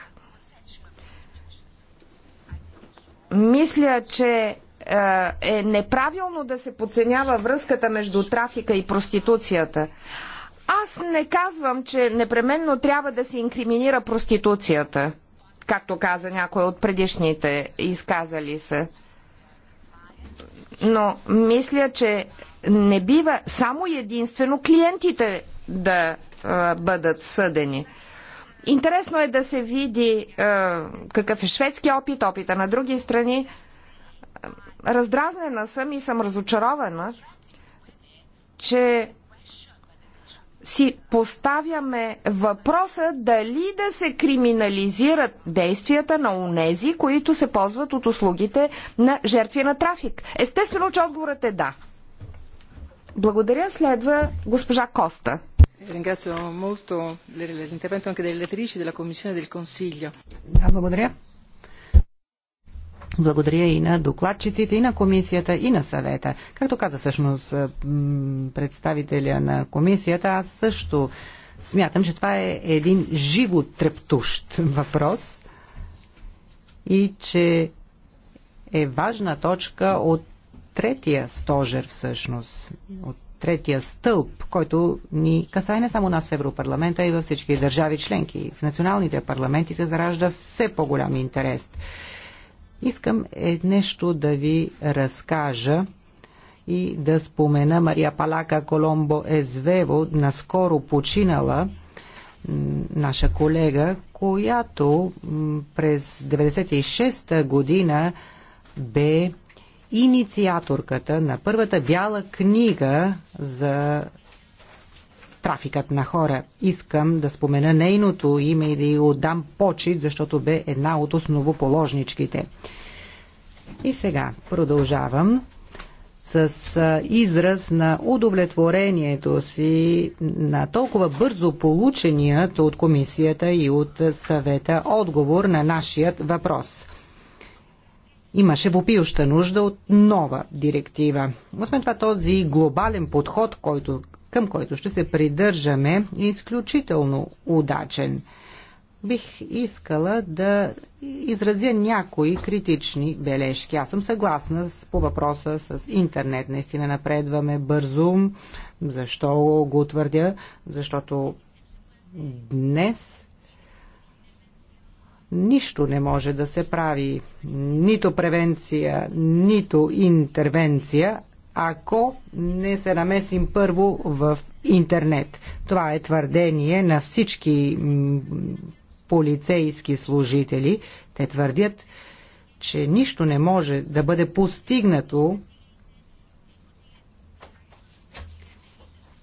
Мисля, че е, е неправилно да се подценява връзката между трафика и проституцията. Аз не казвам, че непременно трябва да се инкриминира проституцията, както каза някой от предишните изказали се. Но мисля, че не бива само единствено клиентите да а, бъдат съдени. Интересно е да се види а, какъв е шведски опит, опита на други страни. Раздразнена съм и съм разочарована, че си поставяме въпроса дали да се криминализират действията на унези, които се ползват от услугите на жертви на трафик. Естествено, че отговорът е да. Благодаря. Следва госпожа Коста. E да, благодаря. Благодаря и на докладчиците, и на комисията, и на съвета. Както каза всъщност представителя на комисията, аз също смятам, че това е един живо трептущ въпрос и че е важна точка от третия стожер всъщност, от третия стълб, който ни касае не само нас в Европарламента, и във всички държави членки. В националните парламенти се заражда все по-голям интерес. Искам е нещо да ви разкажа и да спомена Мария Палака Коломбо Езвево, наскоро починала наша колега, която през 96-та година бе инициаторката на първата бяла книга за трафикът на хора. Искам да спомена нейното име и да й отдам почет, защото бе една от основоположничките. И сега продължавам с израз на удовлетворението си на толкова бързо полученият от комисията и от съвета отговор на нашият въпрос. Имаше вопиюща нужда от нова директива. Освен това този глобален подход, който към който ще се придържаме, е изключително удачен. Бих искала да изразя някои критични бележки. Аз съм съгласна с, по въпроса с интернет. Наистина напредваме бързо. Защо го твърдя? Защото днес нищо не може да се прави, нито превенция, нито интервенция, ако не се намесим първо в интернет. Това е твърдение на всички полицейски служители. Те твърдят, че нищо не може да бъде постигнато,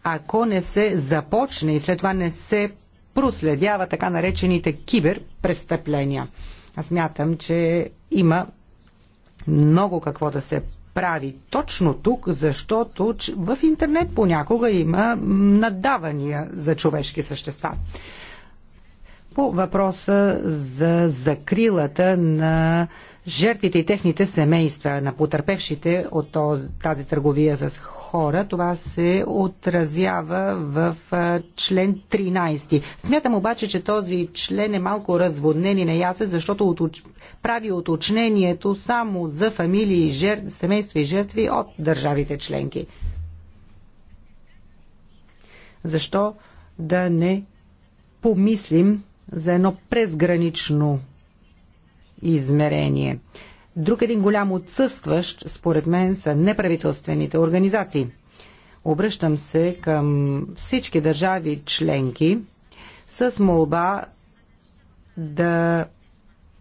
ако не се започне и след това не се проследява така наречените киберпрестъпления. Аз мятам, че има много какво да се прави точно тук, защото в интернет понякога има наддавания за човешки същества. По въпроса за закрилата на жертвите и техните семейства, на потърпевшите от тази търговия с хора. Това се отразява в член 13. Смятам обаче, че този член е малко разводнен и неясен, защото прави уточнението само за фамилии, жер... семейства и жертви от държавите членки. Защо да не помислим за едно презгранично измерение. Друг един голям отсъстващ, според мен, са неправителствените организации. Обръщам се към всички държави членки с молба да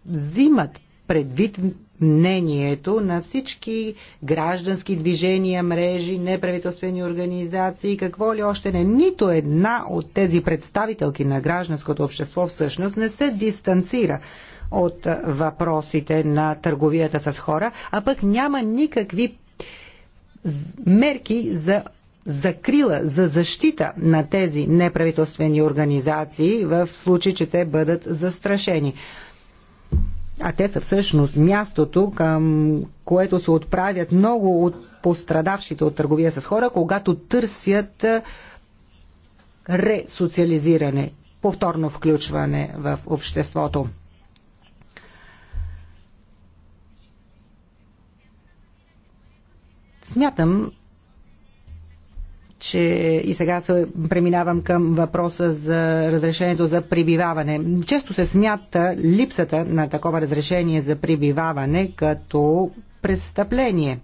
взимат предвид мнението на всички граждански движения, мрежи, неправителствени организации, какво ли още не. Нито една от тези представителки на гражданското общество всъщност не се дистанцира от въпросите на търговията с хора, а пък няма никакви мерки за закрила, за защита на тези неправителствени организации в случай, че те бъдат застрашени. А те са всъщност мястото, към което се отправят много от пострадавшите от търговия с хора, когато търсят ресоциализиране, повторно включване в обществото. Смятам, че и сега се преминавам към въпроса за разрешението за прибиваване. Често се смята липсата на такова разрешение за прибиваване като престъпление.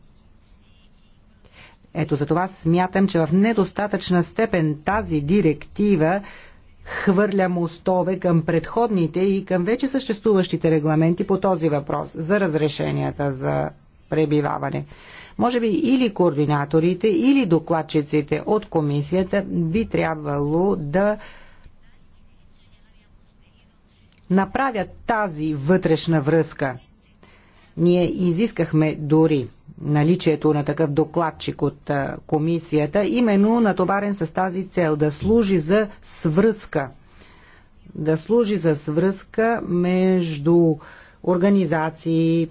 Ето за това смятам, че в недостатъчна степен тази директива хвърля мостове към предходните и към вече съществуващите регламенти по този въпрос за разрешенията за пребиваване. Може би или координаторите, или докладчиците от комисията би трябвало да направят тази вътрешна връзка. Ние изискахме дори наличието на такъв докладчик от комисията, именно натоварен с тази цел да служи за свръзка. Да служи за свръзка между организации,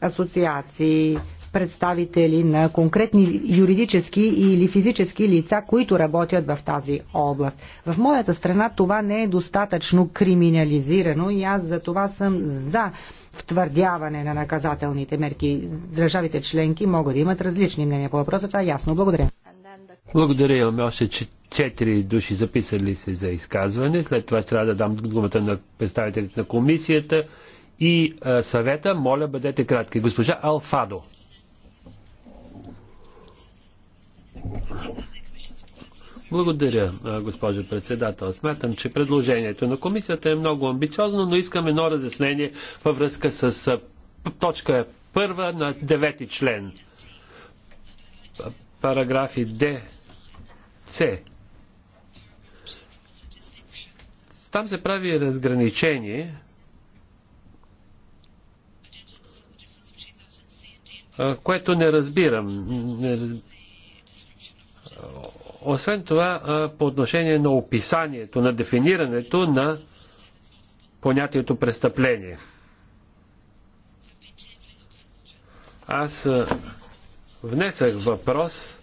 асоциации, представители на конкретни юридически или физически лица, които работят в тази област. В моята страна това не е достатъчно криминализирано и аз за това съм за втвърдяване на наказателните мерки. Държавите членки могат да имат различни мнения по въпроса, това е ясно. Благодаря. Благодаря, имаме още четири души записали се за изказване. След това ще трябва да дам думата на представителите на комисията и а, е, съвета, моля бъдете кратки. Госпожа Алфадо. Благодаря, е, госпожо председател. Смятам, че предложението на комисията е много амбициозно, но искам едно разяснение във връзка с е, точка първа на девети член. Параграфи Д, С. Там се прави разграничение което не разбирам. Освен това, по отношение на описанието, на дефинирането на понятието престъпление. Аз внесах въпрос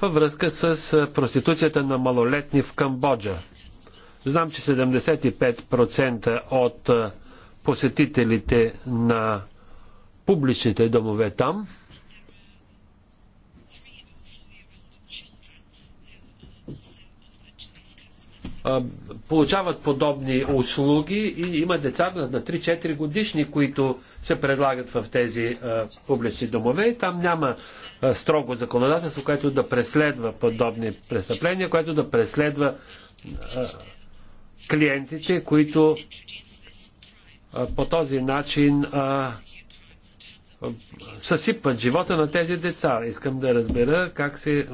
във връзка с проституцията на малолетни в Камбоджа. Знам, че 75% от посетителите на публичните домове там. получават подобни услуги и има деца на 3-4 годишни, които се предлагат в тези публични домове. И там няма строго законодателство, което да преследва подобни престъпления, което да преследва клиентите, които по този начин съсипват живота на тези деца. Искам да разбера как се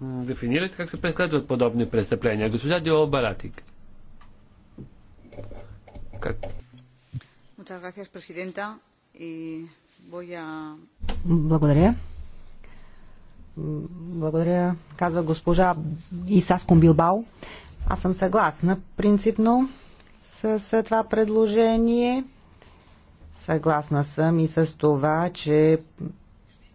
дефинират, как се преследват подобни престъпления. Госпожа Дио Баратик. Как? Благодаря. Благодаря, казва госпожа Исаскон Билбао. Аз съм съгласна принципно с това предложение. Съгласна съм и с това, че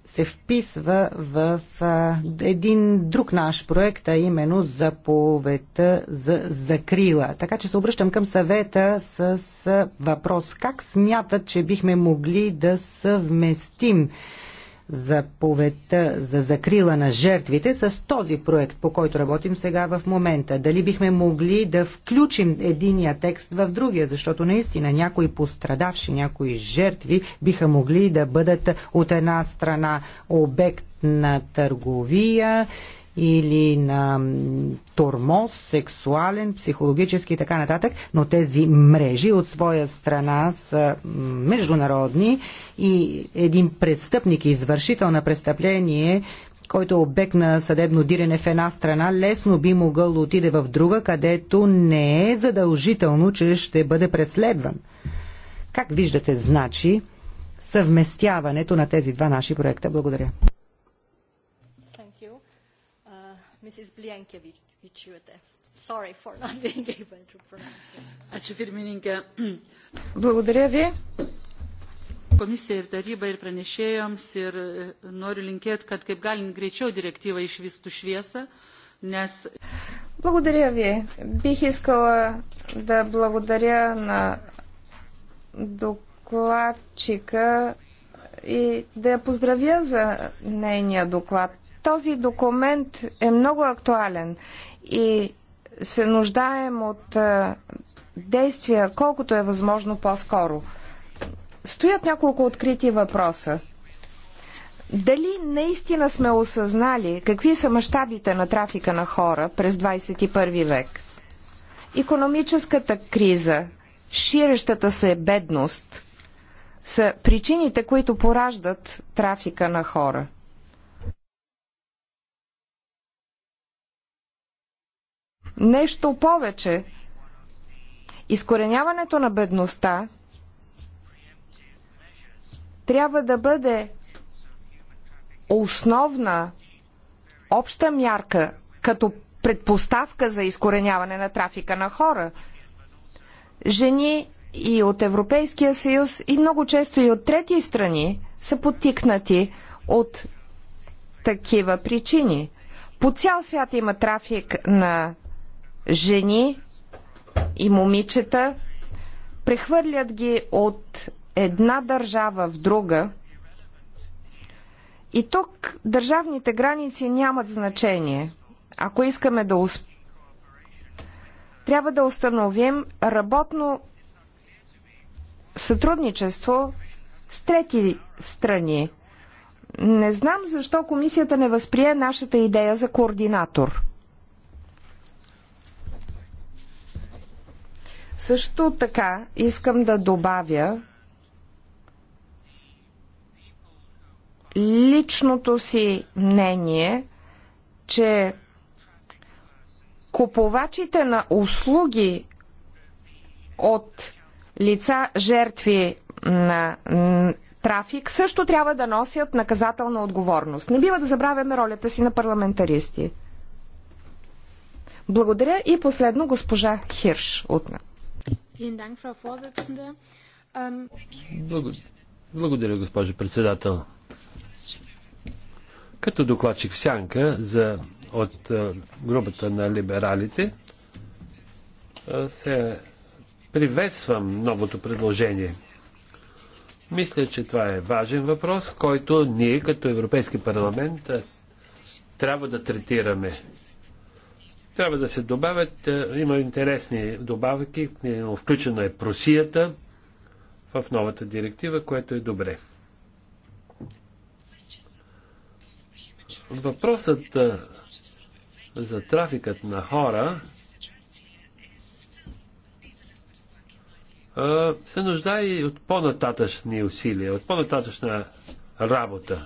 се вписва в а, един друг наш проект, а именно заповедта за закрила. Така че се обръщам към съвета с, с въпрос как смятат, че бихме могли да съвместим заповедта за закрила на жертвите с този проект, по който работим сега в момента? Дали бихме могли да включим единия текст в другия, защото наистина някои пострадавши, някои жертви биха могли да бъдат от една страна обект на търговия или на тормоз, сексуален, психологически и така нататък, но тези мрежи от своя страна са международни и един престъпник и извършител на престъпление който е обект на съдебно дирене в една страна, лесно би могъл да отиде в друга, където не е задължително, че ще бъде преследван. Как виждате, значи, съвместяването на тези два наши проекта? Благодаря. Mrs. Blinkevičiūtė. Sorry for not being able to pronounce Благодаря ви. Komisija ir taryba ir pranešėjams ir noriu linkėti, kad kaip galint greičiau direktyva išvistų šviesą, nes... Благодаря ви. Бих искала да благодаря на докладчика и да я поздравя за нейния доклад. Този документ е много актуален и се нуждаем от действия колкото е възможно по-скоро. Стоят няколко открити въпроса. Дали наистина сме осъзнали какви са мащабите на трафика на хора през 21 век? Економическата криза, ширещата се бедност са причините, които пораждат трафика на хора – Нещо повече. Изкореняването на бедността трябва да бъде основна обща мярка като предпоставка за изкореняване на трафика на хора. Жени и от Европейския съюз, и много често и от трети страни са потикнати от такива причини. По цял свят има трафик на жени и момичета, прехвърлят ги от една държава в друга. И тук държавните граници нямат значение. Ако искаме да усп... трябва да установим работно сътрудничество с трети страни. Не знам защо комисията не възприе нашата идея за координатор. Също така искам да добавя личното си мнение, че купувачите на услуги от лица жертви на трафик също трябва да носят наказателна отговорност. Не бива да забравяме ролята си на парламентаристи. Благодаря и последно госпожа Хирш от нас. Ähm, благодаря, госпожо председател. Като докладчик в сянка за, от е, групата на либералите, е, се приветствам новото предложение. Мисля, че това е важен въпрос, който ние като Европейски парламент е, трябва да третираме трябва да се добавят, е, има интересни добавки, е, включено е просията в новата директива, което е добре. Въпросът е, за трафикът на хора се нуждае и от по-нататъчни усилия, от по-нататъчна работа.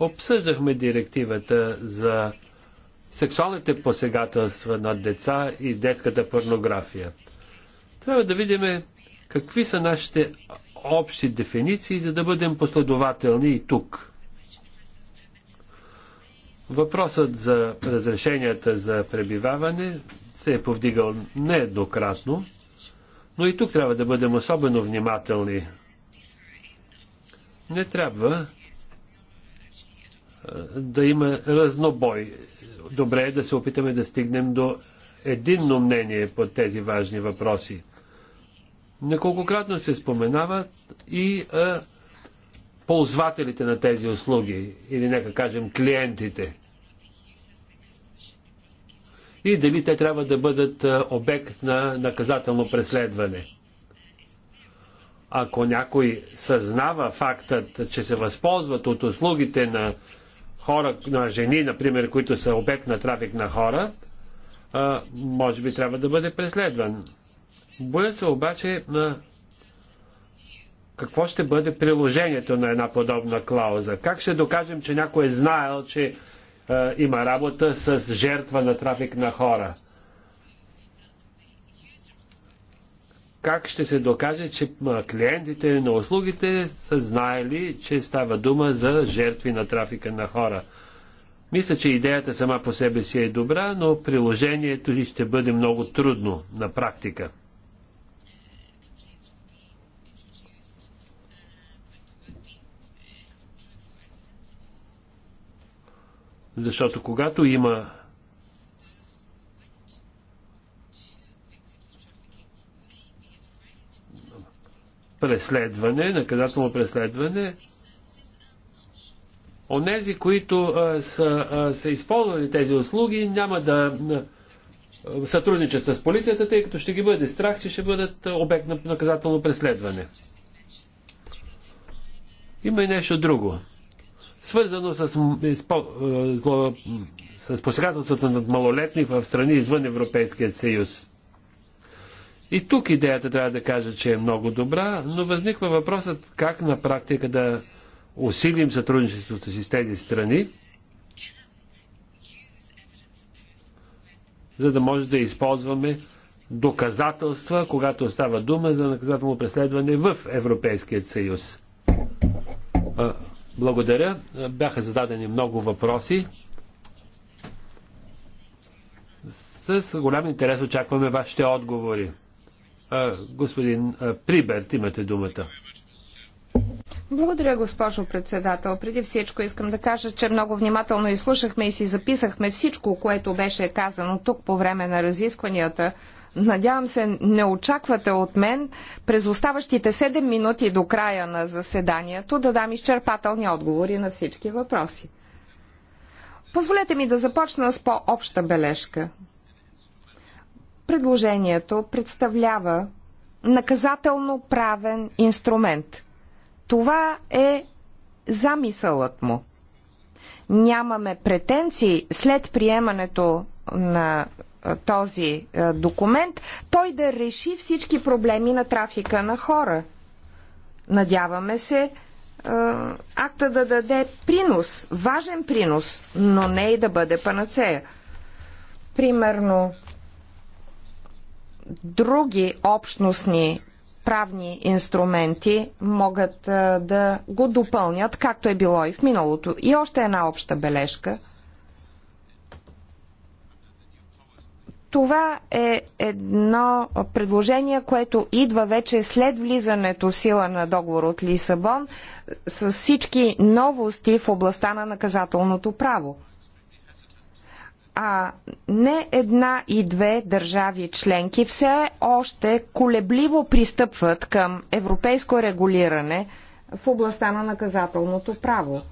Обсъждахме директивата за сексуалните посегателства на деца и детската порнография. Трябва да видим какви са нашите общи дефиниции, за да бъдем последователни и тук. Въпросът за разрешенията за пребиваване се е повдигал нееднократно, но и тук трябва да бъдем особено внимателни. Не трябва да има разнобой добре е да се опитаме да стигнем до единно мнение по тези важни въпроси. Неколкократно се споменават и а, ползвателите на тези услуги, или нека кажем клиентите. И дали те трябва да бъдат обект на наказателно преследване. Ако някой съзнава фактът, че се възползват от услугите на хора, на жени, например, които са обект на трафик на хора, а, може би трябва да бъде преследван. Боя се обаче на какво ще бъде приложението на една подобна клауза. Как ще докажем, че някой е знаел, че а, има работа с жертва на трафик на хора? как ще се докаже, че клиентите на услугите са знаели, че става дума за жертви на трафика на хора. Мисля, че идеята сама по себе си е добра, но приложението ли ще бъде много трудно на практика. Защото когато има преследване, наказателно преследване, онези, които а, са, а, са използвали тези услуги, няма да а, сътрудничат с полицията, тъй като ще ги бъде страх, че ще бъдат обект на наказателно преследване. Има и нещо друго. Свързано с, изпо, с посегателството над малолетни в страни извън Европейския съюз. И тук идеята трябва да кажа, че е много добра, но възниква въпросът как на практика да усилим сътрудничеството си с тези страни, за да може да използваме доказателства, когато става дума за наказателно преследване в Европейският съюз. Благодаря. Бяха зададени много въпроси. С голям интерес очакваме вашите отговори. Господин Приберт, имате думата. Благодаря, госпожо председател. Преди всичко искам да кажа, че много внимателно изслушахме и си записахме всичко, което беше казано тук по време на разискванията. Надявам се, не очаквате от мен през оставащите 7 минути до края на заседанието да дам изчерпателни отговори на всички въпроси. Позволете ми да започна с по-обща бележка. Предложението представлява наказателно правен инструмент. Това е замисълът му. Нямаме претенции след приемането на този документ, той да реши всички проблеми на трафика на хора. Надяваме се акта да даде принос, важен принос, но не и да бъде панацея. Примерно, други общностни правни инструменти могат да го допълнят, както е било и в миналото. И още една обща бележка. Това е едно предложение, което идва вече след влизането в сила на договор от Лисабон с всички новости в областта на наказателното право а не една и две държави членки все още колебливо пристъпват към европейско регулиране в областта на наказателното право.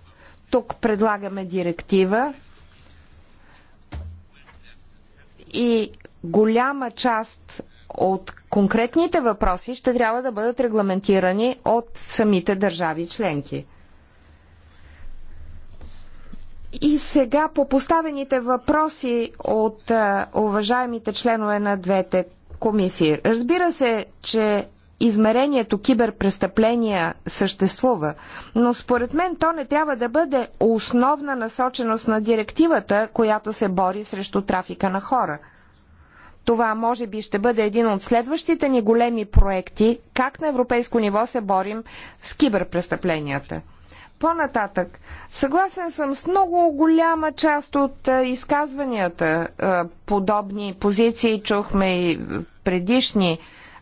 Тук предлагаме директива и голяма част от конкретните въпроси ще трябва да бъдат регламентирани от самите държави членки. И сега по поставените въпроси от а, уважаемите членове на двете комисии. Разбира се, че измерението киберпрестъпления съществува, но според мен то не трябва да бъде основна насоченост на директивата, която се бори срещу трафика на хора. Това може би ще бъде един от следващите ни големи проекти, как на европейско ниво се борим с киберпрестъпленията. По-нататък, съгласен съм с много голяма част от изказванията. Подобни позиции чухме и предишни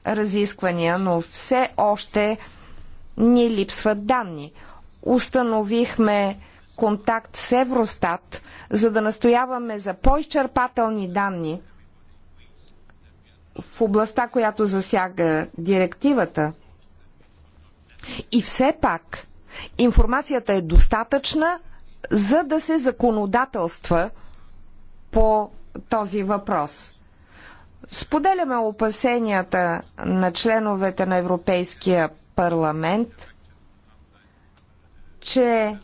разисквания, но все още ни липсват данни. Установихме контакт с Евростат, за да настояваме за по-изчерпателни данни в областта, която засяга директивата. И все пак информацията е достатъчна, за да се законодателства по този въпрос. Споделяме опасенията на членовете на Европейския парламент, че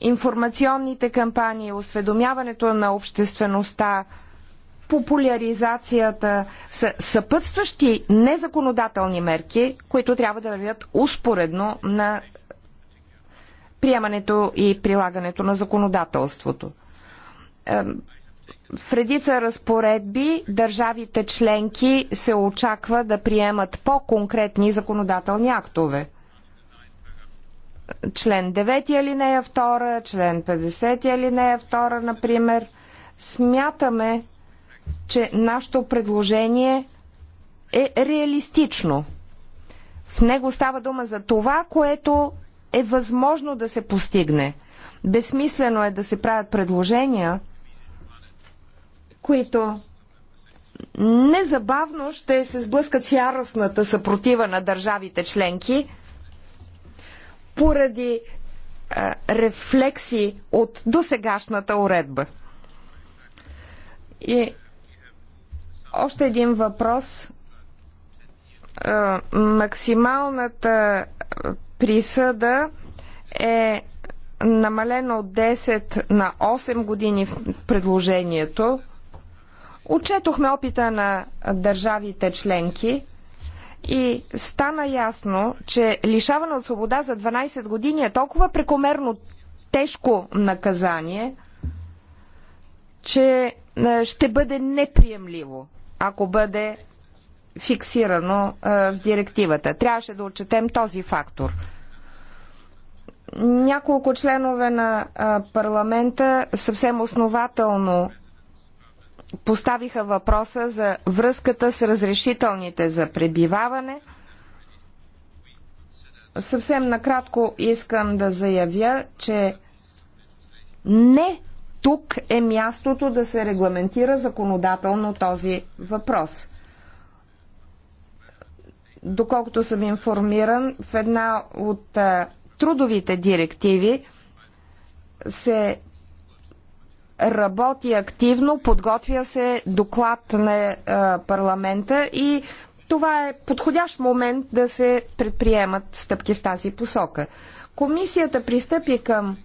информационните кампании, осведомяването на обществеността, популяризацията са съпътстващи незаконодателни мерки, които трябва да вървят успоредно на приемането и прилагането на законодателството. В редица разпоредби държавите членки се очаква да приемат по-конкретни законодателни актове. Член 9 алинея 2, член 50 алинея 2, например. Смятаме, че нашето предложение е реалистично. В него става дума за това, което е възможно да се постигне. Безсмислено е да се правят предложения, които незабавно ще се сблъскат с яростната съпротива на държавите членки поради а, е, рефлекси от досегашната уредба. И още един въпрос. Максималната присъда е намалена от 10 на 8 години в предложението. Отчетохме опита на държавите членки и стана ясно, че лишаване от свобода за 12 години е толкова прекомерно тежко наказание, че ще бъде неприемливо ако бъде фиксирано в директивата. Трябваше да отчетем този фактор. Няколко членове на парламента съвсем основателно поставиха въпроса за връзката с разрешителните за пребиваване. Съвсем накратко искам да заявя, че не тук е мястото да се регламентира законодателно този въпрос. Доколкото съм информиран, в една от трудовите директиви се работи активно, подготвя се доклад на парламента и това е подходящ момент да се предприемат стъпки в тази посока. Комисията пристъпи към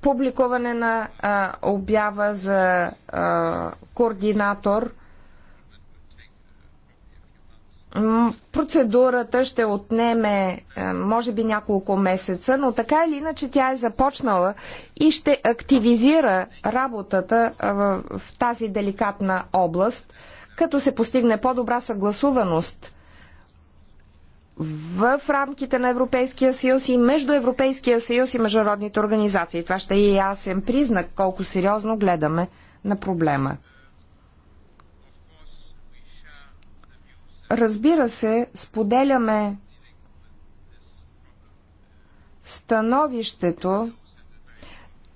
публикуване на а, обява за а, координатор. Процедурата ще отнеме може би няколко месеца, но така или иначе тя е започнала и ще активизира работата в тази деликатна област, като се постигне по-добра съгласуваност в рамките на Европейския съюз и между Европейския съюз и международните организации. Това ще е ясен признак колко сериозно гледаме на проблема. Разбира се, споделяме становището,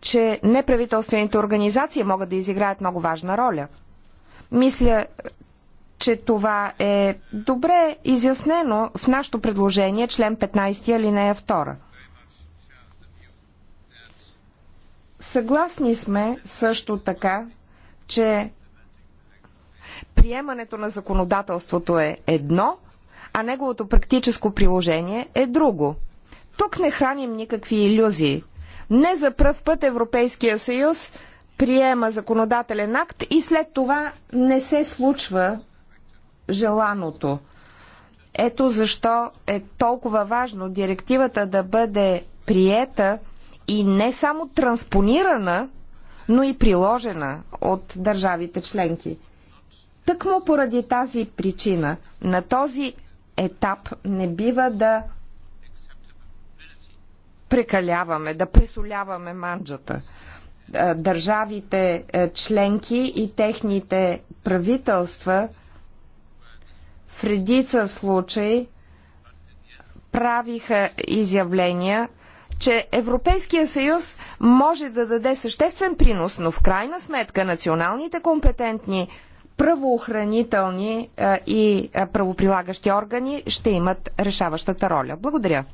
че неправителствените организации могат да изиграят много важна роля. Мисля, че това е добре изяснено в нашето предложение, член 15 алинея 2. Съгласни сме също така, че приемането на законодателството е едно, а неговото практическо приложение е друго. Тук не храним никакви иллюзии. Не за пръв път Европейския съюз приема законодателен акт и след това не се случва желаното. Ето защо е толкова важно директивата да бъде приета и не само транспонирана, но и приложена от държавите членки. Тъкмо поради тази причина на този етап не бива да прекаляваме, да пресоляваме манджата. Държавите е, членки и техните правителства – в редица случаи правиха изявления, че Европейския съюз може да даде съществен принос, но в крайна сметка националните компетентни правоохранителни и правоприлагащи органи ще имат решаващата роля. Благодаря.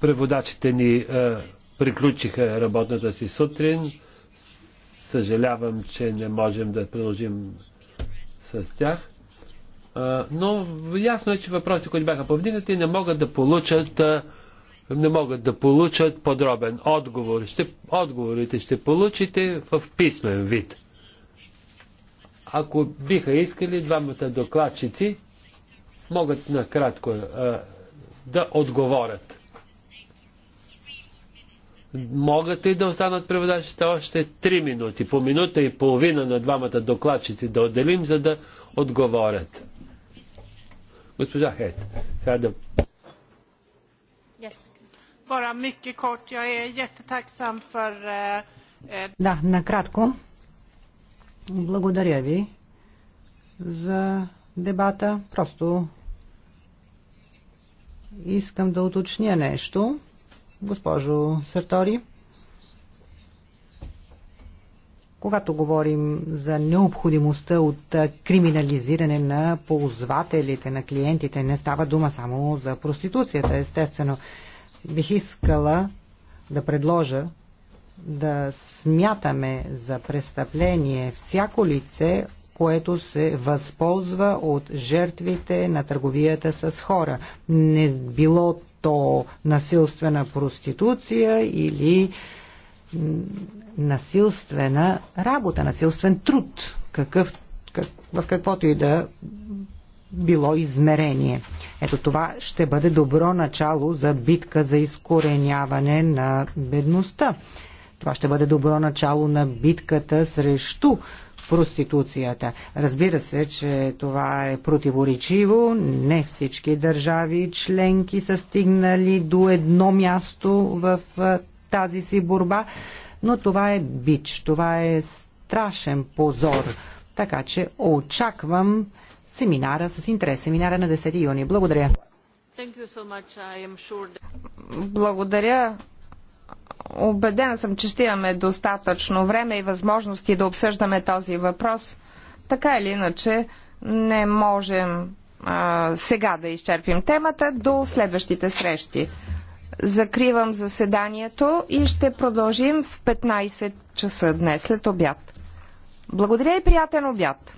Преводачите ни приключиха работната си сутрин. Съжалявам, че не можем да продължим с тях. Но ясно е, че въпросите, които бяха повдигнати, не могат да получат не могат да получат подробен отговор. Ще, отговорите ще получите в писмен вид. Ако биха искали, двамата докладчици могат накратко а, да отговорят. Могат ли да останат преводачите още 3 минути, по минута и половина на двамата докладчици да отделим, за да отговорят? Госпожа Хет, сега да... Yes. мики корт, я е ете таксам фър... Да, накратко. Благодаря ви за дебата. Просто искам да уточня нещо. Госпожо Сартори, когато говорим за необходимостта от криминализиране на ползвателите, на клиентите, не става дума само за проституцията, естествено. Бих искала да предложа да смятаме за престъпление всяко лице, което се възползва от жертвите на търговията с хора. Не било то насилствена проституция или насилствена работа, насилствен труд, какъв, как, в каквото и да било измерение. Ето това ще бъде добро начало за битка за изкореняване на бедността. Това ще бъде добро начало на битката срещу проституцията. Разбира се, че това е противоречиво. Не всички държави членки са стигнали до едно място в тази си борба, но това е бич, това е страшен позор. Така че очаквам семинара с интерес, семинара на 10 юни. Благодаря. Благодаря. Обедена съм, че ще имаме достатъчно време и възможности да обсъждаме този въпрос. Така или иначе, не можем а, сега да изчерпим темата до следващите срещи. Закривам заседанието и ще продължим в 15 часа днес след обяд. Благодаря и приятен обяд!